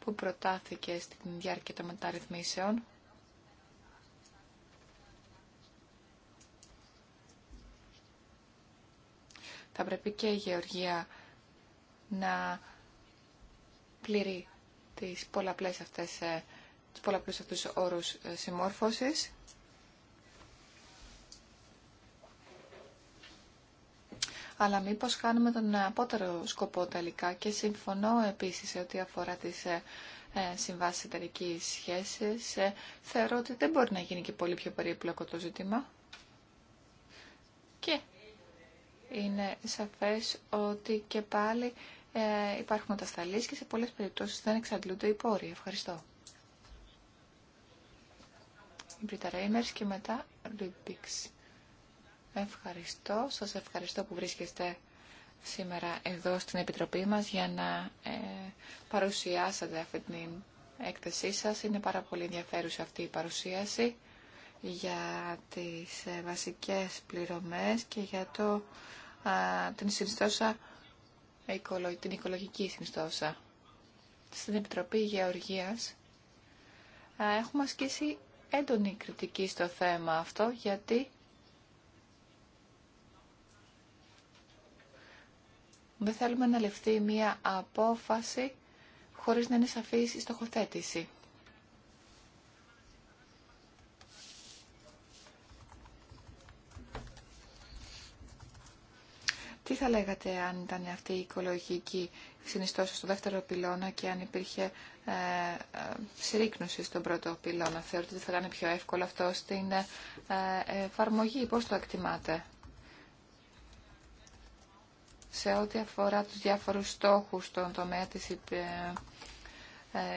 που προτάθηκε στην διάρκεια των μεταρρυθμίσεων θα πρέπει και η Γεωργία να πληρεί τις πολλαπλές αυτές, ε, τις πολλαπλούς αυτούς όρους ε, συμμόρφωσης. Αλλά μήπως κάνουμε τον απότερο σκοπό τελικά και συμφωνώ επίσης σε ό,τι αφορά τις ε, συμβάσεις εταιρική σχέσης. Θεωρώ ότι δεν μπορεί να γίνει και πολύ πιο περίπλοκο το ζήτημα. Και είναι σαφές ότι και πάλι ε, υπάρχουν ατασταλείς και σε πολλές περιπτώσεις δεν εξαντλούνται οι πόροι. Ευχαριστώ. Η Μπρίτα και μετά Ευχαριστώ. Σας ευχαριστώ που βρίσκεστε σήμερα εδώ στην Επιτροπή μας για να ε, παρουσιάσετε αυτή την έκθεσή σας. Είναι πάρα πολύ ενδιαφέρουσα αυτή η παρουσίαση για τις ε, βασικές πληρωμές και για το, την, την οικολογική συνιστόσα. Στην Επιτροπή Γεωργίας έχουμε ασκήσει έντονη κριτική στο θέμα αυτό γιατί δεν θέλουμε να ληφθεί μία απόφαση χωρίς να είναι σαφής η στοχοθέτηση. Τι θα λέγατε αν ήταν αυτή η οικολογική συνιστόση στο δεύτερο πυλώνα και αν υπήρχε ε, ε, συρρήκνωση στον πρώτο πυλώνα. Θεωρείτε ότι θα ήταν πιο εύκολο αυτό στην ε, ε, εφαρμογή. Πώς το εκτιμάτε σε ό,τι αφορά τους διάφορους στόχους στον τομέα της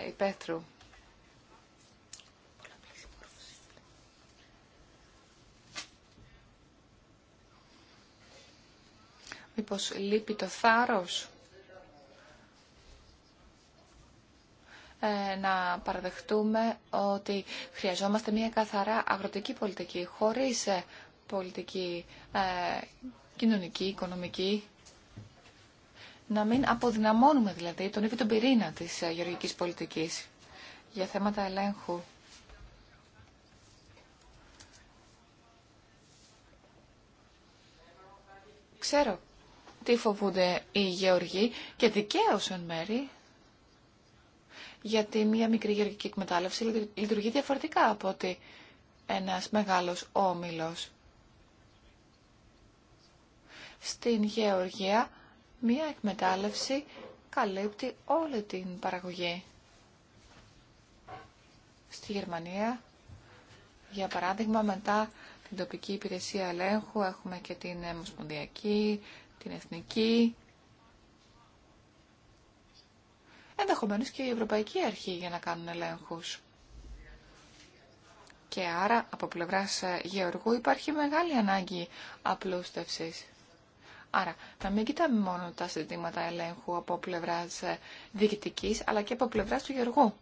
υπαίθρου. Μήπως λείπει το θάρρος ε, να παραδεχτούμε ότι χρειαζόμαστε μια καθαρά αγροτική πολιτική, χωρίς ε, πολιτική ε, κοινωνική, οικονομική. Να μην αποδυναμώνουμε δηλαδή τον ίδιο τον πυρήνα της γεωργικής πολιτικής για θέματα ελέγχου. Ξέρω τι φοβούνται οι γεωργοί και δικαίω εν μέρη, γιατί μια μικρή γεωργική εκμετάλλευση λειτουργεί διαφορετικά από ότι ένας μεγάλος όμιλος. Στην γεωργία μια εκμετάλλευση καλύπτει όλη την παραγωγή. Στη Γερμανία, για παράδειγμα, μετά την τοπική υπηρεσία ελέγχου έχουμε και την ομοσπονδιακή, την εθνική, ενδεχομένως και η Ευρωπαϊκή Αρχή για να κάνουν ελέγχους. Και άρα από πλευράς ε, Γεωργού υπάρχει μεγάλη ανάγκη απλούστευσης. Άρα, να μην κοιτάμε μόνο τα συντήματα ελέγχου από πλευράς ε, διοικητικής, αλλά και από πλευράς του Γεωργού.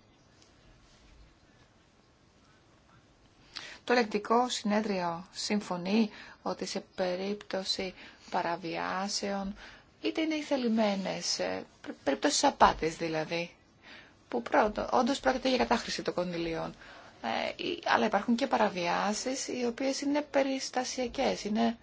Το ελεκτικό συνέδριο συμφωνεί ότι σε περίπτωση παραβιάσεων, είτε είναι οι θελημένες, ε, περιπτώσεις απάτης δηλαδή, που πρώτο, όντως πρόκειται για κατάχρηση των κονδυλίων. Ε, αλλά υπάρχουν και παραβιάσεις οι οποίες είναι περιστασιακές, είναι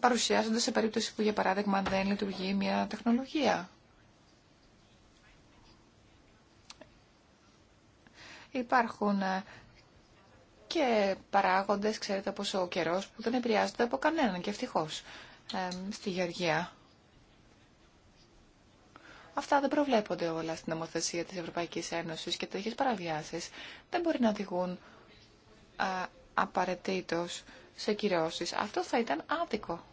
παρουσιάζονται σε περίπτωση που για παράδειγμα δεν λειτουργεί μια τεχνολογία. Υπάρχουν ε, και παράγοντες, ξέρετε, όπως ο καιρό που δεν επηρεάζονται από κανέναν και ευτυχώ ε, στη Γεωργία. Αυτά δεν προβλέπονται όλα στην νομοθεσία της Ευρωπαϊκής Ένωσης και τέτοιε παραβιάσεις δεν μπορεί να οδηγούν απαραίτητο σε κυρώσει. Αυτό θα ήταν άδικο.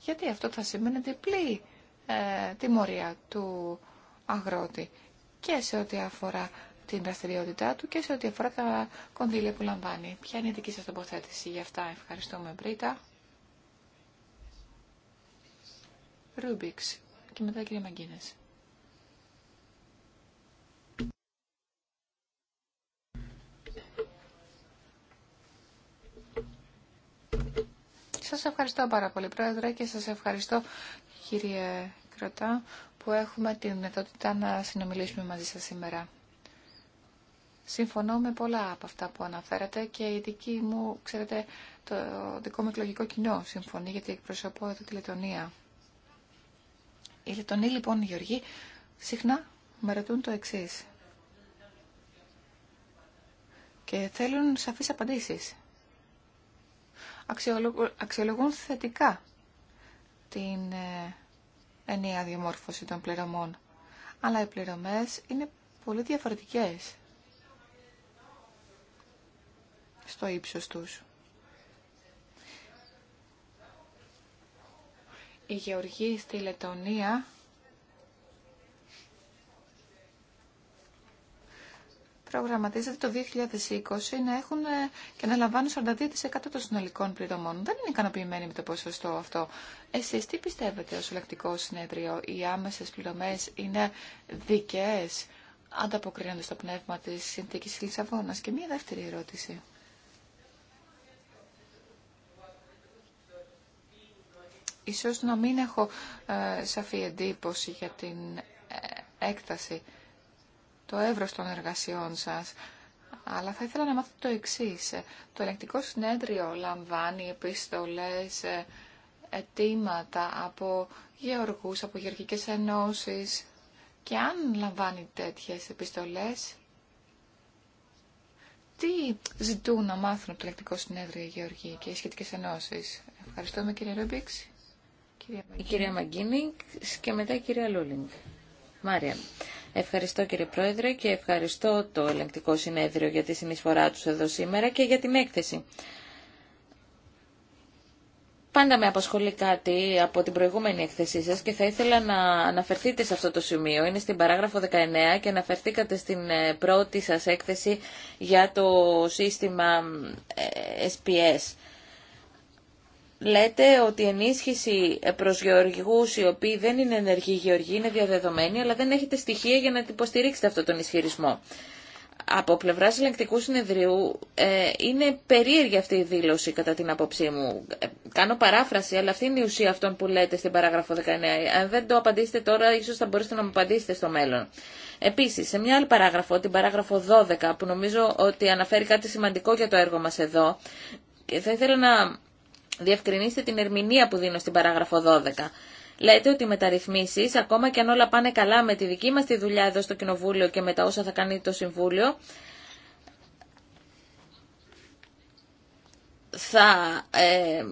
Γιατί αυτό θα σημαίνει διπλή ε, τιμωρία του αγρότη και σε ό,τι αφορά την δραστηριότητά του και σε ό,τι αφορά τα κονδύλια που λαμβάνει. Ποια είναι η δική σας τοποθέτηση για αυτά. Ευχαριστούμε, Μπρίτα. Ρούμπιξ και μετά κύριε Μαγκίνες. Σας ευχαριστώ πάρα πολύ, Πρόεδρε, και σας ευχαριστώ, κύριε Κροτά, που έχουμε την δυνατότητα να συνομιλήσουμε μαζί σας σήμερα. Συμφωνώ με πολλά από αυτά που αναφέρατε και η δική μου, ξέρετε, το δικό μου εκλογικό κοινό συμφωνεί γιατί εκπροσωπώ εδώ τη Λετωνία. Οι Λετωνοί λοιπόν, οι Γεωργοί, συχνά με ρωτούν το εξή. Και θέλουν σαφείς απαντήσεις. Αξιολογούν θετικά την ε, ενιαία διαμόρφωση των πληρωμών. Αλλά οι πληρωμές είναι πολύ διαφορετικές στο ύψος τους. Η γεωργοί στη Λετωνία προγραμματίζεται το 2020 να έχουν ε, και να λαμβάνουν 42% των συνολικών πληρωμών. Δεν είναι ικανοποιημένοι με το ποσοστό αυτό. Εσείς τι πιστεύετε ως ελεκτικό συνέδριο, οι άμεσες πληρωμές είναι δικές, ανταποκρίνονται στο πνεύμα της συνθήκης Λισαβόνας. Και μία δεύτερη ερώτηση. Ίσως να μην έχω ε, σαφή εντύπωση για την ε, έκταση, το εύρος των εργασιών σας, αλλά θα ήθελα να μάθω το εξής. Το Ελεκτικό συνέδριο λαμβάνει επιστολές, ε, αιτήματα από γεωργούς, από γεωργικές ενώσεις και αν λαμβάνει τέτοιες επιστολές, τι ζητούν να μάθουν το ελεκτικό συνέδριο οι και οι σχετικές ενώσεις. Ευχαριστούμε κύριε Ρούμπιξ. Η κυρία Μαγκίνη και μετά η κυρία Λούλινγκ. Μάρια. Ευχαριστώ κύριε Πρόεδρε και ευχαριστώ το ελεγκτικό συνέδριο για τη συνεισφορά τους εδώ σήμερα και για την έκθεση. Πάντα με απασχολεί κάτι από την προηγούμενη έκθεσή σας και θα ήθελα να αναφερθείτε σε αυτό το σημείο. Είναι στην παράγραφο 19 και αναφερθήκατε στην ε, πρώτη σας έκθεση για το σύστημα SPS. Ε, λέτε ότι η ενίσχυση προ γεωργού, οι οποίοι δεν είναι ενεργοί γεωργοί είναι διαδεδομένοι, αλλά δεν έχετε στοιχεία για να υποστηρίξετε αυτόν τον ισχυρισμό. Από πλευρά ελεγκτικού συνεδρίου ε, είναι περίεργη αυτή η δήλωση κατά την άποψή μου. Ε, κάνω παράφραση, αλλά αυτή είναι η ουσία αυτών που λέτε στην παράγραφο 19. Αν δεν το απαντήσετε τώρα, ίσω θα μπορέσετε να μου απαντήσετε στο μέλλον. Επίση, σε μια άλλη παράγραφο, την παράγραφο 12, που νομίζω ότι αναφέρει κάτι σημαντικό για το έργο μα εδώ, θα ήθελα να διευκρινίστε την ερμηνεία που δίνω στην παράγραφο 12. Λέτε ότι οι μεταρρυθμίσει, ακόμα και αν όλα πάνε καλά με τη δική μα τη δουλειά εδώ στο Κοινοβούλιο και με τα όσα θα κάνει το Συμβούλιο, θα ε,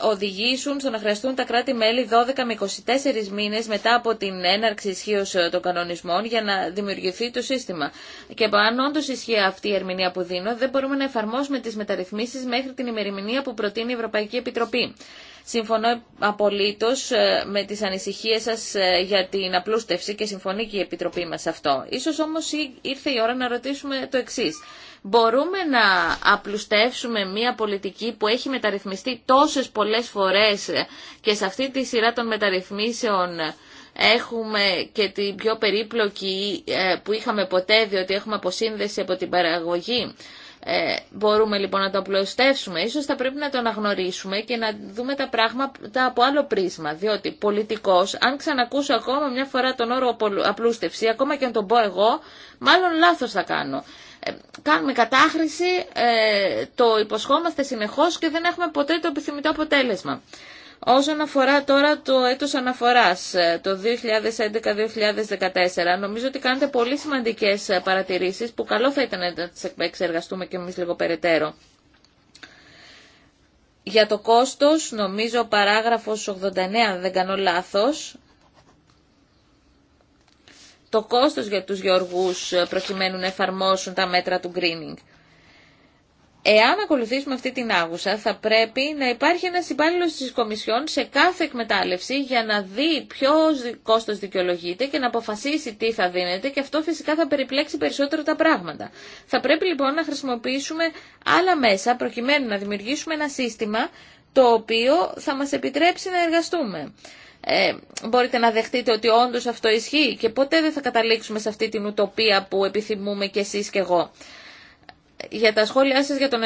οδηγήσουν στο να χρειαστούν τα κράτη-μέλη 12 με 24 μήνες μετά από την έναρξη ισχύω ε, των κανονισμών για να δημιουργηθεί το σύστημα. Και αν όντω ισχύει αυτή η ερμηνεία που δίνω, δεν μπορούμε να εφαρμόσουμε τις μεταρρυθμίσεις μέχρι την ημερημηνία που προτείνει η Ευρωπαϊκή Επιτροπή. Συμφωνώ απολύτω ε, με τι ανησυχίε σα ε, για την απλούστευση και συμφωνεί και η Επιτροπή μας αυτό. Ίσως όμως ήρθε η ώρα να ρωτήσουμε το εξή μπορούμε να απλουστεύσουμε μια πολιτική που έχει μεταρρυθμιστεί τόσες πολλές φορές και σε αυτή τη σειρά των μεταρρυθμίσεων έχουμε και την πιο περίπλοκη ε, που είχαμε ποτέ διότι έχουμε αποσύνδεση από την παραγωγή. Ε, μπορούμε λοιπόν να το απλουστεύσουμε. Ίσως θα πρέπει να το αναγνωρίσουμε και να δούμε τα πράγματα από άλλο πρίσμα. Διότι πολιτικός, αν ξανακούσω ακόμα μια φορά τον όρο απλούστευση, ακόμα και αν τον πω εγώ, μάλλον λάθος θα κάνω. Ε, κάνουμε κατάχρηση, ε, το υποσχόμαστε συνεχώς και δεν έχουμε ποτέ το επιθυμητό αποτέλεσμα. Όσον αφορά τώρα το έτος αναφοράς, ε, το 2011-2014, νομίζω ότι κάνετε πολύ σημαντικές παρατηρήσεις που καλό θα ήταν να τις εξεργαστούμε και εμείς λίγο περαιτέρω. Για το κόστος, νομίζω ο παράγραφος 89, δεν κάνω λάθος, το κόστος για τους γεωργούς ε, προκειμένου να εφαρμόσουν τα μέτρα του greening. Εάν ακολουθήσουμε αυτή την άγουσα, θα πρέπει να υπάρχει ένα υπάλληλο τη Κομισιόν σε κάθε εκμετάλλευση για να δει ποιο κόστο δικαιολογείται και να αποφασίσει τι θα δίνεται και αυτό φυσικά θα περιπλέξει περισσότερο τα πράγματα. Θα πρέπει λοιπόν να χρησιμοποιήσουμε άλλα μέσα προκειμένου να δημιουργήσουμε ένα σύστημα το οποίο θα μας επιτρέψει να εργαστούμε. Ε, μπορείτε να δεχτείτε ότι όντως αυτό ισχύει και ποτέ δεν θα καταλήξουμε σε αυτή την ουτοπία που επιθυμούμε κι εσείς κι εγώ για τα σχόλιά σας για τον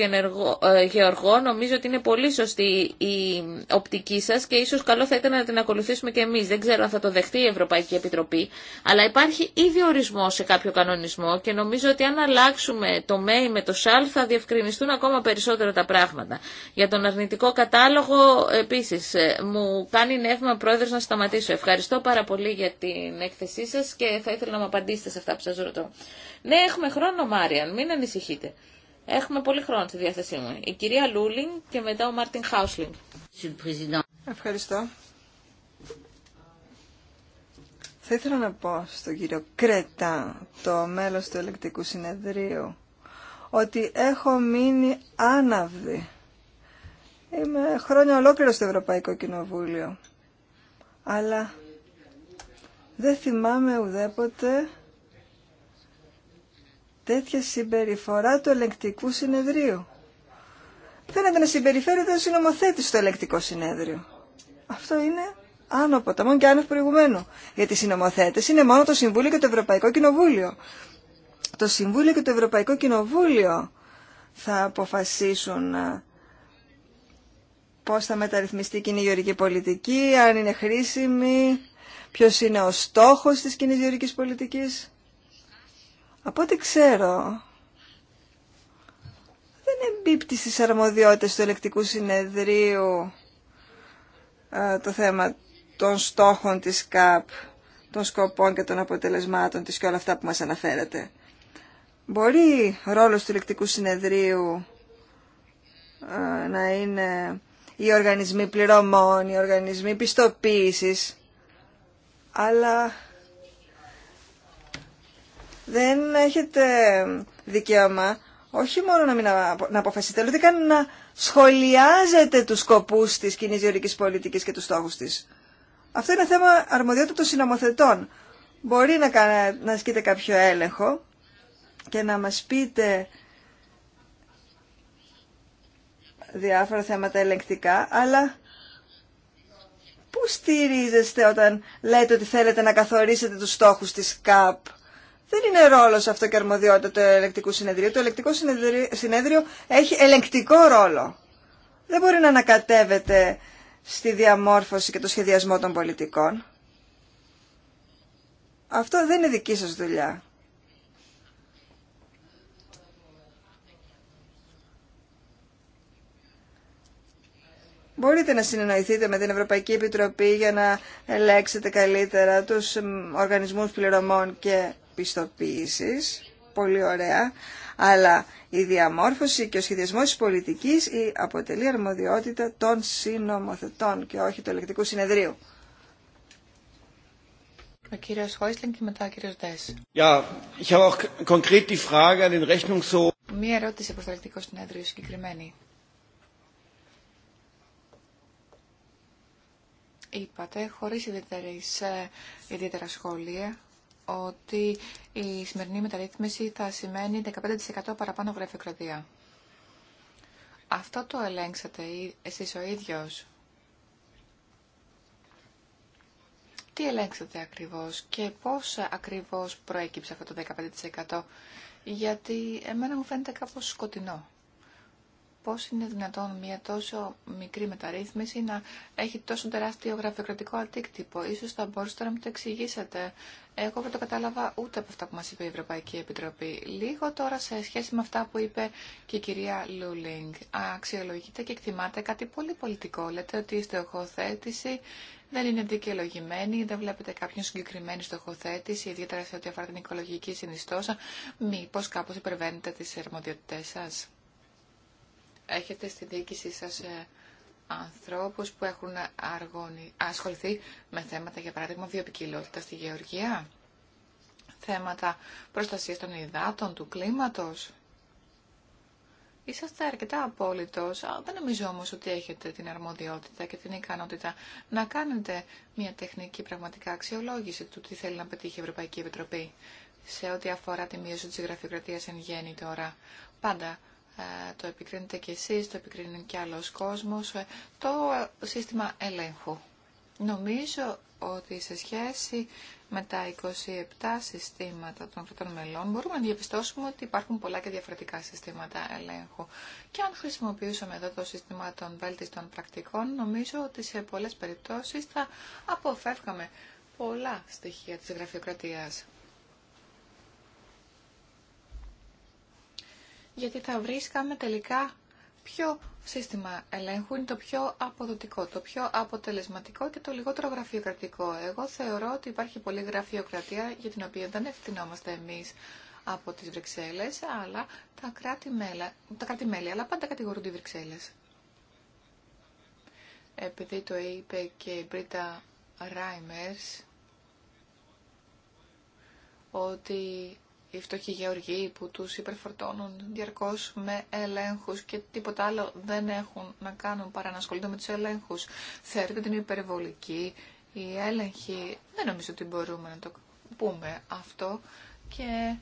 ενεργό ε, γεωργό νομίζω ότι είναι πολύ σωστή η οπτική σας και ίσως καλό θα ήταν να την ακολουθήσουμε και εμείς. Δεν ξέρω αν θα το δεχτεί η Ευρωπαϊκή Επιτροπή, αλλά υπάρχει ήδη ορισμό σε κάποιο κανονισμό και νομίζω ότι αν αλλάξουμε το ΜΕΙ με το ΣΑΛ θα διευκρινιστούν ακόμα περισσότερο τα πράγματα. Για τον αρνητικό κατάλογο επίσης ε, μου κάνει νεύμα πρόεδρος να σταματήσω. Ευχαριστώ πάρα πολύ για την έκθεσή σας και θα ήθελα να μου απαντήσετε σε αυτά που σας ρωτώ. Ναι, έχουμε χρόνο, Μάριαν, μην ανησυχείτε. Έχουμε πολύ χρόνο στη διάθεσή μου. Η κυρία Λούλινγκ και μετά ο Μάρτιν Χάουσλινγκ. Ευχαριστώ. Θα ήθελα να πω στον κύριο Κρέτα, το μέλος του ελεκτικού συνεδρίου, ότι έχω μείνει άναυδη. Είμαι χρόνια ολόκληρο στο Ευρωπαϊκό Κοινοβούλιο. Αλλά δεν θυμάμαι ουδέποτε τέτοια συμπεριφορά του ελεγκτικού συνεδρίου. Φαίνεται να συμπεριφέρεται ο συνομοθέτης στο ελεγκτικό συνέδριο. Αυτό είναι άνω ποταμών και άνω προηγουμένου. Γιατί οι συνομοθέτες είναι μόνο το Συμβούλιο και το Ευρωπαϊκό Κοινοβούλιο. Το Συμβούλιο και το Ευρωπαϊκό Κοινοβούλιο θα αποφασίσουν ε, πώ θα μεταρρυθμιστεί η κοινή γεωρική πολιτική, αν είναι χρήσιμη, ποιος είναι ο στόχος της κοινή γεωρικής πολιτικής. Από ό,τι ξέρω, δεν εμπίπτει στις αρμοδιότητες του ελεκτικού συνεδρίου ε, το θέμα των στόχων της ΚΑΠ, των σκοπών και των αποτελεσμάτων της και όλα αυτά που μας αναφέρετε. Μπορεί ρόλος του ελεκτικού συνεδρίου ε, να είναι οι οργανισμοί πληρωμών, οι οργανισμοί πιστοποίησης, αλλά δεν έχετε δικαίωμα όχι μόνο να μην να αποφασίσετε, αλλά ούτε να σχολιάζετε τους σκοπούς της κοινή γεωρικής πολιτικής και τους στόχους της. Αυτό είναι θέμα αρμοδιότητα των συνομοθετών. Μπορεί να, να ασκείτε κάποιο έλεγχο και να μας πείτε διάφορα θέματα ελεγκτικά, αλλά πού στηρίζεστε όταν λέτε ότι θέλετε να καθορίσετε τους στόχους της ΚΑΠ δεν είναι ρόλο αυτό και αρμοδιότητα του ελεκτικού συνεδρίου. Το ελεκτικό συνέδριο έχει ελεκτικό ρόλο. Δεν μπορεί να ανακατεύεται στη διαμόρφωση και το σχεδιασμό των πολιτικών. Αυτό δεν είναι δική σας δουλειά. Μπορείτε να συνεννοηθείτε με την Ευρωπαϊκή Επιτροπή για να ελέξετε καλύτερα τους οργανισμούς πληρωμών και πιστοποίησης, πολύ ωραία, αλλά η διαμόρφωση και ο σχεδιασμός της πολιτικής αποτελεί αρμοδιότητα των συνομοθετών και όχι του ελεκτικού συνεδρίου. Ο κύριος Χόισλεν και μετά ο κύριος Δες. Yeah, Frage an den Μία ερώτηση προς το ελεκτικό συνέδριο συγκεκριμένη. Είπατε, χωρίς ε, ιδιαίτερα σχόλια, ότι η σημερινή μεταρρύθμιση θα σημαίνει 15% παραπάνω γραφειοκρατία. Αυτό το ελέγξατε εσείς ο ίδιος. Τι ελέγξατε ακριβώς και πώς ακριβώς προέκυψε αυτό το 15% γιατί εμένα μου φαίνεται κάπως σκοτεινό πώς είναι δυνατόν μια τόσο μικρή μεταρρύθμιση να έχει τόσο τεράστιο γραφειοκρατικό αντίκτυπο. Ίσως θα μπορούσατε να μου το εξηγήσετε. Εγώ δεν το κατάλαβα ούτε από αυτά που μας είπε η Ευρωπαϊκή Επιτροπή. Λίγο τώρα σε σχέση με αυτά που είπε και η κυρία Λούλινγκ. Αξιολογείτε και εκτιμάτε κάτι πολύ πολιτικό. Λέτε ότι η στοχοθέτηση δεν είναι δικαιολογημένη, δεν βλέπετε κάποιον συγκεκριμένη στοχοθέτηση, ιδιαίτερα σε ό,τι αφορά την οικολογική συνιστόσα. Μήπως κάπως υπερβαίνετε τις ερμοδιότητές σας έχετε στη διοίκησή σας ε, ανθρώπους που έχουν αργώνει, ασχοληθεί με θέματα, για παράδειγμα, βιοπικιλότητα στη γεωργία, θέματα προστασίας των υδάτων, του κλίματος. Είσαστε αρκετά απόλυτος, δεν νομίζω όμως ότι έχετε την αρμοδιότητα και την ικανότητα να κάνετε μια τεχνική πραγματικά αξιολόγηση του τι θέλει να πετύχει η Ευρωπαϊκή Επιτροπή σε ό,τι αφορά τη μείωση τη γραφειοκρατίας εν γέννη τώρα. Πάντα ε, το επικρίνετε κι εσείς, το επικρίνει κι άλλος κόσμος, ε, το σύστημα ελέγχου. Νομίζω ότι σε σχέση με τα 27 συστήματα των κρατών μελών μπορούμε να διαπιστώσουμε ότι υπάρχουν πολλά και διαφορετικά συστήματα ελέγχου. Και αν χρησιμοποιούσαμε εδώ το σύστημα των βέλτιστων πρακτικών, νομίζω ότι σε πολλές περιπτώσεις θα αποφεύγαμε πολλά στοιχεία της γραφειοκρατίας. γιατί θα βρίσκαμε τελικά ποιο σύστημα ελέγχου είναι το πιο αποδοτικό, το πιο αποτελεσματικό και το λιγότερο γραφειοκρατικό. Εγώ θεωρώ ότι υπάρχει πολλή γραφειοκρατία για την οποία δεν ευθυνόμαστε εμείς από τις Βρυξέλλες, αλλά τα κράτη-μέλη, τα κράτη αλλά πάντα κατηγορούνται οι Βρυξέλλες. Επειδή το είπε και η Μπρίτα Ράιμερς, ότι οι φτωχοί γεωργοί που τους υπερφορτώνουν διαρκώς με ελέγχους και τίποτα άλλο δεν έχουν να κάνουν παρά να ασχολούνται με τους ελέγχους. Θεωρείται ότι είναι υπερβολική η έλεγχη. Δεν νομίζω ότι μπορούμε να το πούμε αυτό και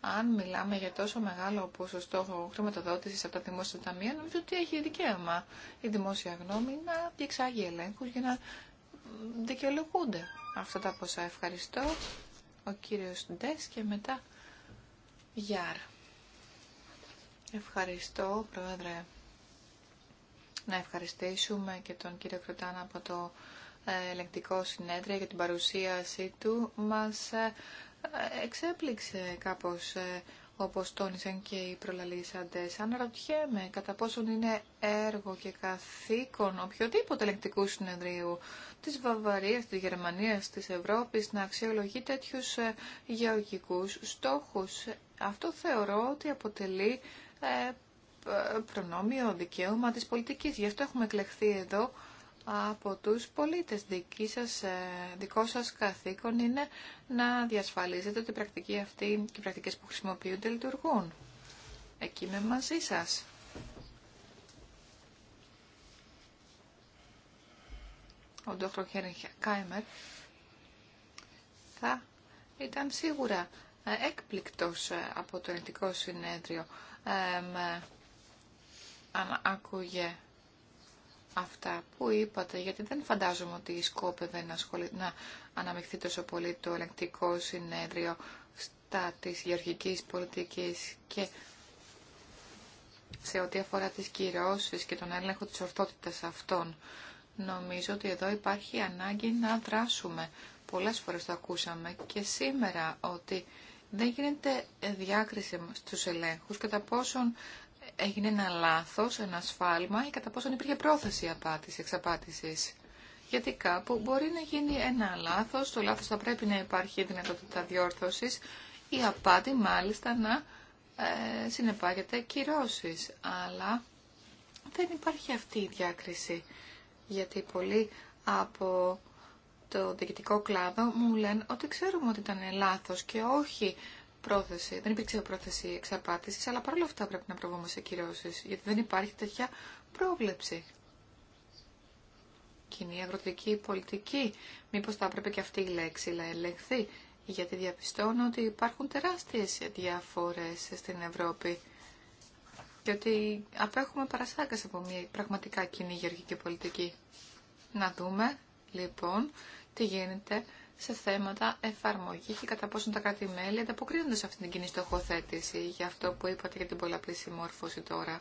αν μιλάμε για τόσο μεγάλο ποσοστό χρηματοδότησης από τα δημόσια ταμεία, νομίζω ότι έχει δικαίωμα η δημόσια γνώμη να διεξάγει ελέγχους για να δικαιολογούνται αυτά τα ποσά. Ευχαριστώ ο κύριος Ντες και μετά Γιάρ. Ευχαριστώ, Πρόεδρε. Να ευχαριστήσουμε και τον κύριο Κροτάνα από το ε, ελεγκτικό συνέδριο για την παρουσίασή του. Μας ε, εξέπληξε κάπως ε, όπως τόνισαν και οι προλαλήσαντες. Αναρωτιέμαι κατά πόσον είναι έργο και καθήκον οποιοδήποτε ελεκτικού συνεδρίου της Βαυαρίας, της Γερμανίας, της Ευρώπης να αξιολογεί τέτοιους ε, γεωργικούς στόχους. Αυτό θεωρώ ότι αποτελεί ε, προνόμιο, δικαίωμα της πολιτικής. Γι' αυτό έχουμε εκλεχθεί εδώ από τους πολίτες. Δική σας, ε, δικό σας καθήκον είναι να διασφαλίζετε ότι η πρακτική αυτή και οι πρακτικές που χρησιμοποιούνται λειτουργούν. Εκεί είμαι μαζί σας. Ο Ντόχρο Χέριν Κάιμερ θα ήταν σίγουρα ε, έκπληκτος ε, από το ελληνικό συνέδριο αν άκουγε αυτά που είπατε, γιατί δεν φαντάζομαι ότι σκόπευε να, ασχολη... να αναμειχθεί τόσο πολύ το ελεγκτικό συνέδριο στα της γεωργικής πολιτικής και σε ό,τι αφορά τις κυρώσεις και τον έλεγχο της ορθότητας αυτών. Νομίζω ότι εδώ υπάρχει ανάγκη να δράσουμε. Πολλές φορές το ακούσαμε και σήμερα ότι δεν γίνεται διάκριση στους ελέγχους κατά πόσον έγινε ένα λάθος, ένα σφάλμα ή κατά πόσον υπήρχε πρόθεση απάτης, εξαπάτησης. Γιατί κάπου μπορεί να γίνει ένα λάθος, το λάθος θα πρέπει να υπάρχει δυνατότητα διόρθωσης, η απάτη μάλιστα να ε, συνεπάγεται κυρώσεις. Αλλά δεν υπάρχει αυτή η διάκριση, γιατί πολλοί από το διοικητικό κλάδο μου λένε ότι ξέρουμε ότι ήταν λάθος και όχι πρόθεση, δεν υπήρξε πρόθεση εξαπάτησης, αλλά παρόλα αυτά πρέπει να προβούμε σε κυρώσει, γιατί δεν υπάρχει τέτοια πρόβλεψη. Κοινή αγροτική πολιτική, μήπως θα έπρεπε και αυτή η λέξη να ελεγχθεί, γιατί διαπιστώνω ότι υπάρχουν τεράστιες διαφορές στην Ευρώπη και ότι απέχουμε παρασάγκα από μια πραγματικά κοινή γεωργική πολιτική. Να δούμε, λοιπόν, τι γίνεται σε θέματα εφαρμογή και κατά πόσο τα κράτη-μέλη ανταποκρίνονται σε αυτήν την κοινή στοχοθέτηση για αυτό που είπατε για την πολλαπλή συμμόρφωση τώρα.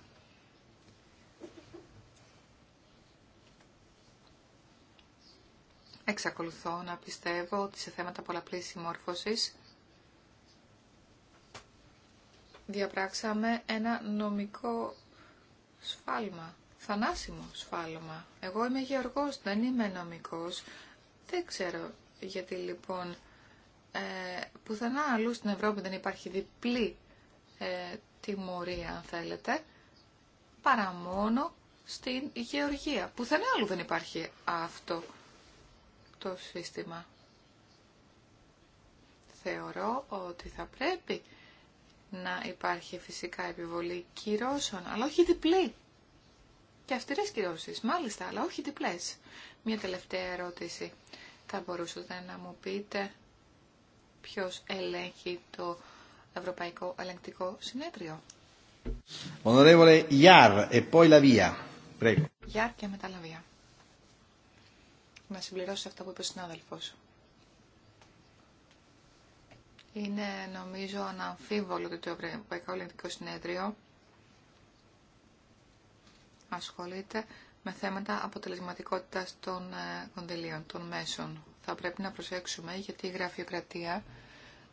Εξακολουθώ να πιστεύω ότι σε θέματα πολλαπλή συμμόρφωσης διαπράξαμε ένα νομικό σφάλμα, θανάσιμο σφάλμα. Εγώ είμαι γεωργός, δεν είμαι νομικός. Δεν ξέρω γιατί λοιπόν ε, πουθενά αλλού στην Ευρώπη δεν υπάρχει διπλή ε, τιμωρία αν θέλετε παρά μόνο στην Γεωργία. Πουθενά αλλού δεν υπάρχει αυτό το σύστημα. Θεωρώ ότι θα πρέπει να υπάρχει φυσικά επιβολή κυρώσεων, αλλά όχι διπλή. Και αυστηρές κυρώσεις, μάλιστα, αλλά όχι διπλές. Μια τελευταία ερώτηση. Θα μπορούσατε να μου πείτε ποιος ελέγχει το Ευρωπαϊκό Ελεγκτικό Συνέδριο. Onorevole ε, και μετά Λαβία. Να συμπληρώσω αυτό που είπε ο συνάδελφος. Είναι νομίζω αναμφίβολο ότι το Ευρωπαϊκό Ελεγκτικό Συνέδριο ασχολείται με θέματα αποτελεσματικότητας των ε, κονδυλίων, των μέσων. Θα πρέπει να προσέξουμε γιατί η γραφειοκρατία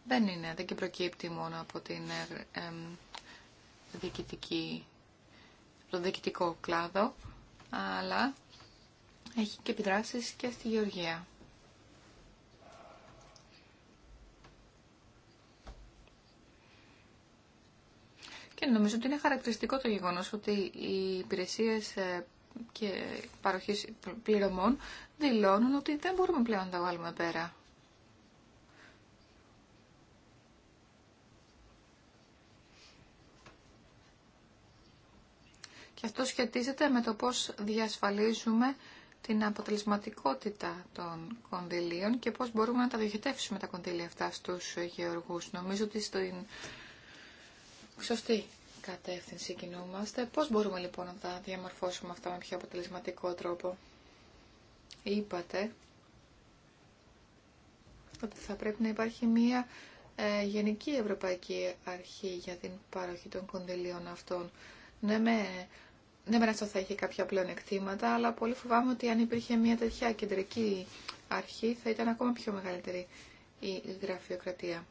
δεν είναι, δεν και προκύπτει μόνο από την ε, διοικητική, το διοικητικό κλάδο, αλλά έχει και επιδράσεις και στη γεωργία. Και νομίζω ότι είναι χαρακτηριστικό το γεγονός ότι οι υπηρεσίες ε, και παροχής πληρωμών δηλώνουν ότι δεν μπορούμε πλέον να τα βάλουμε πέρα. Και αυτό σχετίζεται με το πώς διασφαλίζουμε την αποτελεσματικότητα των κονδυλίων και πώς μπορούμε να τα διοχετεύσουμε τα κονδύλια αυτά στους γεωργούς. Νομίζω ότι στην σωστή κατεύθυνση κινούμαστε. Πώς μπορούμε λοιπόν να τα διαμορφώσουμε αυτά με πιο αποτελεσματικό τρόπο. Είπατε ότι θα πρέπει να υπάρχει μία ε, γενική ευρωπαϊκή αρχή για την παροχή των κονδυλίων αυτών. Ναι, με, ναι, με αυτό θα έχει κάποια πλέον εκτήματα, αλλά πολύ φοβάμαι ότι αν υπήρχε μια τέτοια κεντρική αρχή θα ήταν ακόμα πιο μεγαλύτερη η γραφειοκρατία.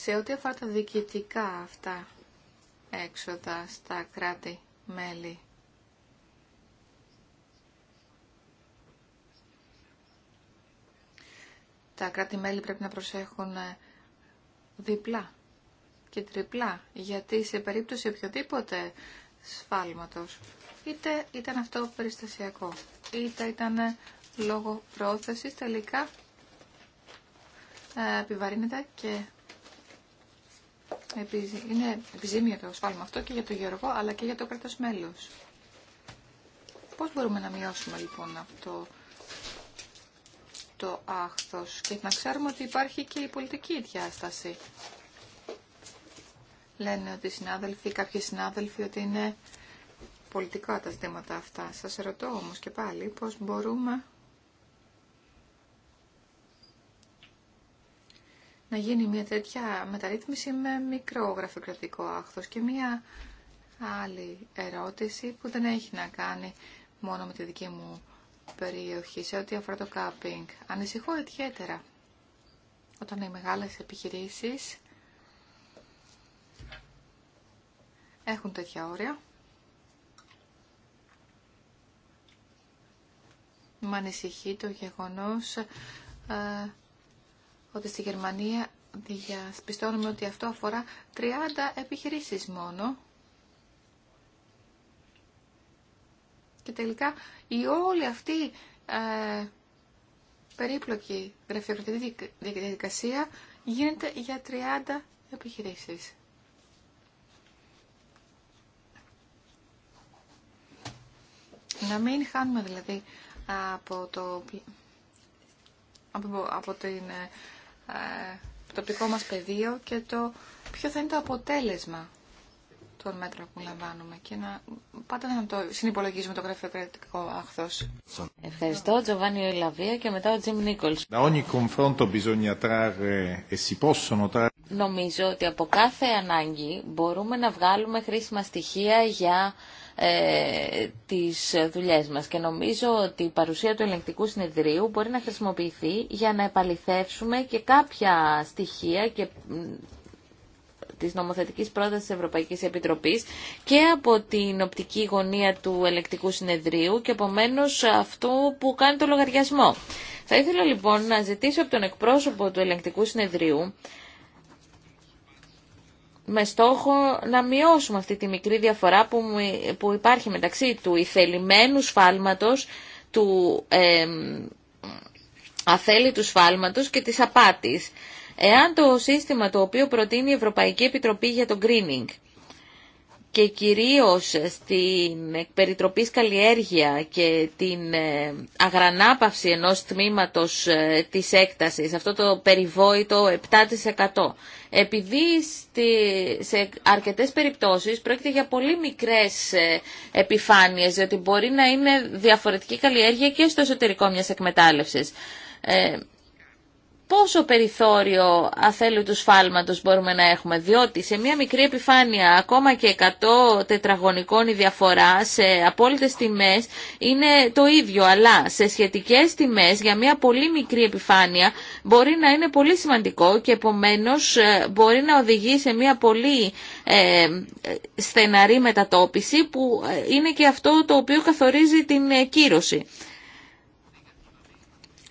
Σε ό,τι αφορά τα διοικητικά αυτά έξοδα στα κράτη-μέλη, τα κράτη-μέλη πρέπει να προσέχουν ε, διπλά και τριπλά, γιατί σε περίπτωση οποιοδήποτε σφάλματος, είτε ήταν αυτό περιστασιακό, είτε ήταν ε, λόγω πρόθεσης, τελικά ε, επιβαρύνεται και είναι επιζήμιο το σφάλμα αυτό και για το γεωργό αλλά και για το κράτος μέλος. Πώς μπορούμε να μειώσουμε λοιπόν αυτό το άχθος και να ξέρουμε ότι υπάρχει και η πολιτική διάσταση. Λένε ότι οι συνάδελφοι, κάποιοι συνάδελφοι ότι είναι πολιτικά τα ζητήματα αυτά. Σας ρωτώ όμως και πάλι πώς μπορούμε να γίνει μια τέτοια μεταρρύθμιση με μικρό γραφειοκρατικό άχθος. Και μια άλλη ερώτηση που δεν έχει να κάνει μόνο με τη δική μου περιοχή σε ό,τι αφορά το κάπινγκ. Ανησυχώ ιδιαίτερα όταν οι μεγάλες επιχειρήσεις έχουν τέτοια όρια. Με ανησυχεί το γεγονός ε, ότι στη Γερμανία διασπιστώνουμε ότι αυτό αφορά 30 επιχειρήσεις μόνο. Και τελικά η όλη αυτή ε, περίπλοκη γραφειοκρατική διαδικασία γίνεται για 30 επιχειρήσεις. Να μην χάνουμε δηλαδή από, το, από, από την ε, ε, τοπικό μας πεδίο και το ποιο θα είναι το αποτέλεσμα των μέτρων που λαμβάνουμε και να πάτε να το συνυπολογίζουμε το γραφειοκρατικό άχθος. Ευχαριστώ, Τζοβάνι Λαβία και μετά ο Τζιμ Νίκολς. E Νομίζω ότι από κάθε ανάγκη μπορούμε να βγάλουμε χρήσιμα στοιχεία για ε, τις δουλειές μας και νομίζω ότι η παρουσία του ελεγκτικού συνεδρίου μπορεί να χρησιμοποιηθεί για να επαληθεύσουμε και κάποια στοιχεία και της νομοθετικής πρότασης της Ευρωπαϊκής Επιτροπής και από την οπτική γωνία του ελεκτικού συνεδρίου και επομένω αυτού που κάνει το λογαριασμό. Θα ήθελα λοιπόν να ζητήσω από τον εκπρόσωπο του ελεγκτικού συνεδρίου με στόχο να μειώσουμε αυτή τη μικρή διαφορά που, που υπάρχει μεταξύ του ηθελημένου σφάλματος, του ε, αθέλητου σφάλματος και της απάτης. Εάν το σύστημα το οποίο προτείνει η Ευρωπαϊκή Επιτροπή για το greening και κυρίως στην περιτροπή καλλιέργεια και την ε, αγρανάπαυση ενός τμήματος ε, της έκτασης, αυτό το περιβόητο 7%. Επειδή σε αρκετές περιπτώσεις πρόκειται για πολύ μικρές ε, επιφάνειες, διότι μπορεί να είναι διαφορετική καλλιέργεια και στο εσωτερικό μιας εκμετάλλευσης πόσο περιθώριο αθέλου του σφάλματος μπορούμε να έχουμε, διότι σε μια μικρή επιφάνεια, ακόμα και 100 τετραγωνικών η διαφορά σε απόλυτες τιμές είναι το ίδιο, αλλά σε σχετικές τιμές για μια πολύ μικρή επιφάνεια μπορεί να είναι πολύ σημαντικό και επομένως ε, μπορεί να οδηγεί σε μια πολύ ε, στεναρή μετατόπιση που ε, είναι και αυτό το οποίο καθορίζει την κύρωση.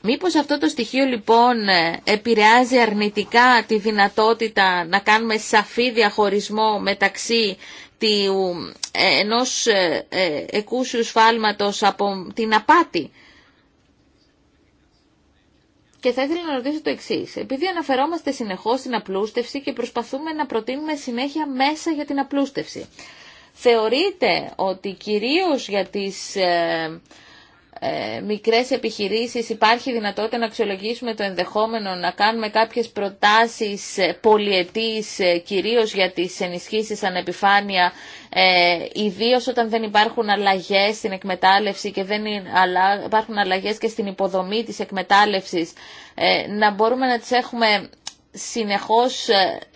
Μήπως αυτό το στοιχείο λοιπόν ε, επηρεάζει αρνητικά τη δυνατότητα να κάνουμε σαφή διαχωρισμό μεταξύ του, ε, ενός ε, εκούσιου σφάλματος από την απάτη. Και θα ήθελα να ρωτήσω το εξή. Επειδή αναφερόμαστε συνεχώ στην απλούστευση και προσπαθούμε να προτείνουμε συνέχεια μέσα για την απλούστευση, θεωρείτε ότι κυρίω για τι ε, ε, μικρές επιχειρήσεις υπάρχει δυνατότητα να αξιολογήσουμε το ενδεχόμενο να κάνουμε κάποιες προτάσεις ε, πολιετής ε, κυρίως για τις ενισχύσεις ανεπιφάνεια ε, ιδίως όταν δεν υπάρχουν αλλαγές στην εκμετάλλευση και δεν υπάρχουν αλλαγές και στην υποδομή της εκμετάλλευσης να μπορούμε να τις έχουμε συνεχώς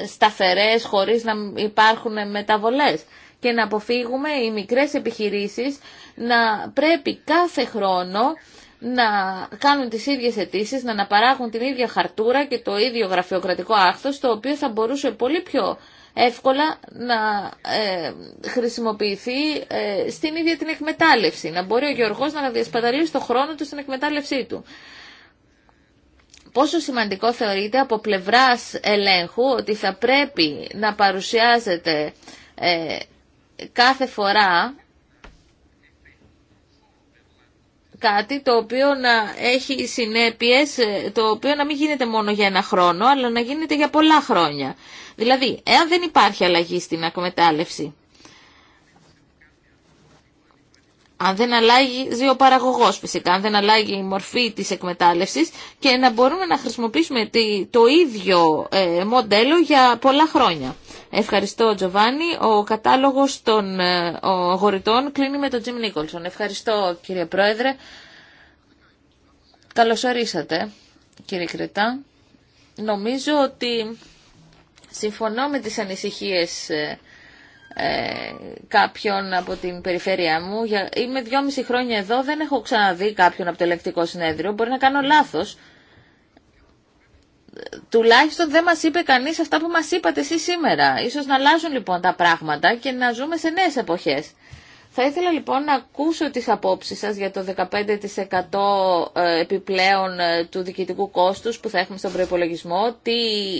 σταθερές χωρίς να υπάρχουν μεταβολές και να αποφύγουμε οι μικρές επιχειρήσεις να πρέπει κάθε χρόνο να κάνουν τις ίδιες αιτήσει, να αναπαράγουν την ίδια χαρτούρα και το ίδιο γραφειοκρατικό άκθος, το οποίο θα μπορούσε πολύ πιο εύκολα να ε, χρησιμοποιηθεί ε, στην ίδια την εκμετάλλευση, να μπορεί ο Γεωργός να διασπαταλήσει το χρόνο του στην εκμετάλλευσή του. Πόσο σημαντικό θεωρείται από πλευράς ελέγχου ότι θα πρέπει να παρουσιάζεται ε, κάθε φορά κάτι το οποίο να έχει συνέπειες, το οποίο να μην γίνεται μόνο για ένα χρόνο, αλλά να γίνεται για πολλά χρόνια. Δηλαδή, εάν δεν υπάρχει αλλαγή στην ακμετάλλευση, αν δεν αλλάγει ο παραγωγός φυσικά, αν δεν αλλάγει η μορφή της εκμετάλλευσης και να μπορούμε να χρησιμοποιήσουμε το ίδιο ε, μοντέλο για πολλά χρόνια. Ευχαριστώ, Τζοβάνι. Ο κατάλογος των ε, αγορητών κλείνει με τον Τζιμ Νίκολσον. Ευχαριστώ, κύριε Πρόεδρε. Καλωσορίσατε, ορίσατε, κύριε Κρετά. Νομίζω ότι συμφωνώ με τις ανησυχίες ε, ε κάποιον από την περιφέρεια μου. Είμαι δυόμιση χρόνια εδώ, δεν έχω ξαναδεί κάποιον από το ελεκτικό συνέδριο. Μπορεί να κάνω λάθος τουλάχιστον δεν μας είπε κανείς αυτά που μας είπατε εσείς σήμερα. Ίσως να αλλάζουν λοιπόν τα πράγματα και να ζούμε σε νέες εποχές. Θα ήθελα λοιπόν να ακούσω τις απόψεις σας για το 15% ε, επιπλέον ε, του διοικητικού κόστους που θα έχουμε στον προϋπολογισμό, τι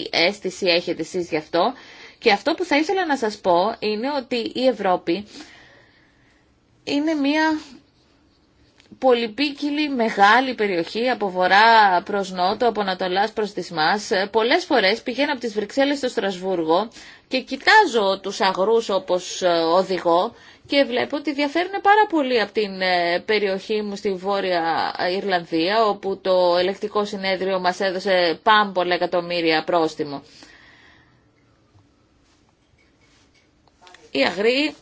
αίσθηση έχετε εσείς γι' αυτό. Και αυτό που θα ήθελα να σας πω είναι ότι η Ευρώπη είναι μια πολυπίκυλη μεγάλη περιοχή από βορρά προς νότο, από ανατολάς προς τη μας. Ε, πολλές φορές πηγαίνω από τις Βρυξέλλες στο Στρασβούργο και κοιτάζω τους αγρούς όπως ε, οδηγώ και βλέπω ότι διαφέρουν πάρα πολύ από την ε, περιοχή μου στη Βόρεια Ιρλανδία όπου το ελεκτικό συνέδριο μας έδωσε πάμπολα εκατομμύρια πρόστιμο. Οι αγροί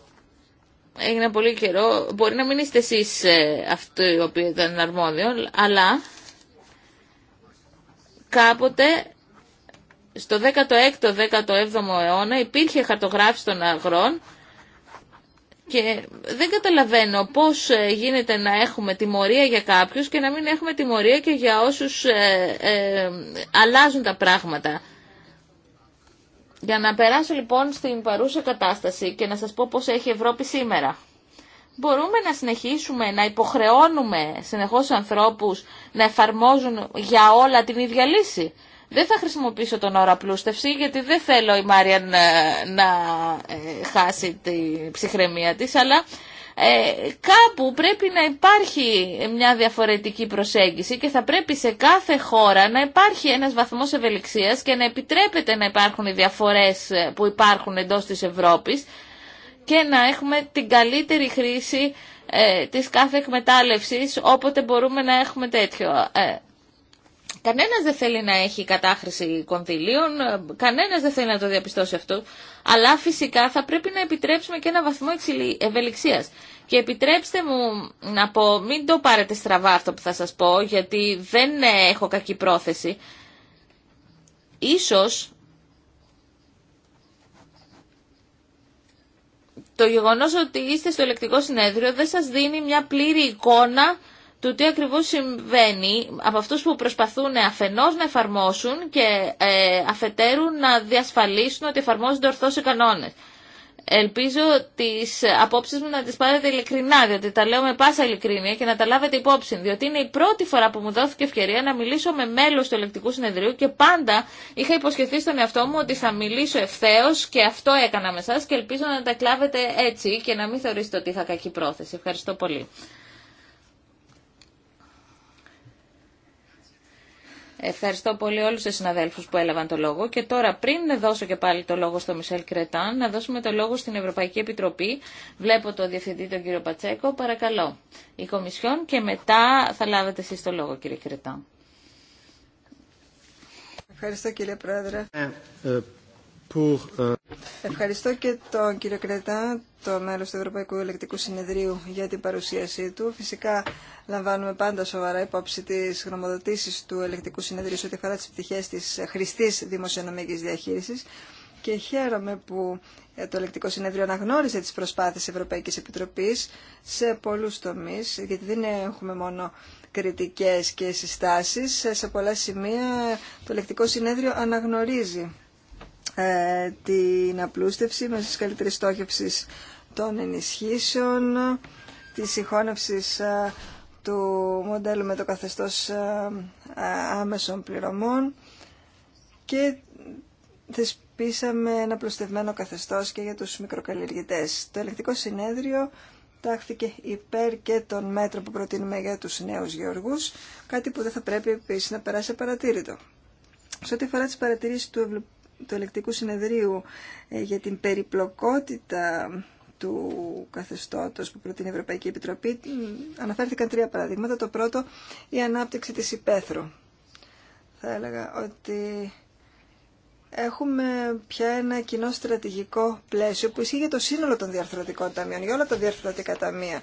έγινε πολύ καιρό. Μπορεί να μην είστε εσείς ε, αυτοί οι οποίοι ήταν αρμόδιοι, αλλά κάποτε στο 16ο-17ο αιώνα υπήρχε χαρτογράφηση των αγρών και δεν καταλαβαίνω πώς ε, γίνεται να έχουμε τιμωρία για κάποιους και να μην έχουμε τιμωρία και για όσους ε, αλλάζουν τα πράγματα. Για να περάσω λοιπόν στην παρούσα κατάσταση και να σας πω πώς έχει η Ευρώπη σήμερα. Μπορούμε να συνεχίσουμε να υποχρεώνουμε συνεχώς ανθρώπους να εφαρμόζουν για όλα την ίδια λύση. Δεν θα χρησιμοποιήσω τον όρο απλούστευση γιατί δεν θέλω η Μάρια ε, να, ε, χάσει τη ψυχραιμία της, αλλά ε, κάπου πρέπει να υπάρχει μια διαφορετική προσέγγιση και θα πρέπει σε κάθε χώρα να υπάρχει ένας βαθμός ευελιξίας και να επιτρέπεται να υπάρχουν οι διαφορές ε, που υπάρχουν εντός της Ευρώπης και να έχουμε την καλύτερη χρήση ε, της κάθε εκμετάλλευσης όποτε μπορούμε να έχουμε τέτοιο. Ε, Κανένας δεν θέλει να έχει κατάχρηση κονδυλίων, κανένας δεν θέλει να το διαπιστώσει αυτό, αλλά φυσικά θα πρέπει να επιτρέψουμε και ένα βαθμό ευελιξίας. Και επιτρέψτε μου να πω, μην το πάρετε στραβά αυτό που θα σας πω, γιατί δεν ε, έχω κακή πρόθεση. Ίσως το γεγονός ότι είστε στο ελεκτικό συνέδριο δεν σας δίνει μια πλήρη εικόνα του τι ακριβώς συμβαίνει από αυτούς που προσπαθούν αφενός να εφαρμόσουν και ε, αφετέρου να διασφαλίσουν ότι εφαρμόζονται ορθώς οι κανόνες. Ελπίζω τις απόψεις μου να τις πάρετε ειλικρινά, διότι τα λέω με πάσα ειλικρίνεια και να τα λάβετε υπόψη, διότι είναι η πρώτη φορά που μου δόθηκε ευκαιρία να μιλήσω με μέλος του ελεκτικού συνεδρίου και πάντα είχα υποσχεθεί στον εαυτό μου ότι θα μιλήσω ευθέω και αυτό έκανα με σας και ελπίζω να τα κλάβετε έτσι και να μην θεωρήσετε ότι είχα κακή πρόθεση. Ευχαριστώ πολύ. Ευχαριστώ πολύ όλους τους συναδέλφους που έλαβαν το λόγο και τώρα πριν δώσω και πάλι το λόγο στο Μισελ Κρετάν να δώσουμε το λόγο στην Ευρωπαϊκή Επιτροπή. Βλέπω το Διευθυντή τον κύριο Πατσέκο, παρακαλώ. Η Κομισιόν και μετά θα λάβετε εσείς το λόγο κύριε Κρετάν. Ευχαριστώ κύριε Πρόεδρε. Ε, ε, Euh, Ευχαριστώ και τον κύριο Κρετά, το μέλο του Ευρωπαϊκού Ελεκτικού Συνεδρίου, για την παρουσίασή του. Φυσικά λαμβάνουμε πάντα σοβαρά υπόψη τι γνωμοδοτήσει του Ελεκτικού Συνεδρίου σε ό,τι αφορά τις πτυχέ τη χρηστή δημοσιονομική διαχείρισης και χαίρομαι που ε, το Ελεκτικό Συνέδριο αναγνώρισε τις προσπάθειες Ευρωπαϊκή Επιτροπή σε πολλού τομεί, γιατί δεν έχουμε μόνο κριτικέ και συστάσει. Σε πολλά σημεία το Ελεκτικό Συνέδριο αναγνωρίζει ε, την απλούστευση μέσα στις καλύτερες στόχευσης των ενισχύσεων, τη συγχώνευση ε, του μοντέλου με το καθεστώς ε, άμεσων πληρωμών και θεσπίσαμε ένα πλουστευμένο καθεστώς και για τους μικροκαλλιεργητές. Το ελεκτικό συνέδριο τάχθηκε υπέρ και των μέτρων που προτείνουμε για τους νέους γεωργούς, κάτι που δεν θα πρέπει επίσης να περάσει απαρατήρητο. Σε ό,τι αφορά τις παρατηρήσεις του του ελεκτικού συνεδρίου ε, για την περιπλοκότητα του καθεστώτος που προτείνει η Ευρωπαϊκή Επιτροπή αναφέρθηκαν τρία παραδείγματα. Το πρώτο, η ανάπτυξη της υπαίθρου. Θα έλεγα ότι έχουμε πια ένα κοινό στρατηγικό πλαίσιο που ισχύει για το σύνολο των διαρθρωτικών ταμείων, για όλα τα διαρθρωτικά ταμεία.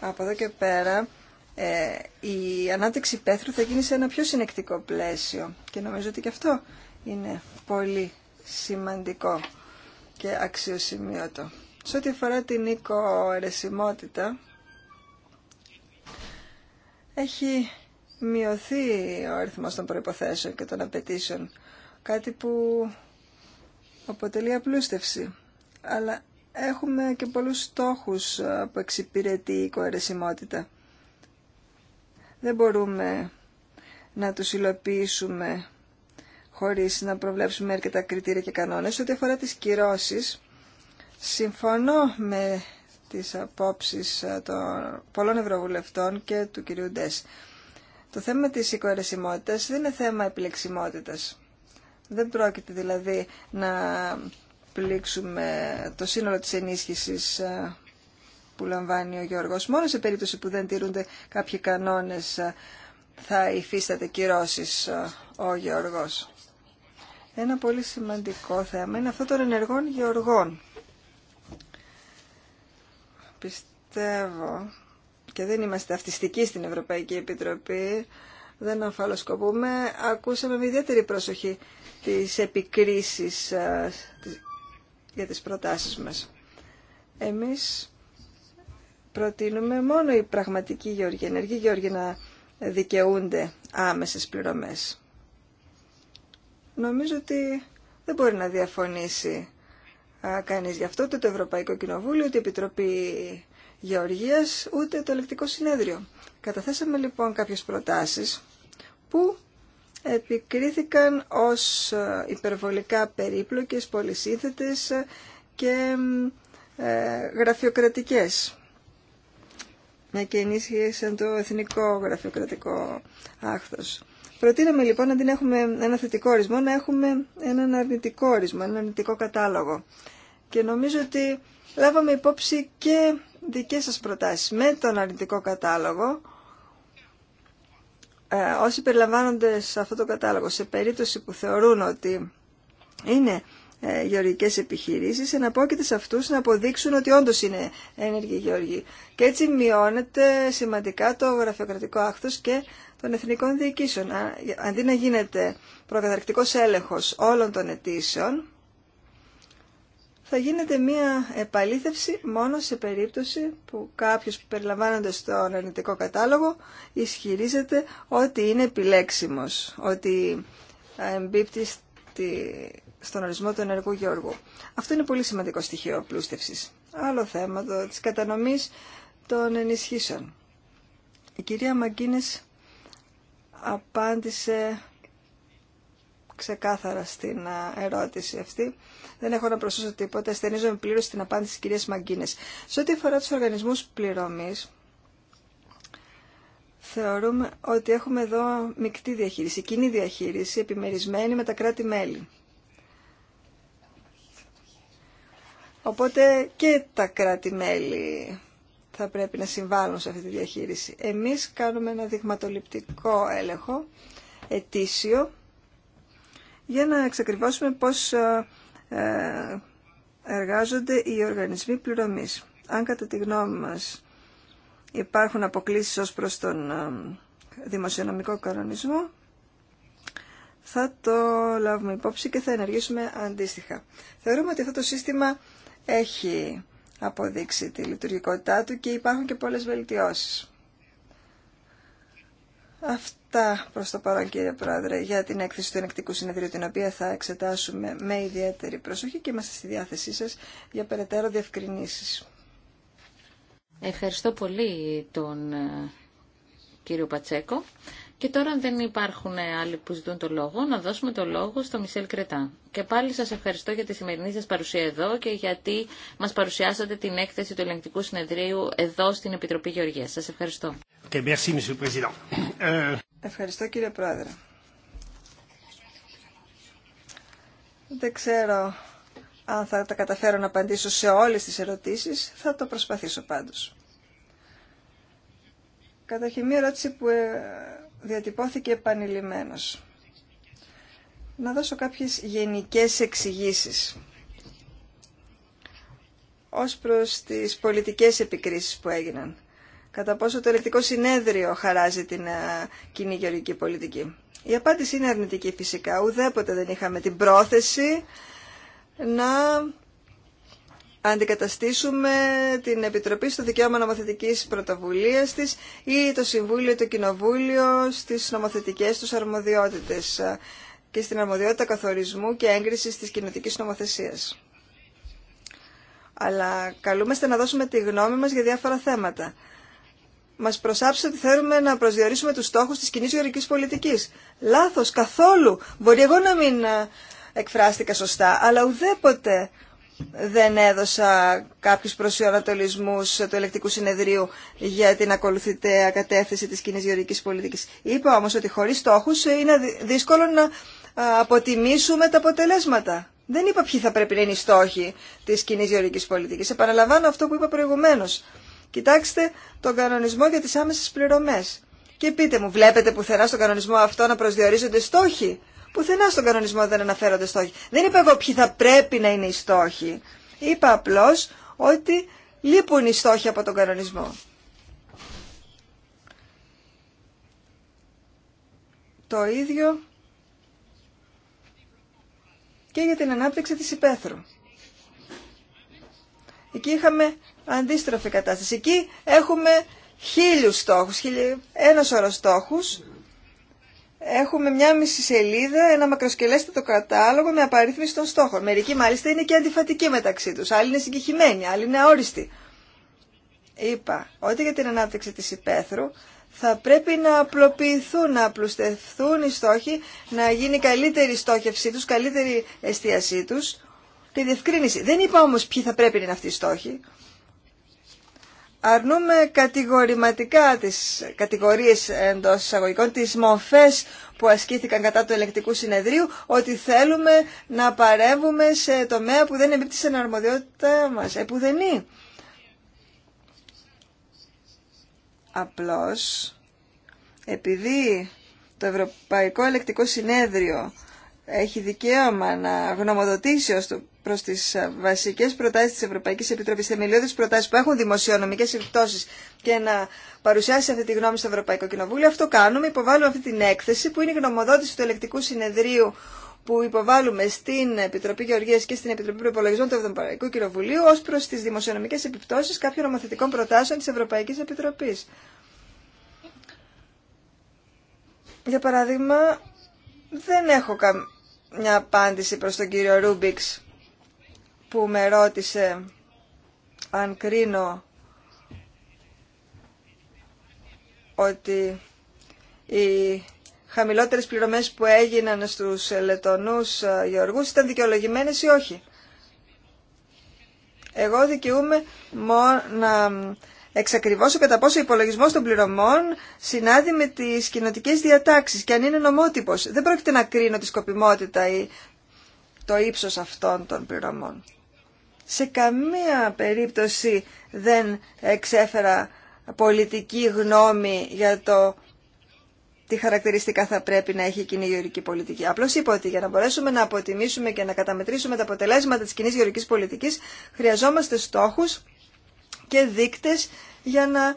Από εδώ και πέρα ε, η ανάπτυξη υπαίθρου θα γίνει σε ένα πιο συνεκτικό πλαίσιο και νομίζω ότι και αυτό είναι πολύ σημαντικό και αξιοσημείωτο. Σε ό,τι αφορά την οικοαιρεσιμότητα, έχει μειωθεί ο αριθμός των προϋποθέσεων και των απαιτήσεων, κάτι που αποτελεί απλούστευση. Αλλά έχουμε και πολλούς στόχους ε, που εξυπηρετεί η οικοαιρεσιμότητα. Δεν μπορούμε να τους υλοποιήσουμε χωρίς να προβλέψουμε αρκετά κριτήρια και κανόνες. Ό,τι αφορά τις κυρώσεις, συμφωνώ με τις απόψεις ε, των πολλών ευρωβουλευτών και του κυρίου Ντές. Το θέμα της οικοαιρεσιμότητας δεν είναι θέμα επιλεξιμότητας. Δεν πρόκειται δηλαδή να πλήξουμε το σύνολο της ενίσχυσης ε, που λαμβάνει ο Γιώργος. Μόνο σε περίπτωση που δεν τηρούνται κάποιοι κανόνες ε, θα υφίσταται κυρώσεις ο Γιώργος. Ένα πολύ σημαντικό θέμα είναι αυτό των ενεργών γεωργών. Πιστεύω και δεν είμαστε αυτιστικοί στην Ευρωπαϊκή Επιτροπή, δεν αμφαλοσκοπούμε. Ακούσαμε με ιδιαίτερη προσοχή τις επικρίσεις ε, για τις προτάσεις μας. Εμείς προτείνουμε μόνο οι πραγματικοί γεωργοί, ενεργοί γεωργοί να δικαιούνται άμεσες πληρωμές. Νομίζω ότι δεν μπορεί να διαφωνήσει α, κανείς γι' αυτό, ούτε το Ευρωπαϊκό Κοινοβούλιο, ούτε η Επιτροπή Γεωργίας, ούτε το Ελεκτικό Συνέδριο. Καταθέσαμε λοιπόν κάποιες προτάσεις που επικρίθηκαν ως υπερβολικά περίπλοκες, πολυσύνθετες και ε, γραφειοκρατικές. Μια και σαν το εθνικό γραφειοκρατικό άχθος. Προτείναμε λοιπόν να να έχουμε ένα θετικό ορισμό, να έχουμε έναν αρνητικό ορισμό, έναν αρνητικό κατάλογο. Και νομίζω ότι λάβαμε υπόψη και δικές σας προτάσεις με τον αρνητικό κατάλογο. Ε, όσοι περιλαμβάνονται σε αυτό το κατάλογο, σε περίπτωση που θεωρούν ότι είναι ε, γεωργικές επιχειρήσεις, εναπόκειται σε αυτούς να αποδείξουν ότι όντως είναι ένεργοι γεωργοί. Και έτσι μειώνεται σημαντικά το γραφειοκρατικό άκθος και των εθνικών διοικήσεων. Αντί να γίνεται προκαταρκτικός έλεγχος όλων των αιτήσεων, θα γίνεται μία επαλήθευση μόνο σε περίπτωση που κάποιος που περιλαμβάνονται στον αρνητικό κατάλογο ισχυρίζεται ότι είναι επιλέξιμος, ότι εμπίπτει στον ορισμό του ενεργού Γιώργου. Αυτό είναι πολύ σημαντικό στοιχείο πλούστευσης. Άλλο θέμα το, της κατανομής των ενισχύσεων. Η κυρία Μαγκίνες απάντησε ξεκάθαρα στην ερώτηση αυτή. Δεν έχω να προσθέσω τίποτα. Ασθενίζομαι πλήρω στην απάντηση της κυρίας Μαγκίνες. Σε ό,τι αφορά τους οργανισμούς πληρωμής, θεωρούμε ότι έχουμε εδώ μεικτή διαχείριση, κοινή διαχείριση, επιμερισμένη με τα κράτη-μέλη. Οπότε και τα κράτη-μέλη θα πρέπει να συμβάλλουν σε αυτή τη διαχείριση. Εμείς κάνουμε ένα δειγματοληπτικό έλεγχο, ετήσιο, για να εξακριβώσουμε πώς ε, ε, εργάζονται οι οργανισμοί πληρωμής. Αν κατά τη γνώμη μας υπάρχουν αποκλήσεις ως προς τον ε, δημοσιονομικό κανονισμό, θα το λάβουμε υπόψη και θα ενεργήσουμε αντίστοιχα. Θεωρούμε ότι αυτό το σύστημα έχει αποδείξει τη λειτουργικότητά του και υπάρχουν και πολλές βελτιώσεις. Αυτά προς το παρόν κύριε Πρόεδρε για την έκθεση του Ενεκτικού Συνεδρίου την οποία θα εξετάσουμε με ιδιαίτερη προσοχή και είμαστε στη διάθεσή σας για περαιτέρω διευκρινήσεις. Ευχαριστώ πολύ τον ε, κύριο Πατσέκο. Και τώρα δεν υπάρχουν άλλοι που ζητούν το λόγο, να δώσουμε το λόγο στο Μισελ Κρετά. Και πάλι σας ευχαριστώ για τη σημερινή σας παρουσία εδώ και γιατί μας παρουσιάσατε την έκθεση του ελεγκτικού συνεδρίου εδώ στην Επιτροπή Γεωργίας. Σας ευχαριστώ. Ε, ευχαριστώ κύριε Πρόεδρε. Δεν ξέρω αν θα τα καταφέρω να απαντήσω σε όλες τις ερωτήσεις, θα το προσπαθήσω πάντως. Καταρχήν μια ερώτηση που ε, διατυπώθηκε επανειλημμένος. Να δώσω κάποιες γενικές εξηγήσεις ως προς τις πολιτικές επικρίσεις που έγιναν. Κατά πόσο το ελεκτικό συνέδριο χαράζει την κοινή γεωργική πολιτική. Η απάντηση είναι αρνητική φυσικά. Ουδέποτε δεν είχαμε την πρόθεση να αντικαταστήσουμε την Επιτροπή στο Δικαίωμα Νομοθετικής Πρωτοβουλίας της ή το Συμβούλιο, το Κοινοβούλιο στις νομοθετικές τους αρμοδιότητες και στην αρμοδιότητα καθορισμού και έγκρισης της κοινωτικής νομοθεσίας. Αλλά καλούμαστε να δώσουμε τη γνώμη μας για διάφορα θέματα. Μα προσάψετε ότι θέλουμε να προσδιορίσουμε του στόχου τη κοινή γεωργική πολιτική. Λάθο, καθόλου. Μπορεί εγώ να μην ε, εκφράστηκα σωστά, αλλά ουδέποτε δεν έδωσα κάποιους προσιορατολισμούς του ελεκτικού συνεδρίου για την ακολουθητέα κατεύθυνση της κοινή γεωργικής πολιτικής. Είπα όμως ότι χωρίς στόχους είναι δύσκολο να αποτιμήσουμε τα αποτελέσματα. Δεν είπα ποιοι θα πρέπει να είναι οι στόχοι της κοινή γεωργικής πολιτικής. Επαναλαμβάνω αυτό που είπα προηγουμένως. Κοιτάξτε τον κανονισμό για τις άμεσες πληρωμές. Και πείτε μου, βλέπετε πουθενά στον κανονισμό αυτό να προσδιορίζονται στόχοι πουθενά στον κανονισμό δεν αναφέρονται στόχοι. Δεν είπα εγώ ποιοι θα πρέπει να είναι οι στόχοι. Είπα απλώ ότι λείπουν οι στόχοι από τον κανονισμό. Το ίδιο και για την ανάπτυξη της υπαίθρου. Εκεί είχαμε αντίστροφη κατάσταση. Εκεί έχουμε χίλιους στόχους, ένα σωρό στόχους έχουμε μια μισή σελίδα, ένα μακροσκελέστατο κατάλογο με απαρίθμιση των στόχων. Μερικοί μάλιστα είναι και αντιφατικοί μεταξύ τους, άλλοι είναι συγκεχημένοι, άλλοι είναι αόριστοι. Είπα ότι για την ανάπτυξη της υπαίθρου θα πρέπει να απλοποιηθούν, να απλουστευθούν οι στόχοι, να γίνει καλύτερη στόχευσή τους, καλύτερη εστίασή τους τη διευκρίνηση. Δεν είπα όμως ποιοι θα πρέπει να είναι αυτοί οι στόχοι αρνούμε κατηγορηματικά τις κατηγορίες εντός εισαγωγικών, τις μορφές που ασκήθηκαν κατά του ελεκτικού συνεδρίου, ότι θέλουμε να παρεύουμε σε τομέα που δεν εμπίπτει στην αρμοδιότητα μας, επουδενή. Απλώς, επειδή το Ευρωπαϊκό Ελεκτικό Συνέδριο έχει δικαίωμα να γνωμοδοτήσει ως του προ τι ε, βασικέ προτάσει τη Ευρωπαϊκή Επιτροπή, θεμελιώδει προτάσει που έχουν δημοσιονομικέ επιπτώσει και να παρουσιάσει αυτή τη γνώμη στο Ευρωπαϊκό Κοινοβούλιο. Αυτό κάνουμε. Υποβάλλουμε αυτή την έκθεση που είναι η γνωμοδότηση του Ελεκτικού Συνεδρίου που υποβάλλουμε στην Επιτροπή Γεωργία και στην Επιτροπή Προπολογισμών του Ευρωπαϊκού Κοινοβουλίου ω προ τι δημοσιονομικέ επιπτώσει κάποιων νομοθετικών προτάσεων τη Ευρωπαϊκή Επιτροπή. Για παράδειγμα, δεν έχω καμία απάντηση προς τον κύριο Ρούμπιξ που με ρώτησε αν κρίνω ότι οι χαμηλότερες πληρωμές που έγιναν στους Λετωνούς ε, γεωργούς ήταν δικαιολογημένες ή όχι. Εγώ δικαιούμαι να εξακριβώσω κατά πόσο ο υπολογισμός των πληρωμών συνάδει με τις κοινοτικές διατάξεις και αν είναι νομότυπος. Δεν πρόκειται να κρίνω τη σκοπιμότητα ή το ύψος αυτών των πληρωμών σε καμία περίπτωση δεν εξέφερα πολιτική γνώμη για το τι χαρακτηριστικά θα πρέπει να έχει η κοινή γεωρική πολιτική. Απλώ είπα ότι για να μπορέσουμε να αποτιμήσουμε και να καταμετρήσουμε τα αποτελέσματα τη κοινή γεωρική πολιτική, χρειαζόμαστε στόχου και δείκτε για να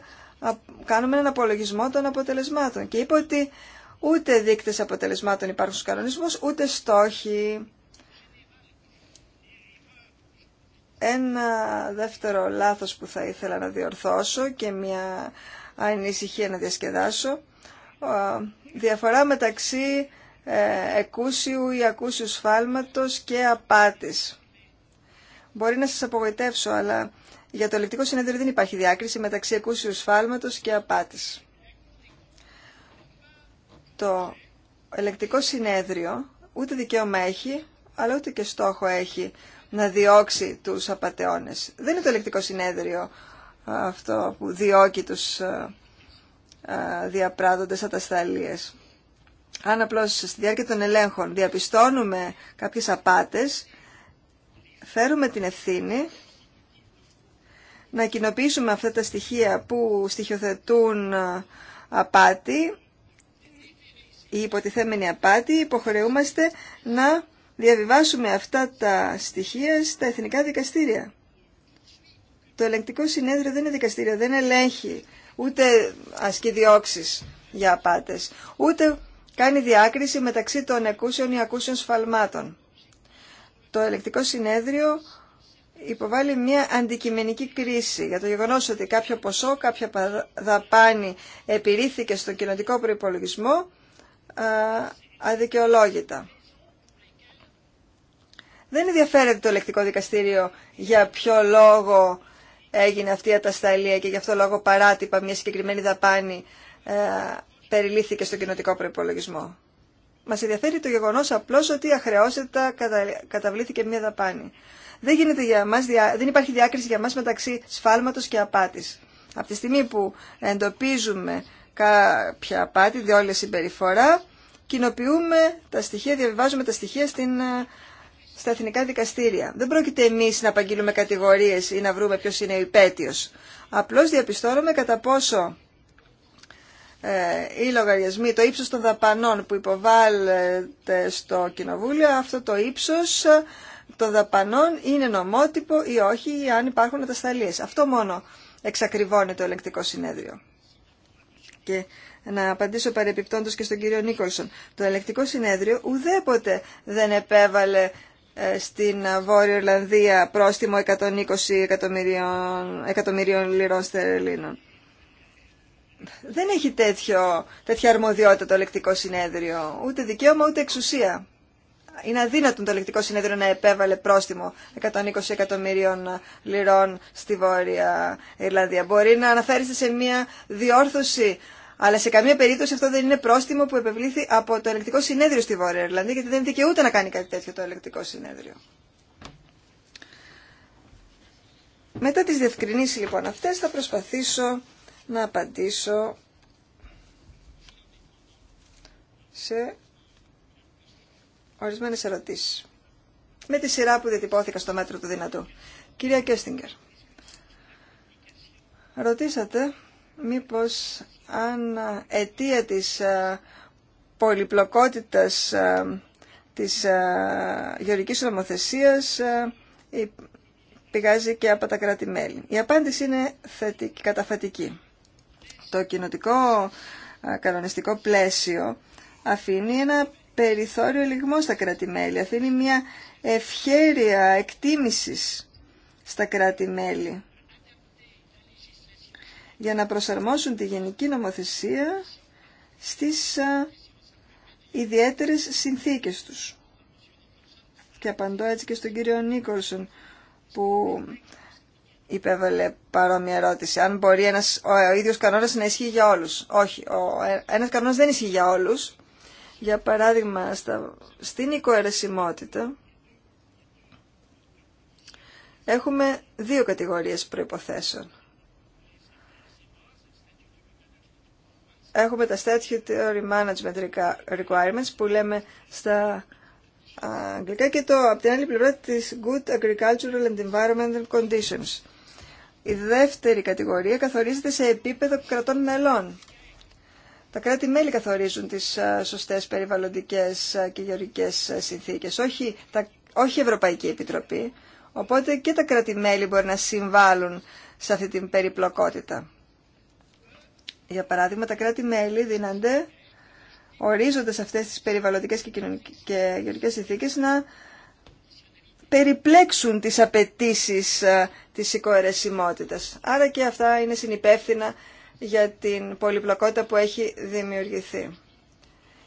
κάνουμε έναν απολογισμό των αποτελεσμάτων. Και είπα ότι ούτε δείκτε αποτελεσμάτων υπάρχουν στου κανονισμού, ούτε στόχοι. Ένα δεύτερο λάθος που θα ήθελα να διορθώσω και μια ανησυχία να διασκεδάσω. Διαφορά μεταξύ ε, εκούσιου ή ακούσιου σφάλματος και απάτης. Μπορεί να σας απογοητεύσω, αλλά για το ελεκτικό συνέδριο δεν υπάρχει διάκριση μεταξύ εκούσιου σφάλματος και απάτης. Το ελεκτικό συνέδριο ούτε δικαίωμα έχει, αλλά ούτε και στόχο έχει να διώξει τους απαταιώνες. Δεν είναι το ελεκτικό συνέδριο αυτό που διώκει τους διαπράδοντες ατασταλίες. Αν απλώς στη διάρκεια των ελέγχων διαπιστώνουμε κάποιες απάτες, φέρουμε την ευθύνη να κοινοποιήσουμε αυτά τα στοιχεία που στοιχειοθετούν απάτη ή υποτιθέμενη απάτη, υποχρεούμαστε να διαβιβάσουμε αυτά τα στοιχεία στα εθνικά δικαστήρια. Το ελεγκτικό συνέδριο δεν είναι δικαστήριο, δεν ελέγχει, ούτε ασκεί διώξει για απάτες, ούτε κάνει διάκριση μεταξύ των εκούσεων ή ακούσεων σφαλμάτων. Το ελεγκτικό συνέδριο υποβάλλει μια αντικειμενική κρίση για το γεγονός ότι κάποιο ποσό, κάποια δαπάνη επιρρήθηκε στον κοινοτικό προϋπολογισμό αδικαιολόγητα. Δεν ενδιαφέρεται το ελεκτικό δικαστήριο για ποιο λόγο έγινε αυτή η ατασταλία και για αυτό λόγο παράτυπα μια συγκεκριμένη δαπάνη ε, περιλήφθηκε στον κοινοτικό προπολογισμό. Μα ενδιαφέρει το γεγονό απλώ ότι αχρεώσετα καταβλήθηκε μια δαπάνη. Δεν, γίνεται για μας, δεν υπάρχει διάκριση για μα μεταξύ σφάλματο και απάτη. Από τη στιγμή που εντοπίζουμε κάποια απάτη, διόλια συμπεριφορά, κοινοποιούμε τα στοιχεία, διαβιβάζουμε τα στοιχεία στην ε, στα εθνικά δικαστήρια. Δεν πρόκειται εμεί να απαγγείλουμε κατηγορίε ή να βρούμε ποιο είναι ο υπέτειο. Απλώ διαπιστώνουμε κατά πόσο ε, οι λογαριασμοί, το ύψος των δαπανών που υποβάλλεται στο Κοινοβούλιο, αυτό το ύψος ε, των δαπανών είναι νομότυπο ή όχι, ή αν υπάρχουν ατασταλίε. Αυτό μόνο εξακριβώνει το ελεκτικό συνέδριο. Και να απαντήσω παρεπιπτόντως και στον κύριο Νίκολσον. Το ελεκτικό συνέδριο ουδέποτε δεν επέβαλε ε, στην Βόρεια Ιρλανδία πρόστιμο 120 εκατομμυρίων, εκατομμυρίων λιρών στερελίνων. Δεν έχει τέτοιο, τέτοια αρμοδιότητα το ελεκτικό συνέδριο, ούτε δικαίωμα ούτε εξουσία. Είναι αδύνατον το ελεκτικό συνέδριο να επέβαλε πρόστιμο 120 εκατομμυρίων λιρών στη Βόρεια Ιρλανδία. Μπορεί να αναφέρεστε σε μια διόρθωση αλλά σε καμία περίπτωση αυτό δεν είναι πρόστιμο που επευλήθη από το ελεκτικό συνέδριο στη Βόρεια Ιρλανδία, γιατί δεν δικαιούται να κάνει κάτι τέτοιο το ελεκτικό συνέδριο. Μετά τις διευκρινήσεις λοιπόν αυτές θα προσπαθήσω να απαντήσω σε ορισμένες ερωτήσεις. Με τη σειρά που διατυπώθηκα στο μέτρο του δυνατού. Κυρία Κέστιγκερ, ρωτήσατε μήπως αν ε, αιτία της ε, πολυπλοκότητας ε, της γεωργικής ομοθεσίας πηγάζει και από τα κράτη-μέλη. Η απάντηση είναι θετική, καταφατική. Το κοινοτικό κανονιστικό πλαίσιο αφήνει ένα περιθώριο λιγμό στα κράτη-μέλη, αφήνει μια ευχέρεια εκτίμησης στα κράτη-μέλη για να προσαρμόσουν τη γενική νομοθεσία στις ιδιαίτερες συνθήκες τους. Και απαντώ έτσι και στον κύριο Νίκολσον που υπέβαλε παρόμοια ερώτηση. Αν μπορεί ένας, ο, ο ίδιος κανόνας να ισχύει για όλους. Όχι, ε, ένας κανόνας δεν ισχύει για όλους. Για παράδειγμα, στα, στην οικοαιρεσιμότητα έχουμε δύο κατηγορίες προϋποθέσεων. έχουμε τα statutory management requirements που λέμε στα αγγλικά και το από την άλλη πλευρά της good agricultural and environmental conditions. Η δεύτερη κατηγορία καθορίζεται σε επίπεδο κρατών μελών. Τα κράτη-μέλη καθορίζουν τις σωστές περιβαλλοντικές και γεωργικές συνθήκες, όχι, τα, όχι η Ευρωπαϊκή Επιτροπή. Οπότε και τα κράτη-μέλη μπορεί να συμβάλλουν σε αυτή την περιπλοκότητα. Για παράδειγμα, τα κράτη-μέλη δίνανται, ορίζοντα αυτές τις περιβαλλοντικές και, γεωργικέ συνθήκε να περιπλέξουν τις απαιτήσει ε, της οικοαιρεσιμότητα. Άρα και αυτά είναι συνυπεύθυνα για την πολυπλοκότητα που έχει δημιουργηθεί.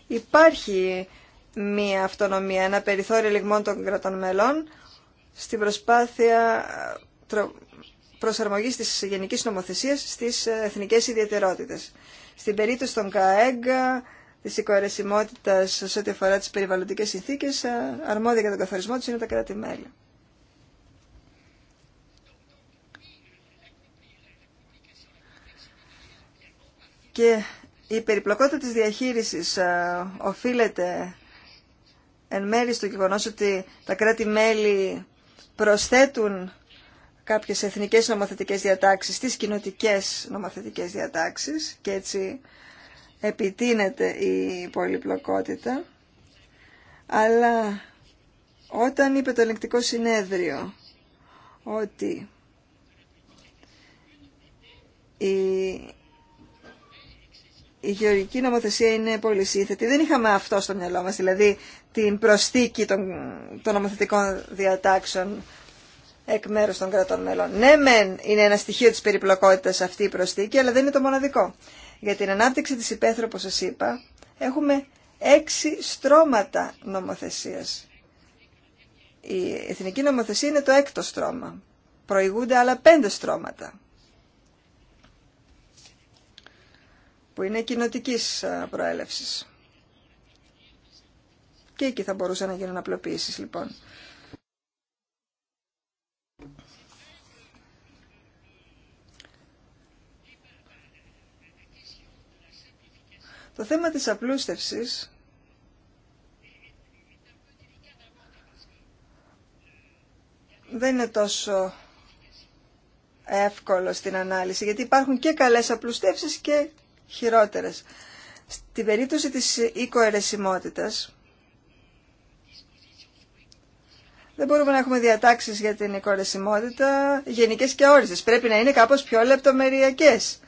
Υπάρχει μία αυτονομία, ένα περιθώριο λιγμών των κρατών μελών στην προσπάθεια ε, Προσαρμογή τη γενική νομοθεσία στις ε, εθνικές ιδιαίτερότητε. Στην περίπτωση των ΚΑΕΓ, της οικοαιρεσιμότητας σε ό,τι αφορά τι περιβαλλοντικέ συνθήκε. Ε, αρμόδια για τον καθορισμό τους είναι τα κράτη-μέλη. Και η περιπλοκότητα της διαχείρισης ε, οφείλεται εν μέρη στο γεγονό ότι τα κράτη-μέλη προσθέτουν κάποιες εθνικές νομοθετικές διατάξεις στις κοινοτικέ νομοθετικές διατάξεις και έτσι επιτείνεται η πολυπλοκότητα. Αλλά όταν είπε το ελεγκτικό συνέδριο ότι η, η γεωργική νομοθεσία είναι πολύ σύνθετη. Δεν είχαμε αυτό στο μυαλό μας, δηλαδή την προσθήκη των, των νομοθετικών διατάξεων εκ μέρου των κρατών μελών. Ναι, μεν είναι ένα στοιχείο τη περιπλοκότητα αυτή η προσθήκη, αλλά δεν είναι το μοναδικό. Για την ανάπτυξη τη υπαίθρου, όπω σα είπα, έχουμε έξι στρώματα νομοθεσία. Η εθνική νομοθεσία είναι το έκτο στρώμα. Προηγούνται άλλα πέντε στρώματα. που είναι κοινοτική προέλευση. Και εκεί θα μπορούσαν να γίνουν απλοποίησει λοιπόν. Το θέμα της απλούστευσης δεν είναι τόσο εύκολο στην ανάλυση, γιατί υπάρχουν και καλές απλουστεύσεις και χειρότερες. Στην περίπτωση της οικοαιρεσιμότητας, δεν μπορούμε να έχουμε διατάξεις για την οικοαιρεσιμότητα γενικές και όριζες. Πρέπει να είναι κάπως πιο λεπτομεριακές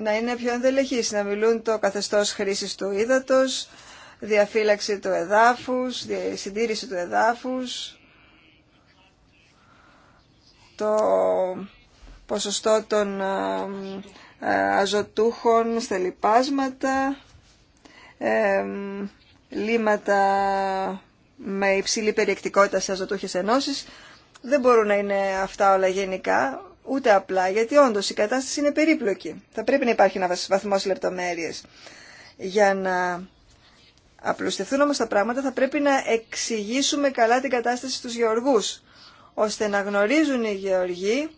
να είναι πιο ενδελεχείς, να μιλούν το καθεστώς χρήσης του ύδατος, διαφύλαξη του εδάφους, συντήρηση του εδάφους, το ποσοστό των ε, ε, αζωτούχων στα λοιπάσματα, ε, λύματα λίματα με υψηλή περιεκτικότητα σε αζωτούχες ενώσεις. Δεν μπορούν να είναι αυτά όλα γενικά ούτε απλά, γιατί όντω, η κατάσταση είναι περίπλοκη. Θα πρέπει να υπάρχει ένα βαθμό λεπτομέρειε. Για να απλουστευτούν όμω τα πράγματα θα πρέπει να εξηγήσουμε καλά την κατάσταση στου γεωργού. ώστε να γνωρίζουν οι γεωργοί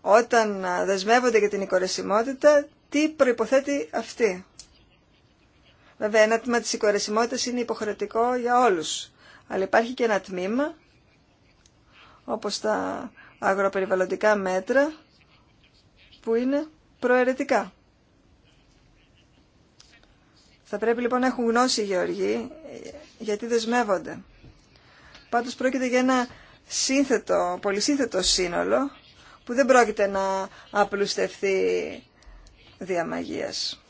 όταν δεσμεύονται για την οικορεσιμότητα, τι προϋποθέτει αυτή. Βέβαια, ένα τμήμα της οικορεσιμότητας είναι υποχρεωτικό για όλους, αλλά υπάρχει και ένα τμήμα, όπως τα αγροπεριβαλλοντικά μέτρα που είναι προαιρετικά. Θα πρέπει λοιπόν να έχουν γνώση οι γεωργοί γιατί δεσμεύονται. Πάντως πρόκειται για ένα σύνθετο, πολυσύνθετο σύνολο που δεν πρόκειται να απλουστευτεί διαμαγίας.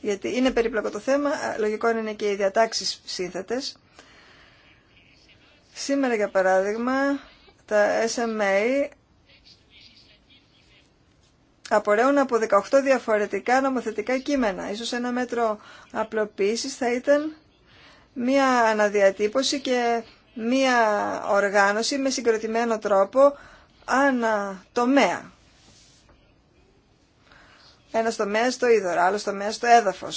Γιατί είναι περίπλοκο το θέμα, λογικό είναι και οι διατάξεις σύνθετες. Σήμερα για παράδειγμα τα SMA απορρέουν από 18 διαφορετικά νομοθετικά κείμενα. Ίσως ένα μέτρο απλοποίησης θα ήταν μία αναδιατύπωση και μία οργάνωση με συγκροτημένο τρόπο ανά τομέα. Ένα τομέα στο είδωρο, άλλο τομέα στο έδαφο,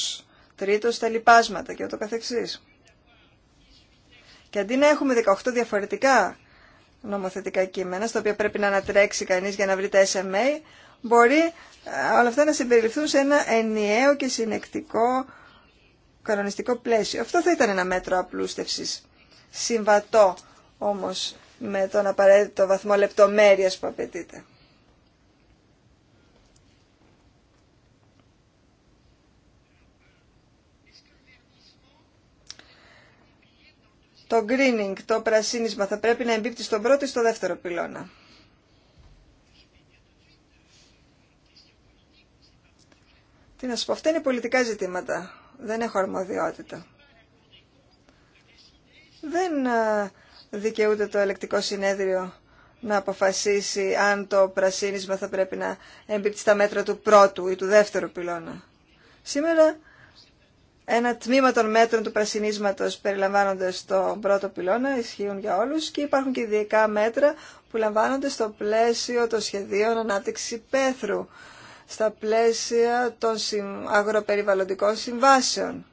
τρίτο στα λοιπάσματα και ούτω καθεξής. Και αντί να έχουμε 18 διαφορετικά νομοθετικά κείμενα, στο οποίο πρέπει να ανατρέξει κανείς για να βρει τα SMA, μπορεί ε, όλα αυτά να συμπεριληφθούν σε ένα ενιαίο και συνεκτικό κανονιστικό πλαίσιο. Αυτό θα ήταν ένα μέτρο απλούστευσης. Συμβατό όμως με τον απαραίτητο βαθμό λεπτομέρειας που απαιτείται. το greening, το πρασίνισμα θα πρέπει να εμπίπτει στον πρώτο ή στο δεύτερο πυλώνα. Τι να σου πω, αυτά είναι πολιτικά ζητήματα. Δεν έχω αρμοδιότητα. Δεν δικαιούται το ελεκτικό συνέδριο να αποφασίσει αν το πρασίνισμα θα πρέπει να εμπίπτει στα μέτρα του πρώτου ή του δεύτερου πυλώνα. Σήμερα ένα τμήμα των μέτρων του πρασινίσματος περιλαμβάνονται στο πρώτο πυλώνα, ισχύουν για όλους και υπάρχουν και ειδικά μέτρα που λαμβάνονται στο πλαίσιο των σχεδίων ανάπτυξη πέθρου, στα πλαίσια των αγροπεριβαλλοντικών συμβάσεων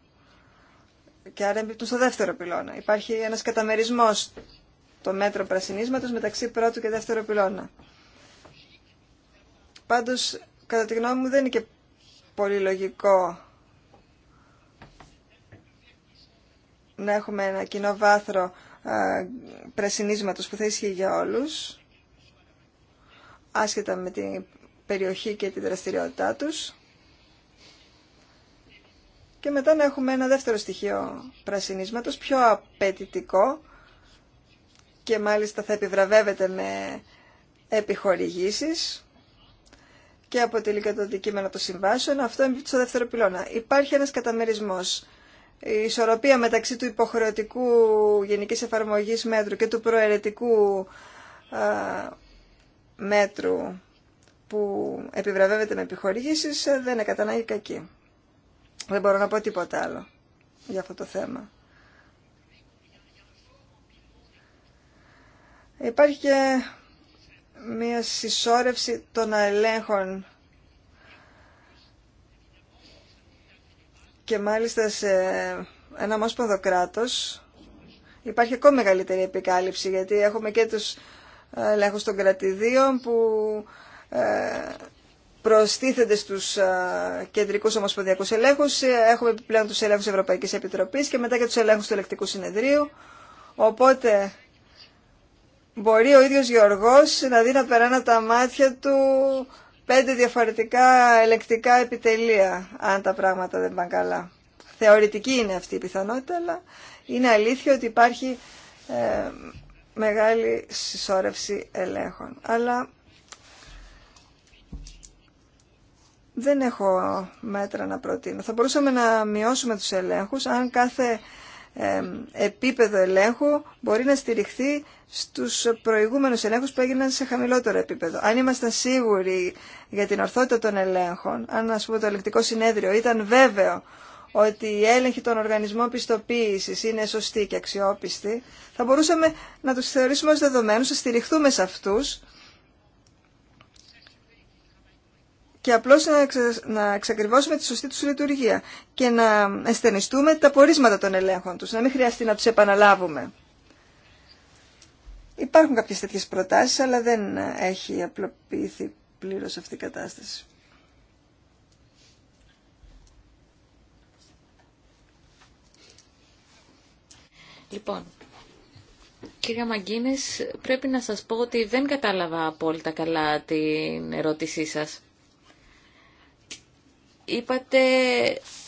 και άρα εμπίπτουν στο δεύτερο πυλώνα. Υπάρχει ένας καταμερισμός των μέτρων πρασινίσματος μεταξύ πρώτου και δεύτερου πυλώνα. Πάντως, κατά τη γνώμη μου, δεν είναι και πολύ λογικό να έχουμε ένα κοινό βάθρο πρασινίσματος που θα ισχύει για όλους, άσχετα με την περιοχή και την δραστηριότητά τους. Και μετά να έχουμε ένα δεύτερο στοιχείο πρασινίσματος, πιο απαιτητικό και μάλιστα θα επιβραβεύεται με επιχορηγήσεις και αποτελεί κατά το αντικείμενο των συμβάσεων. Αυτό είναι στο δεύτερο πυλώνα. Υπάρχει ένας καταμερισμός η ισορροπία μεταξύ του υποχρεωτικού γενικής εφαρμογής μέτρου και του προαιρετικού μέτρου που επιβραβεύεται με επιχορηγήσεις ε, δεν είναι κατά κακή. Δεν μπορώ να πω τίποτα άλλο για αυτό το θέμα. Υπάρχει και μια συσσόρευση των ελέγχων και μάλιστα σε ένα μόσποδο υπάρχει ακόμη μεγαλύτερη επικάλυψη γιατί έχουμε και τους ε, ελέγχους των κρατηδίων που ε, προστίθενται στους ε, κεντρικούς ομοσπονδιακούς ελέγχους, έχουμε επιπλέον τους ελέγχους Ευρωπαϊκής Επιτροπής και μετά και τους ελέγχους του Ελεκτικού Συνεδρίου. Οπότε μπορεί ο ίδιος Γεωργός να δει να περάνε τα μάτια του πέντε διαφορετικά ελεκτικά επιτελεία, αν τα πράγματα δεν πάνε καλά. Θεωρητική είναι αυτή η πιθανότητα, αλλά είναι αλήθεια ότι υπάρχει ε, μεγάλη συσσόρευση ελέγχων. Αλλά δεν έχω μέτρα να προτείνω. Θα μπορούσαμε να μειώσουμε τους ελέγχους αν κάθε ε, επίπεδο ελέγχου μπορεί να στηριχθεί στους προηγούμενους ελέγχους που έγιναν σε χαμηλότερο επίπεδο. Αν ήμασταν σίγουροι για την ορθότητα των ελέγχων, αν πούμε το ελεκτικό συνέδριο ήταν βέβαιο ότι η έλεγχη των οργανισμών πιστοποίησης είναι σωστή και αξιόπιστη, θα μπορούσαμε να τους θεωρήσουμε ως δεδομένους, να στηριχθούμε σε αυτούς και απλώς να, να εξακριβώσουμε τη σωστή του λειτουργία και να αισθενιστούμε τα πορίσματα των ελέγχων τους, να μην χρειαστεί να τους επαναλάβουμε. Υπάρχουν κάποιες τέτοιες προτάσεις, αλλά δεν έχει απλοποιηθεί πλήρως αυτή η κατάσταση. Λοιπόν, Κυρία Μαγκίνης, πρέπει να σας πω ότι δεν κατάλαβα απόλυτα καλά την ερώτησή σας. Είπατε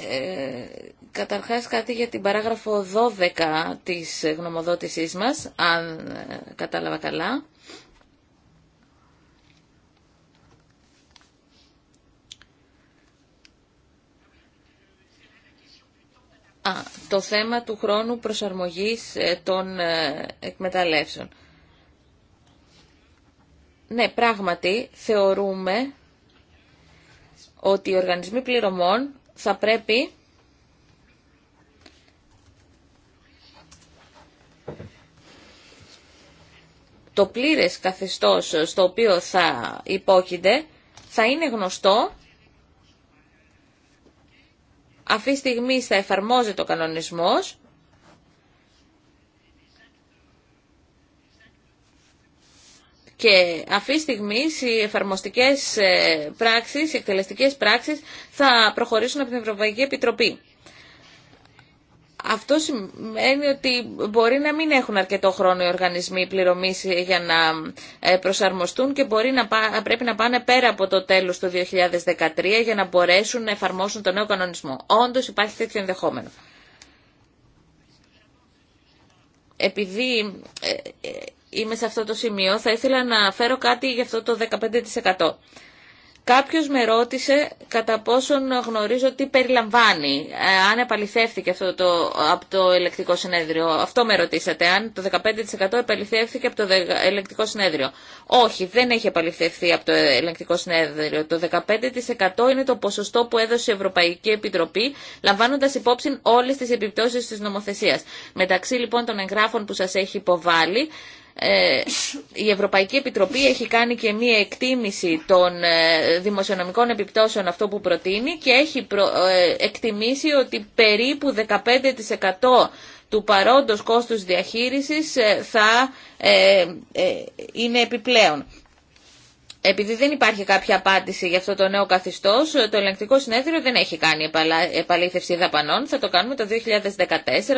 ε, Καταρχάς κάτι για την παράγραφο 12 της γνωμοδότησής μας, αν ε, κατάλαβα καλά. Α, το θέμα του χρόνου προσαρμογής ε, των ε, εκμεταλλεύσεων. Ναι, πράγματι θεωρούμε ότι οι οργανισμοί πληρωμών θα πρέπει Το πλήρες καθεστώς στο οποίο θα υπόκεινται θα είναι γνωστό. Αυτή τη στιγμή θα εφαρμόζεται ο κανονισμός. Και αυτή τη στιγμή οι εφαρμοστικές ε, πράξεις, οι εκτελεστικές πράξεις θα προχωρήσουν από την Ευρωπαϊκή Επιτροπή. Αυτό σημαίνει ότι μπορεί να μην έχουν αρκετό χρόνο οι οργανισμοί πληρωμή για να ε, προσαρμοστούν και μπορεί να πρέπει να πάνε πέρα από το τέλος του 2013 για να μπορέσουν να εφαρμόσουν το νέο κανονισμό. Όντως υπάρχει τέτοιο ενδεχόμενο. Επειδή ε, ε, είμαι σε αυτό το σημείο, θα ήθελα να φέρω κάτι για αυτό το 15%. Κάποιος με ρώτησε κατά πόσον γνωρίζω τι περιλαμβάνει, ε, αν επαληθεύθηκε αυτό το, από το ελεκτικό συνέδριο. Αυτό με ρωτήσατε, αν το 15% επαληθεύθηκε από το ελεκτικό συνέδριο. Όχι, δεν έχει επαληθευθεί από το ελεκτικό συνέδριο. Το 15% είναι το ποσοστό που έδωσε η Ευρωπαϊκή Επιτροπή, λαμβάνοντας υπόψη όλες τις επιπτώσεις της νομοθεσίας. Μεταξύ λοιπόν των εγγράφων που σας έχει υποβάλει, ε, η Ευρωπαϊκή Επιτροπή έχει κάνει και μία εκτίμηση των ε, δημοσιονομικών επιπτώσεων αυτό που προτείνει και έχει ε, εκτιμήσει ότι περίπου 15% του παρόντος κόστους διαχείρισης θα είναι επιπλέον. Επειδή δεν υπάρχει κάποια απάντηση για αυτό το νέο καθιστώ, το ελεγκτικό συνέδριο δεν έχει κάνει επαλήθευση δαπανών. Θα το κάνουμε το 2014,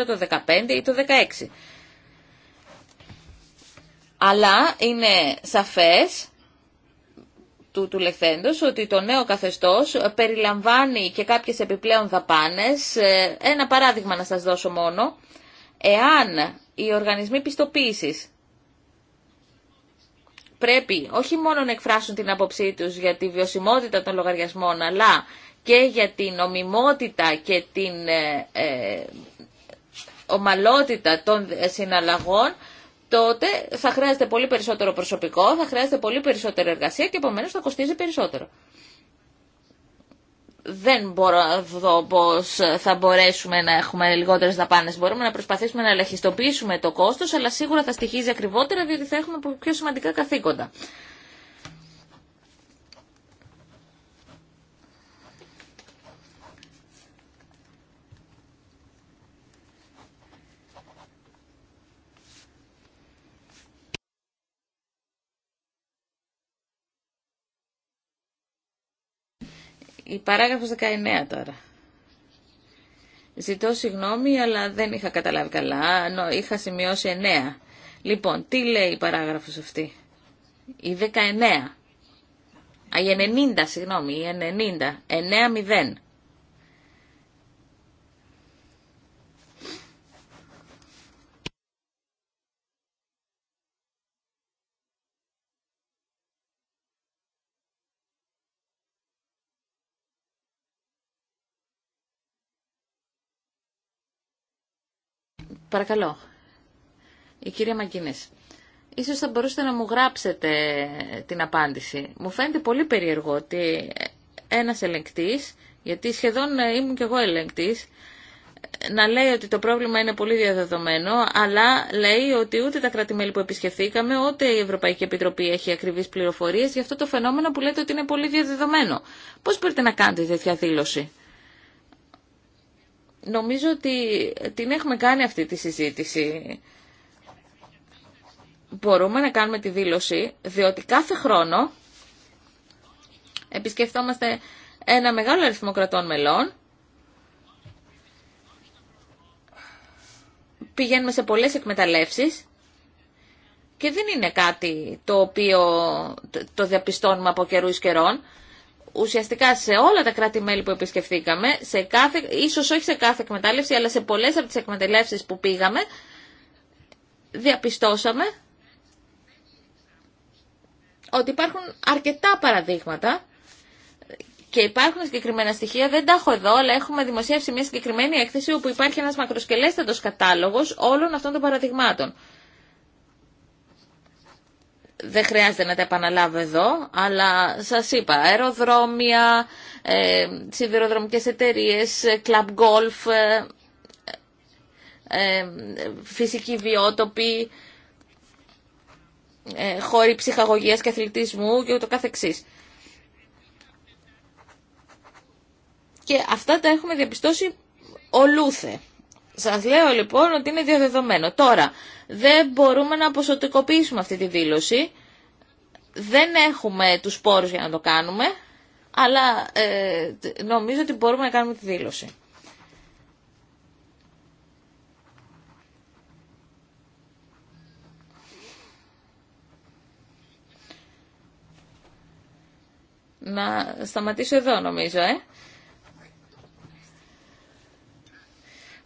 το 2015 ή το 2016. Αλλά είναι σαφές του, του λεχθέντος ότι το νέο καθεστώς περιλαμβάνει και κάποιες επιπλέον δαπάνες. Ε, ένα παράδειγμα να σας δώσω μόνο. Εάν οι οργανισμοί πιστοποίησης πρέπει όχι μόνο να εκφράσουν την άποψή τους για τη βιωσιμότητα των λογαριασμών, αλλά και για την ομιμότητα και την ε, ε, ομαλότητα των συναλλαγών, τότε θα χρειάζεται πολύ περισσότερο προσωπικό, θα χρειάζεται πολύ περισσότερη εργασία και επομένως θα κοστίζει περισσότερο. Δεν μπορώ να δω πώς θα μπορέσουμε να έχουμε λιγότερες δαπάνες. Μπορούμε να προσπαθήσουμε να ελαχιστοποιήσουμε το κόστος, αλλά σίγουρα θα στοιχίζει ακριβότερα διότι θα έχουμε πιο σημαντικά καθήκοντα. Η παράγραφος 19 τώρα. Ζητώ συγγνώμη, αλλά δεν είχα καταλάβει καλά. Είχα σημειώσει 9. Λοιπόν, τι λέει η παράγραφος αυτή. Η 19. Α, η 90, συγγνώμη, η 90. 9-0. Παρακαλώ. Η κυρία Μακίνες, Ίσως θα μπορούσατε να μου γράψετε την απάντηση. Μου φαίνεται πολύ περίεργο ότι ένας ελεγκτής, γιατί σχεδόν ήμουν κι εγώ ελεγκτής, να λέει ότι το πρόβλημα είναι πολύ διαδεδομένο, αλλά λέει ότι ούτε τα κράτη-μέλη που επισκεφθήκαμε, ούτε η Ευρωπαϊκή Επιτροπή έχει ακριβεί πληροφορίε για αυτό το φαινόμενο που λέτε ότι είναι πολύ διαδεδομένο. Πώ μπορείτε να κάνετε τέτοια δήλωση νομίζω ότι την έχουμε κάνει αυτή τη συζήτηση. Μπορούμε να κάνουμε τη δήλωση, διότι κάθε χρόνο επισκεφτόμαστε ένα μεγάλο αριθμό κρατών μελών, πηγαίνουμε σε πολλές εκμεταλλεύσεις και δεν είναι κάτι το οποίο το διαπιστώνουμε από καιρού καιρών ουσιαστικά σε όλα τα κράτη-μέλη που επισκεφθήκαμε, σε κάθε, ίσως όχι σε κάθε εκμετάλλευση, αλλά σε πολλές από τις εκμεταλλεύσεις που πήγαμε, διαπιστώσαμε ότι υπάρχουν αρκετά παραδείγματα και υπάρχουν συγκεκριμένα στοιχεία, δεν τα έχω εδώ, αλλά έχουμε δημοσιεύσει μια συγκεκριμένη έκθεση όπου υπάρχει ένας μακροσκελέστατος κατάλογος όλων αυτών των παραδειγμάτων δεν χρειάζεται να τα επαναλάβω εδώ, αλλά σας είπα, αεροδρόμια, ε, σιδηροδρομικές εταιρείες, κλαμπ ε, γκολφ, ε, ε, φυσικοί βιότοποι, ε, χώροι ψυχαγωγίας και αθλητισμού και ούτω καθεξής. Και αυτά τα έχουμε διαπιστώσει ολούθε. Σας λέω λοιπόν ότι είναι διαδεδομένο. Τώρα, δεν μπορούμε να ποσοτικοποιήσουμε αυτή τη δήλωση. Δεν έχουμε τους πόρους για να το κάνουμε, αλλά ε, νομίζω ότι μπορούμε να κάνουμε τη δήλωση. Να σταματήσω εδώ νομίζω, ε.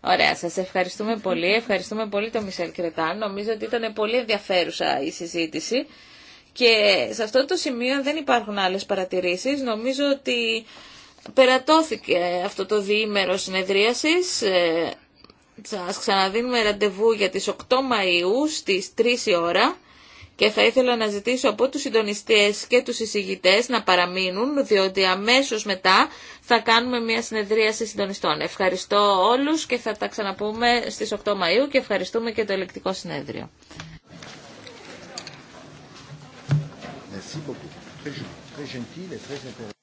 Ωραία, σας ευχαριστούμε πολύ. Ευχαριστούμε πολύ τον Μισελ Κρετάν. Νομίζω ότι ήταν πολύ ενδιαφέρουσα η συζήτηση. Και σε αυτό το σημείο, δεν υπάρχουν άλλες παρατηρήσεις, νομίζω ότι περατώθηκε αυτό το διήμερο συνεδρίασης. Ε, σας ξαναδίνουμε ραντεβού για τις 8 Μαΐου στις 3 η ώρα και θα ήθελα να ζητήσω από τους συντονιστές και τους εισηγητές να παραμείνουν, διότι αμέσως μετά θα κάνουμε μια συνεδρία συνεδρίαση συντονιστών. Ευχαριστώ όλους και θα τα ξαναπούμε στις 8 Μαΐου και ευχαριστούμε και το ελεκτικό συνέδριο. Merci beaucoup. Très, gentil et très